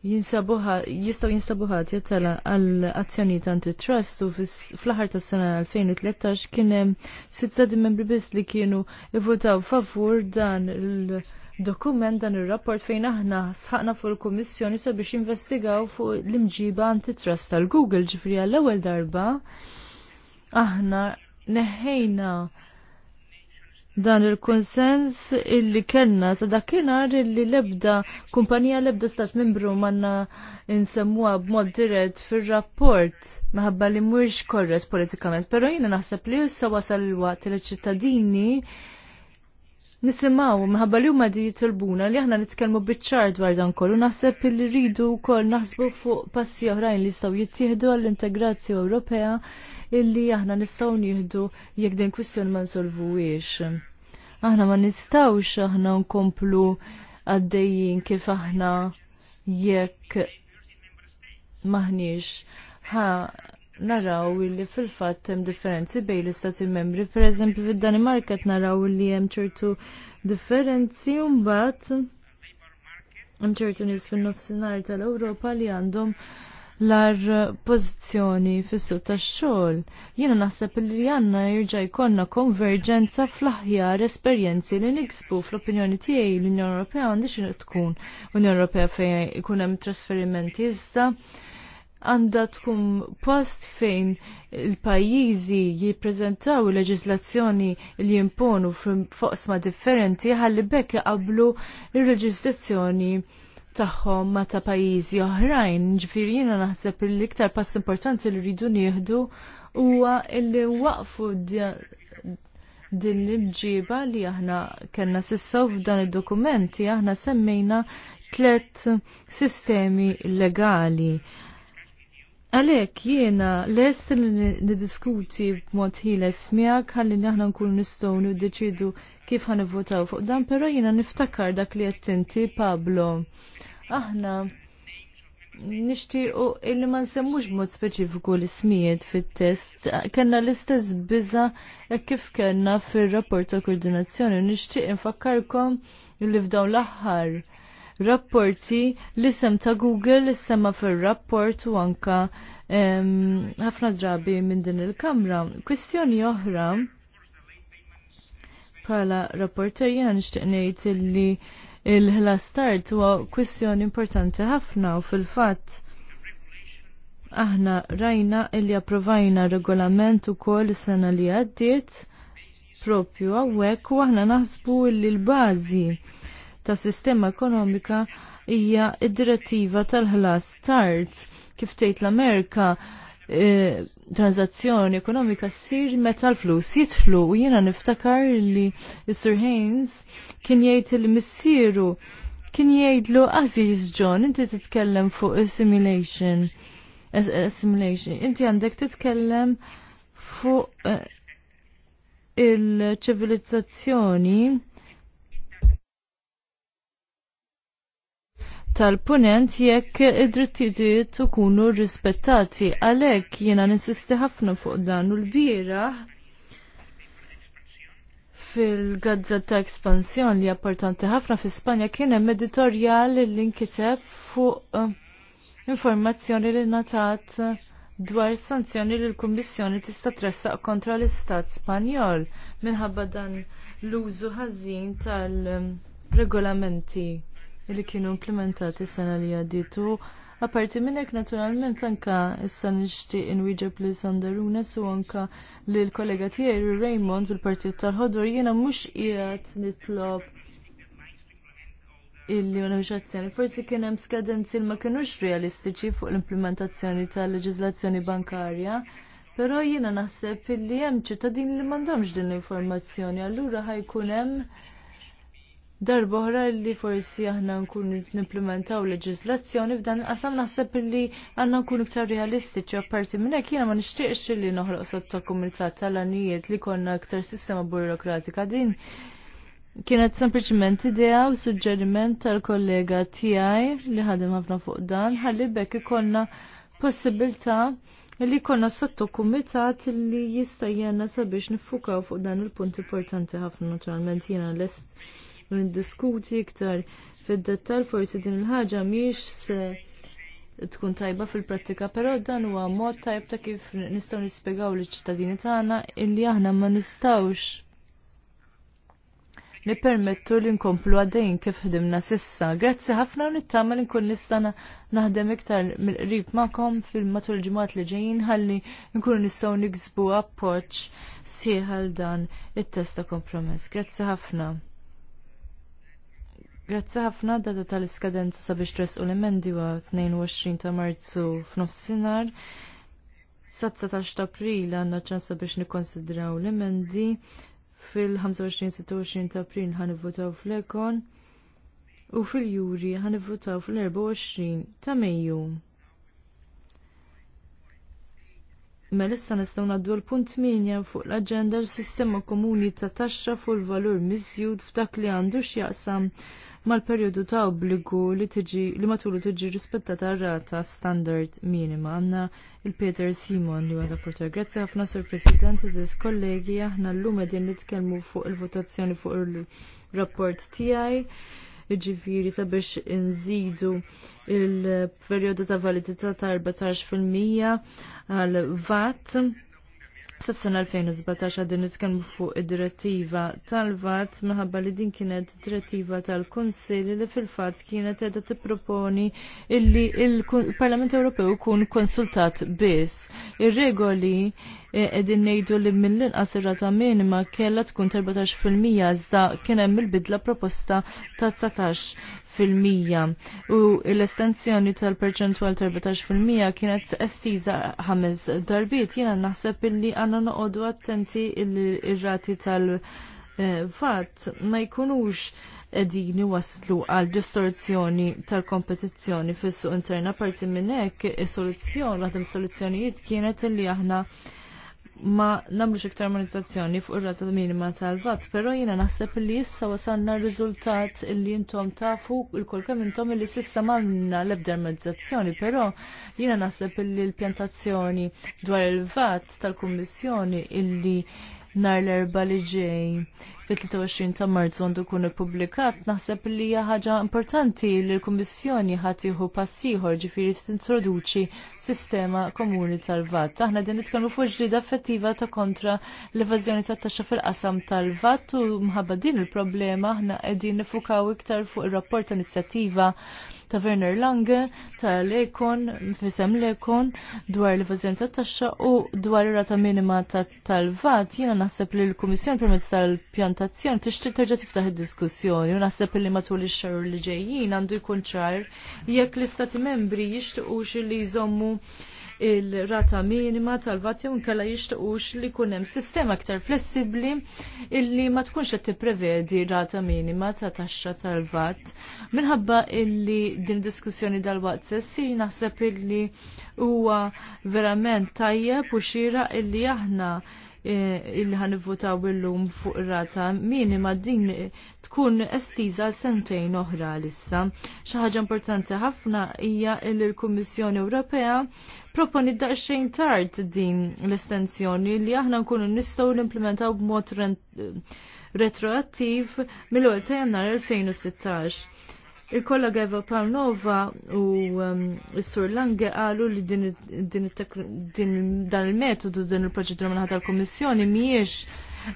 jistaw jinsabuħat jittala għal azzjoni ta' antitrust u fl-ħar ta' sena 2013 kienem sitta di membri bis li kienu ivotaw favur dan il-dokument dan il-rapport fejn aħna sħaqna fuq il-Kommissjoni sabiex investigaw fuq l-imġiba antitrust tal-Google ġifri għall-ewwel darba aħna neħejna dan il-konsens illi kellna sa dakinhar illi lebda kumpanija lebda stat membru manna insemmuha b'mod dirett fir-rapport maħabba li mhuwiex korret politikament, però jiena naħseb li issa wasal il-waqt li ċittadini nisimaw maħabba li huma di jitilbuna li aħna nitkellmu biċ-ċar dwar dan kollu naħseb li rridu wkoll naħsbu fuq passi oħrajn li jistgħu jittieħdu għall-integrazzja Ewropea illi aħna nistgħu nieħdu jekk din kwistjoni ma nsolvuwiex. Aħna ma nistgħux aħna nkomplu għaddejjin kif aħna jekk maħniex ħa naraw li fil-fatt hemm differenzi bejn l-istati membri. Per eżempju fid-Danimarka naraw li hemm ċertu differenzi u mbagħad hemm ċertu nies fin-nofsinhar tal-Ewropa li għandhom l-ar pozizjoni fis-suq tax-xogħol. Jiena naħseb li għandna jirġa' jkollna konverġenza fl-aħjar esperjenzi li niksbu fl-opinjoni tiegħi l-Unjoni għandi għandix tkun Unjoni Ewropea fejn ikun hemm trasferimenti iżda għanda tkun post fejn il-pajjiżi jippreżentaw leġizlazzjoni li jimponu fuq sma differenti ħalli bekk jaqablu il leġizlazzjoni tagħhom ma ta' pajjiżi oħrajn, ġifieri jiena naħseb l-iktar pass importanti li rridu nieħdu huwa li waqfu din l-ġiba li aħna kellna sissa f'dan id-dokumenti aħna semmejna tlet sistemi legali Għalek, jiena, lest li nidiskuti b'mod ħiles miegħek ħalli naħna nkun nistgħu deċidu kif ħan votaw fuq dan, però jiena niftakar dak li qed Pablo. Aħna nixtiequ illi ma nsemmux b'mod speċifiku l-ismijiet fit-test, kellna l-istess biża kif kellna fir-rapport ta' koordinazzjoni, nixtieq infakkarkom li f'dawn l-aħħar rapporti l-isem ta' Google semma fil-rapport u anka ħafna drabi minn din il-kamra. Kwestjoni oħra pala rapporter jena nixtieq ngħid illi il-ħlas start huwa kwestjoni importanti ħafna u fil-fatt aħna rajna illi approvajna regolament ukoll is-sena li għaddiet propju għawek u aħna naħsbu illi l-bażi ta' sistema ekonomika hija id-direttiva tal-ħlas tard kif tgħid l-Amerika e, transazzjoni ekonomika ssir meta l-flus jitħlu u jiena niftakar li Sir Haynes kien jgħid li missieru kien jgħidlu Aziz John inti titkellem fuq assimilation assimilation inti għandek titkellem fuq e, il-ċivilizzazzjoni tal-punent jekk id-drittijiet ikunu rispettati. Għalhekk jiena ninsisti ħafna fuq dan u l-bira fil-gazzetta ekspansjon li apportanti ħafna fi Spanja kien hemm editorjal li nkiteb fuq eh, informazzjoni li natat dwar sanzjoni li l-Kummissjoni tista' tressaq kontra l-Istat Spanjol minħabba dan l-użu ħażin tal-regolamenti eh, li kienu implementati sena li għadditu. Aparti minnek naturalment anka issa nixtieq inwieġeb li Sandaruna su anka li l-kollega tijaj Raymond fil-Partit tal-Ħodur jiena mhux qiegħed nitlob il-unifikazzjoni. Forsi kien hemm skadenzi li ma kinux realistiċi fuq l-implementazzjoni tal-leġiżlazzjoni bankarja. Pero jiena naħseb li hemm ċittadini li m'għandhomx din l-informazzjoni, allura ħajkun hemm darboħra li forsi aħna nkun nimplementaw leġislazzjoni f'dan qasam naħseb li għandna nkun iktar realistiċi apparti minn hekk jiena ma nixtieqx li noħloq sotto komunità tal-għanijiet li konna iktar sistema burokratika din kienet sempliċement idea u suġġeriment tal-kollega tiegħi li ħadem ħafna fuq dan ħalli bekk ikollna possibilità li konna sotto kumitat li jista' jenna sabiex nifukaw fuq dan il-punt importanti ħafna naturalment jiena lest u ndiskuti iktar fid-dettal forsi din il-ħaġa miex se tkun tajba fil-prattika, però dan huwa mod tajb ta' kif nistgħu nispjegaw liċ-ċittadini tagħna illi aħna ma nistgħux nippermettu li nkomplu għaddejn kif ħdimna sissa. Grazzi ħafna u nittama li nkun nista' naħdem iktar mill-qrib magħkom fil-matul ġimgħat li ġejjin ħalli nkunu nistgħu niksbu appoġġ sieħal dan it-testa kompromess. Grazzi ħafna. Grazzi ħafna data tal-iskadenza sabiex tress u l-emendi wa 22 ta' marzu f'nofsinhar. Sa ta' april għandna ċans sabiex nikkonsidraw l-emendi fil-25-26 ta' april votaw fl-ekon u fil-juri votaw fil-24 ta' Mejju. Mela issa nistgħu ngħaddu l-punt minja fuq l-aġenda l-sistema komuni ta' taxxa fuq il-valur miżjud f'dak li għandu x'jaqsam mal-perjodu ta' obbligu li tiġi li matulu tiġi rispettata rata standard minima. Għanna il-Peter Simon li għal portar. Grazzi ħafna sur President, eżis kollegi, aħna l-lum li nitkellmu fuq il-votazzjoni fuq il-rapport tiegħi ġifiri sabiex nżidu il-periodu ta' validità ta' 14% għal VAT Sas-sena 2017 għadin nitkellmu fuq id-direttiva tal-VAT minħabba li din kienet direttiva tal konsil li fil-fatt kienet qiegħda tipproponi illi il-Parlament Ewropew ikun konsultat biss. Ir-regoli qegħdin eh, ngħidu li mill-inqas ir-rata minima kellha tkun 14% iżda kien hemm il-bidla proposta ta' fil-mija u l-estensjoni tal-perċentwal tal-14 fil-mija kienet estiza ħames darbiet jiena naħseb illi għanna noqogħdu attenti il-rati tal- Fatt, eh, ma jkunux edini waslu għal distorzjoni tal-kompetizzjoni fis-suq interna parti minn hekk is-soluzzjoni, waħda mis-soluzzjonijiet kienet illi aħna ma nagħmlux iktar armonizzazzjoni fuq ir-rata minima tal-vatt, però jiena naħseb li issa wasanna r-riżultat li intom tafu l-kol kemm intom li s'issa m'għandna l-ebda armonizzazzjoni, però jiena naħseb li l-pjantazzjoni dwar il-vatt tal-Kummissjoni illi nar l-erba li ġej fit-23 ta' marzu għandu kun ippubblikat, naħseb li hija ħaġa importanti li l-Kummissjoni ħadd ieħu passiħor ġifieri tintroduċi sistema komuni tal-vat. Aħna din nitkellmu fuq ġlida effettiva ta' kontra l-evażjoni tat-taxxa fil-qasam tal-vat u mħabba din il-problema aħna qegħdin nifukaw iktar fuq ir-rapport ta' inizjattiva ta' Werner Lange, ta' Lekon, fisem Lekon, dwar l-evazjoni ta' taxxa u dwar ir-rata minima tal-vat, jiena naħseb li l-Kummissjoni permezz tal-pjantazzjoni tixtieq terġa' tiftaħ id-diskussjoni u naħseb li matul ix-xhur li ġejjin għandu jkun ċar jekk l-Istati membri jixtiequx li jżommu il-rata minima tal-vat jew nkella jixtiequx li jkun hemm sistema aktar flessibbli illi ma tkunx qed tipprevedi rata minima ta' taxxa tal-vat. Minħabba illi din diskussjoni dal-waqt sessi naħseb illi huwa verament tajjeb u xira illi aħna eh, illi ħan votaw illum fuq rata minima din tkun estiza sentejn oħra lissa. ħaġa importanti ħafna hija li l-Kummissjoni Ewropea proponi daqsxejn tard din l-estensjoni li aħna nkunu nistgħu nimplementaw b'mod retroattiv mill-1 ta' jannar 2016. Il-kollega Eva Palnova u s-sur um, Lange għalu li din dan il-metodu, din il-proċedura minna tal-Komissjoni miex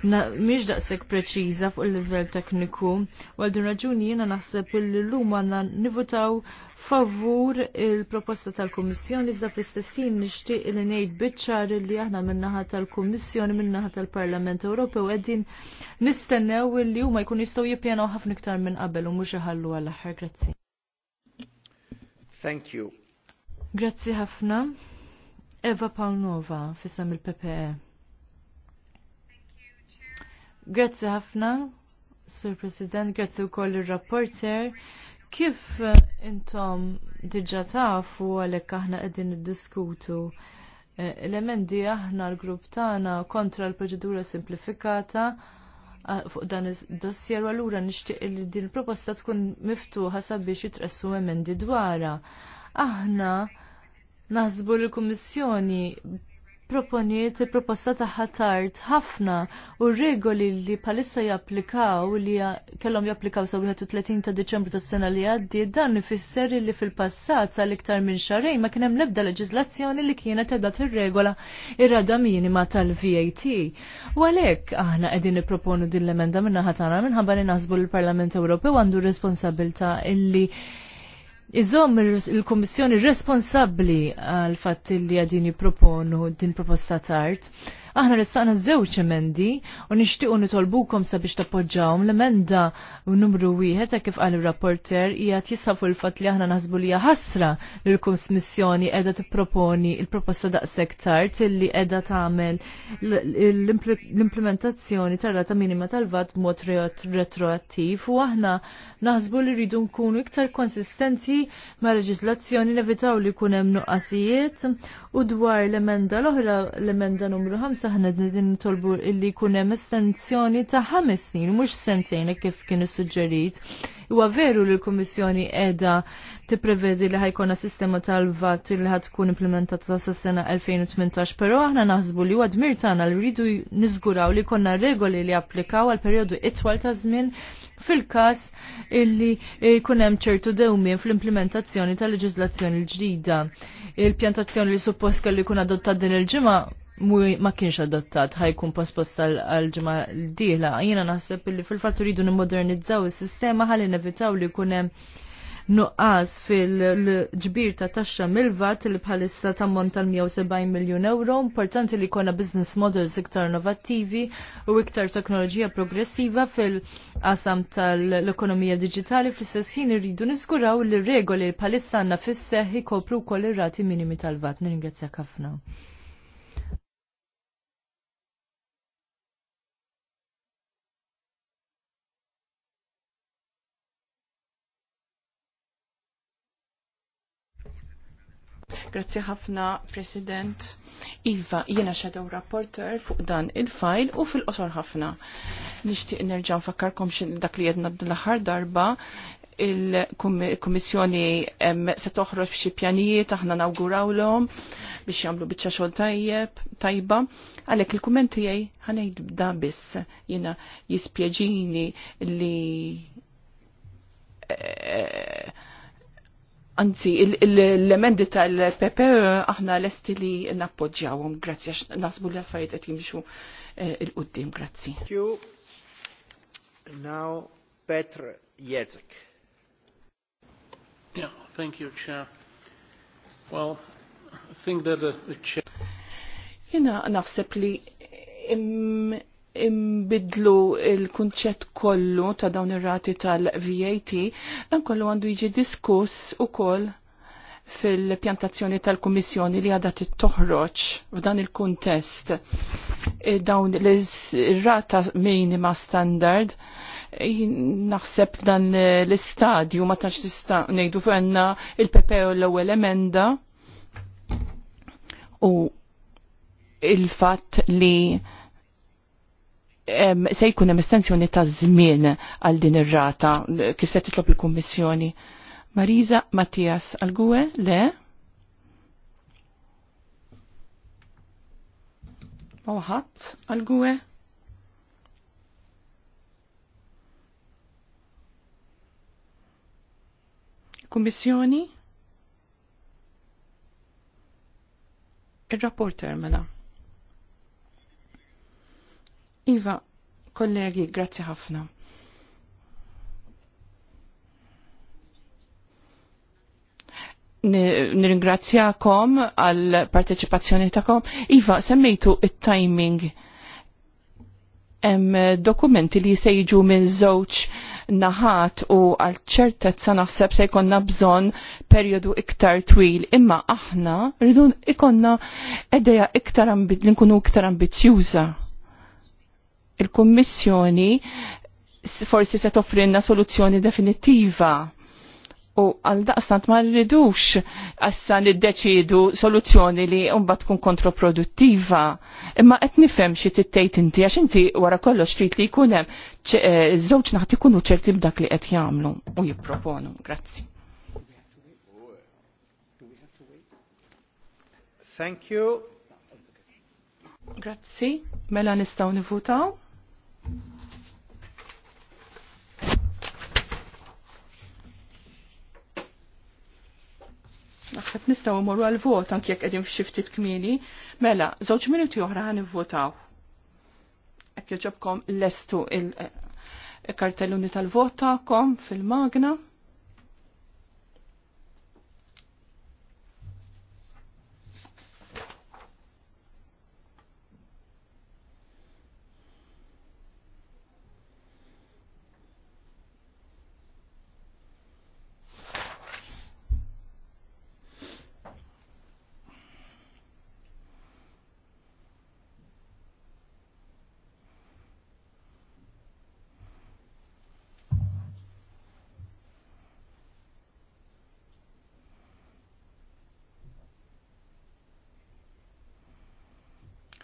miex daqseg preċiża fuq il-livell tekniku. U għal din raġuni jena naħseb il lum għanna nivutaw favur il-proposta tal-Kummissjoni iżda fl-istessin nixtieq li ngħid biċċar li aħna min-naħa tal-Kummissjoni min-naħa tal-Parlament Ewropew qegħdin nistennew li huma jkun jistgħu jippjanaw ħafna iktar minn qabel u mhux iħallu għall-aħħar. Grazzi. Thank you. Grazzi ħafna. Eva Paunova fisem il-PPE. Grazzi ħafna, Sur President, grazzi wkoll ir rapporter Kif eh, intom diġa tafu għalhekk aħna qegħdin niddiskutu eh, l-emendi aħna l-grupp tagħna kontra l-proċedura simplifikata eh, fuq dan id-dossier u allura nixtieq li din il-proposta tkun miftuħa sabiex jitressu emendi dwarha. Aħna naħsbu l-Kummissjoni proponiet il-proposta taħħa tard ħafna u regoli li palissa japplikaw li kellhom japplikaw sa 31 ta' Deċembru tas-sena li għaddi dan ifisser li fil-passat sa' liktar minn xarejn ma kien hemm nebda leġiżlazzjoni li kienet qiegħda tirregola ir-rada minima tal-VAT. U għalhekk aħna qegħdin nipproponu din l-emenda minna ħatana minħabba li naħsbu l-Parlament Ewropew għandu responsabilta illi iżomm il-Kommissjoni responsabbli għal fat li għadini jipproponu din proposta tard. Aħna ressaqna żewġ emendi u nixtiequ nitolbukom sabiex tappoġġawhom l-emenda numru wieħed ta' kif qal ir-rapporter hija tisab fuq il-fatt li aħna naħsbu li hija ħasra lil l-Kummissjoni qiegħda tipproponi il-proposta daqshekk tard illi qiegħda tagħmel l-implementazzjoni tar-rata minima tal-vat b'mod retroattiv u aħna naħsbu li rridu nkunu iktar konsistenti ma' leġislazzjoni nevitaw li kunem nuqqasijiet U dwar l-emenda l-oħra l-emenda numru 5 ħna din tolbu illi jkun hemm estensjoni ta' 5 snin, mhux sentejn kif kien issuġġerit. Huwa veru li l-Kummissjoni qiegħda tipprevedi li ħajkonna sistema tal-VAT li ħad tkun implementata ta' sena 2018, però aħna naħsbu li huwa dmir tagħna li rridu niżguraw li konna regoli li applikaw għal perjodu itwal ta' żmien fil-kas illi kunem ċertu dewmien fl-implementazzjoni tal-leġizlazzjoni l-ġdida. Il-pjantazzjoni li suppost kelli kun adottat din il-ġimma ma kienx adottat ħajkun pospost għal ġima l-dihla. Jena naħseb illi fil-fattu rridu nimmodernizzaw il-sistema ħalli nevitaw li kunem nuqqas fil-ġbir ta' taxxa mill-vat li bħalissa tammont tal-170 miljun euro. Importanti li jkollna business models iktar innovativi u iktar teknoloġija progressiva fil-qasam tal-ekonomija digitali fl-istess ħin irridu niskuraw li regoli bħalissa għandna fis-seħħ ikopru wkoll ir-rati minimi tal-vat. Nirringrazzjak ħafna. Grazzi ħafna, President. Iva, jiena shadow rapporter fuq dan il-fajl u fil-qosor ħafna. Nixtieq nerġa' x'in dak li jedna l-aħħar darba il-Kummissjoni se toħroġ xi pjanijiet aħna nawgurawlhom biex jagħmlu biċċa xogħol tajjeb tajba. Għalhekk il-kumment tiegħi ħanejt bda biss jiena jispjeġini li eh, Anzi, l-emendi tal-PP eh, aħna l-esti li nappoġġawum. Grazie, nasbu l-affarijiet qed jimxu eh, il-qudiem, grazzi. Now Petr Jezek. Yeah, thank you, Chair. Well, I think that the, uh, the Chair... Jena naħseb li imbidlu il-kunċett kollu ta' dawn ir-rati tal-VAT, dan kollu għandu jiġi diskuss ukoll fil-pjantazzjoni tal-Kummissjoni li għadha tittoħroġ f'dan il-kuntest e, dawn l-rata minima standard naħseb f'dan l-istadju ma tax tista' ngħidu fenna il ppo l-ewwel emenda u il-fatt li se jkun hemm estensjoni ta' żmien għal din ir-rata kif se titlob il-Kummissjoni. Marisa Mattias Algue, le? Mawħat Algue? Kummissjoni? Il-rapporter mela. Iva, kollegi, grazzi ħafna. Nirringrazzjakom għal parteċipazzjoni ta'kom. Iva, semmejtu il timing Em dokumenti li sejġu minn żewġ naħat u għal ċertezza naħseb se jkonna bżonn perjodu iktar twil, imma aħna rridu ikonna edeja iktar li nkunu iktar ambizjuża il-Kummissjoni forsi se toffrinna soluzzjoni definittiva. U għal daqstant ma rridux għassa niddeċidu soluzzjoni li umba tkun kontroproduttiva. Imma qed nifhem xi tittejt inti għax inti wara kollox trid li jkun hemm eh, żewġ naħti ikunu ċerti b'dak li qed jagħmlu u jipproponu. Grazzi. Thank you. Grazzi. Mela nistgħu nivutaw. Naħseb nistgħu mmorru għal vot anke jekk qegħdin f'xi ftit kmieni, mela żewġ minuti oħra ħan nivvotaw. Qed jogħġobkom lestu il-kartelluni eh, tal-vot tagħkom fil-magna.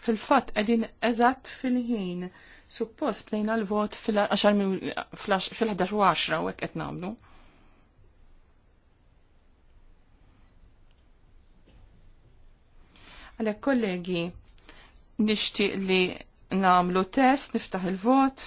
fil-fatt qegħdin eżatt fil-ħin. Suppost plejna l-vot fil-11 u 10 u hekk qed nagħmlu. Għalhekk kollegi, nixtieq li nagħmlu test, niftaħ il-vot.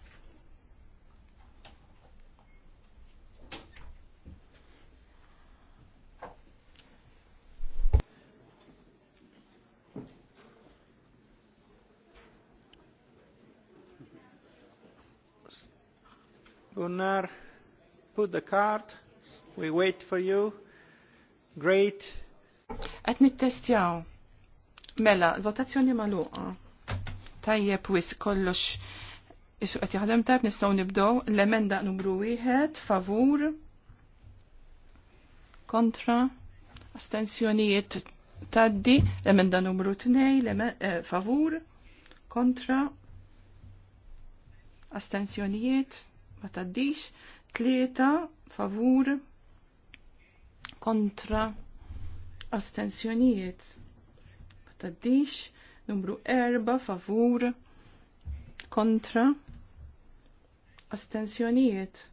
the card. We wait for you. Great. Qed nittestjaw. Mela, l-votazzjoni magħluqa. Tajjeb wis kollox isu qed jaħdem tajb nistgħu nibdew l-emenda numru wieħed favur kontra astensjonijiet taddi l-emenda numru 2 eh, favur kontra astensjonijiet ma taddix Tlieta favur kontra astensjonijiet. Taddix numru erba favur kontra astensjonijiet.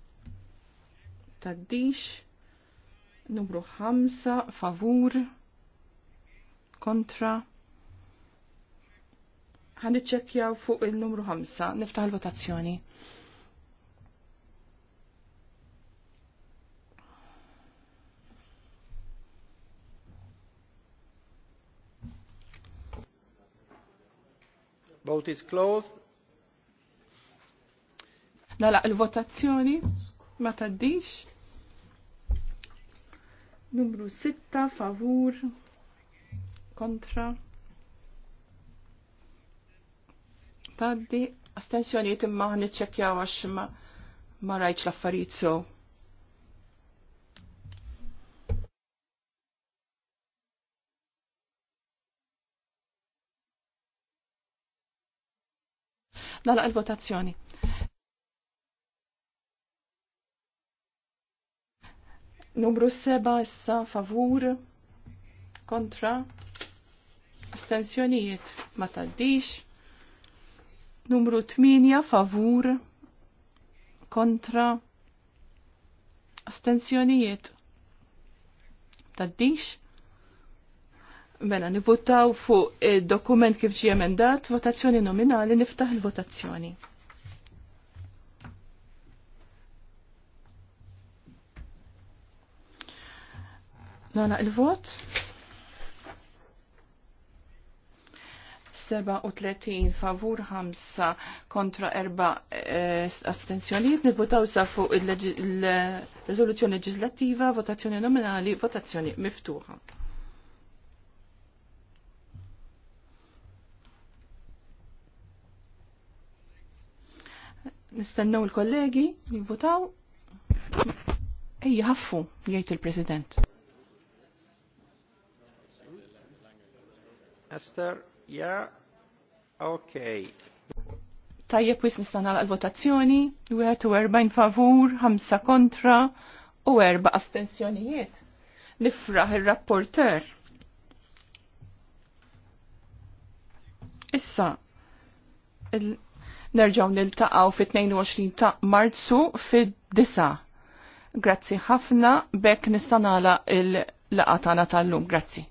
Taddix numru ħamsa, favur kontra ħan iċċekkjaw fuq il-numru 5 niftaħ il-votazzjoni Vote is closed. Nalaq il-votazzjoni ma taddix. Numru 6 favur kontra. Taddi astensjonijiet imma niċċekkjaw għax ma rajtx l-affarijiet So. Nalaq il-votazzjoni. Numru seba' issa favur kontra astensjonijiet ma taddix. Numru 8 favur kontra astensjonijiet taddix. Mela nivutaw fuq il-dokument kif ġie emendat, votazzjoni nominali, niftaħ il-votazzjoni. Nana il-vot. 37 favur 5 kontra 4 eh, astenzjonijiet nivvotaw sa fuq il-rezoluzzjoni leġislattiva, votazzjoni nominali, votazzjoni miftuħa. Nistennew il-kollegi jivvotaw. Ejja ħaffu, jgħid il-President. Esther, ja, ok. Tajjeb wis nista' nagħlaq l-votazzjoni, wieħed u erbajn favur, ħamsa kontra u erba' astensjonijiet. Nifraħ ir-rapporter. Issa, il Nerġaw nil-taqaw fit-22 ta' Marzu fid-9. Grazzi ħafna, bekk nistanala il-laqatana tal-lum. Grazzi.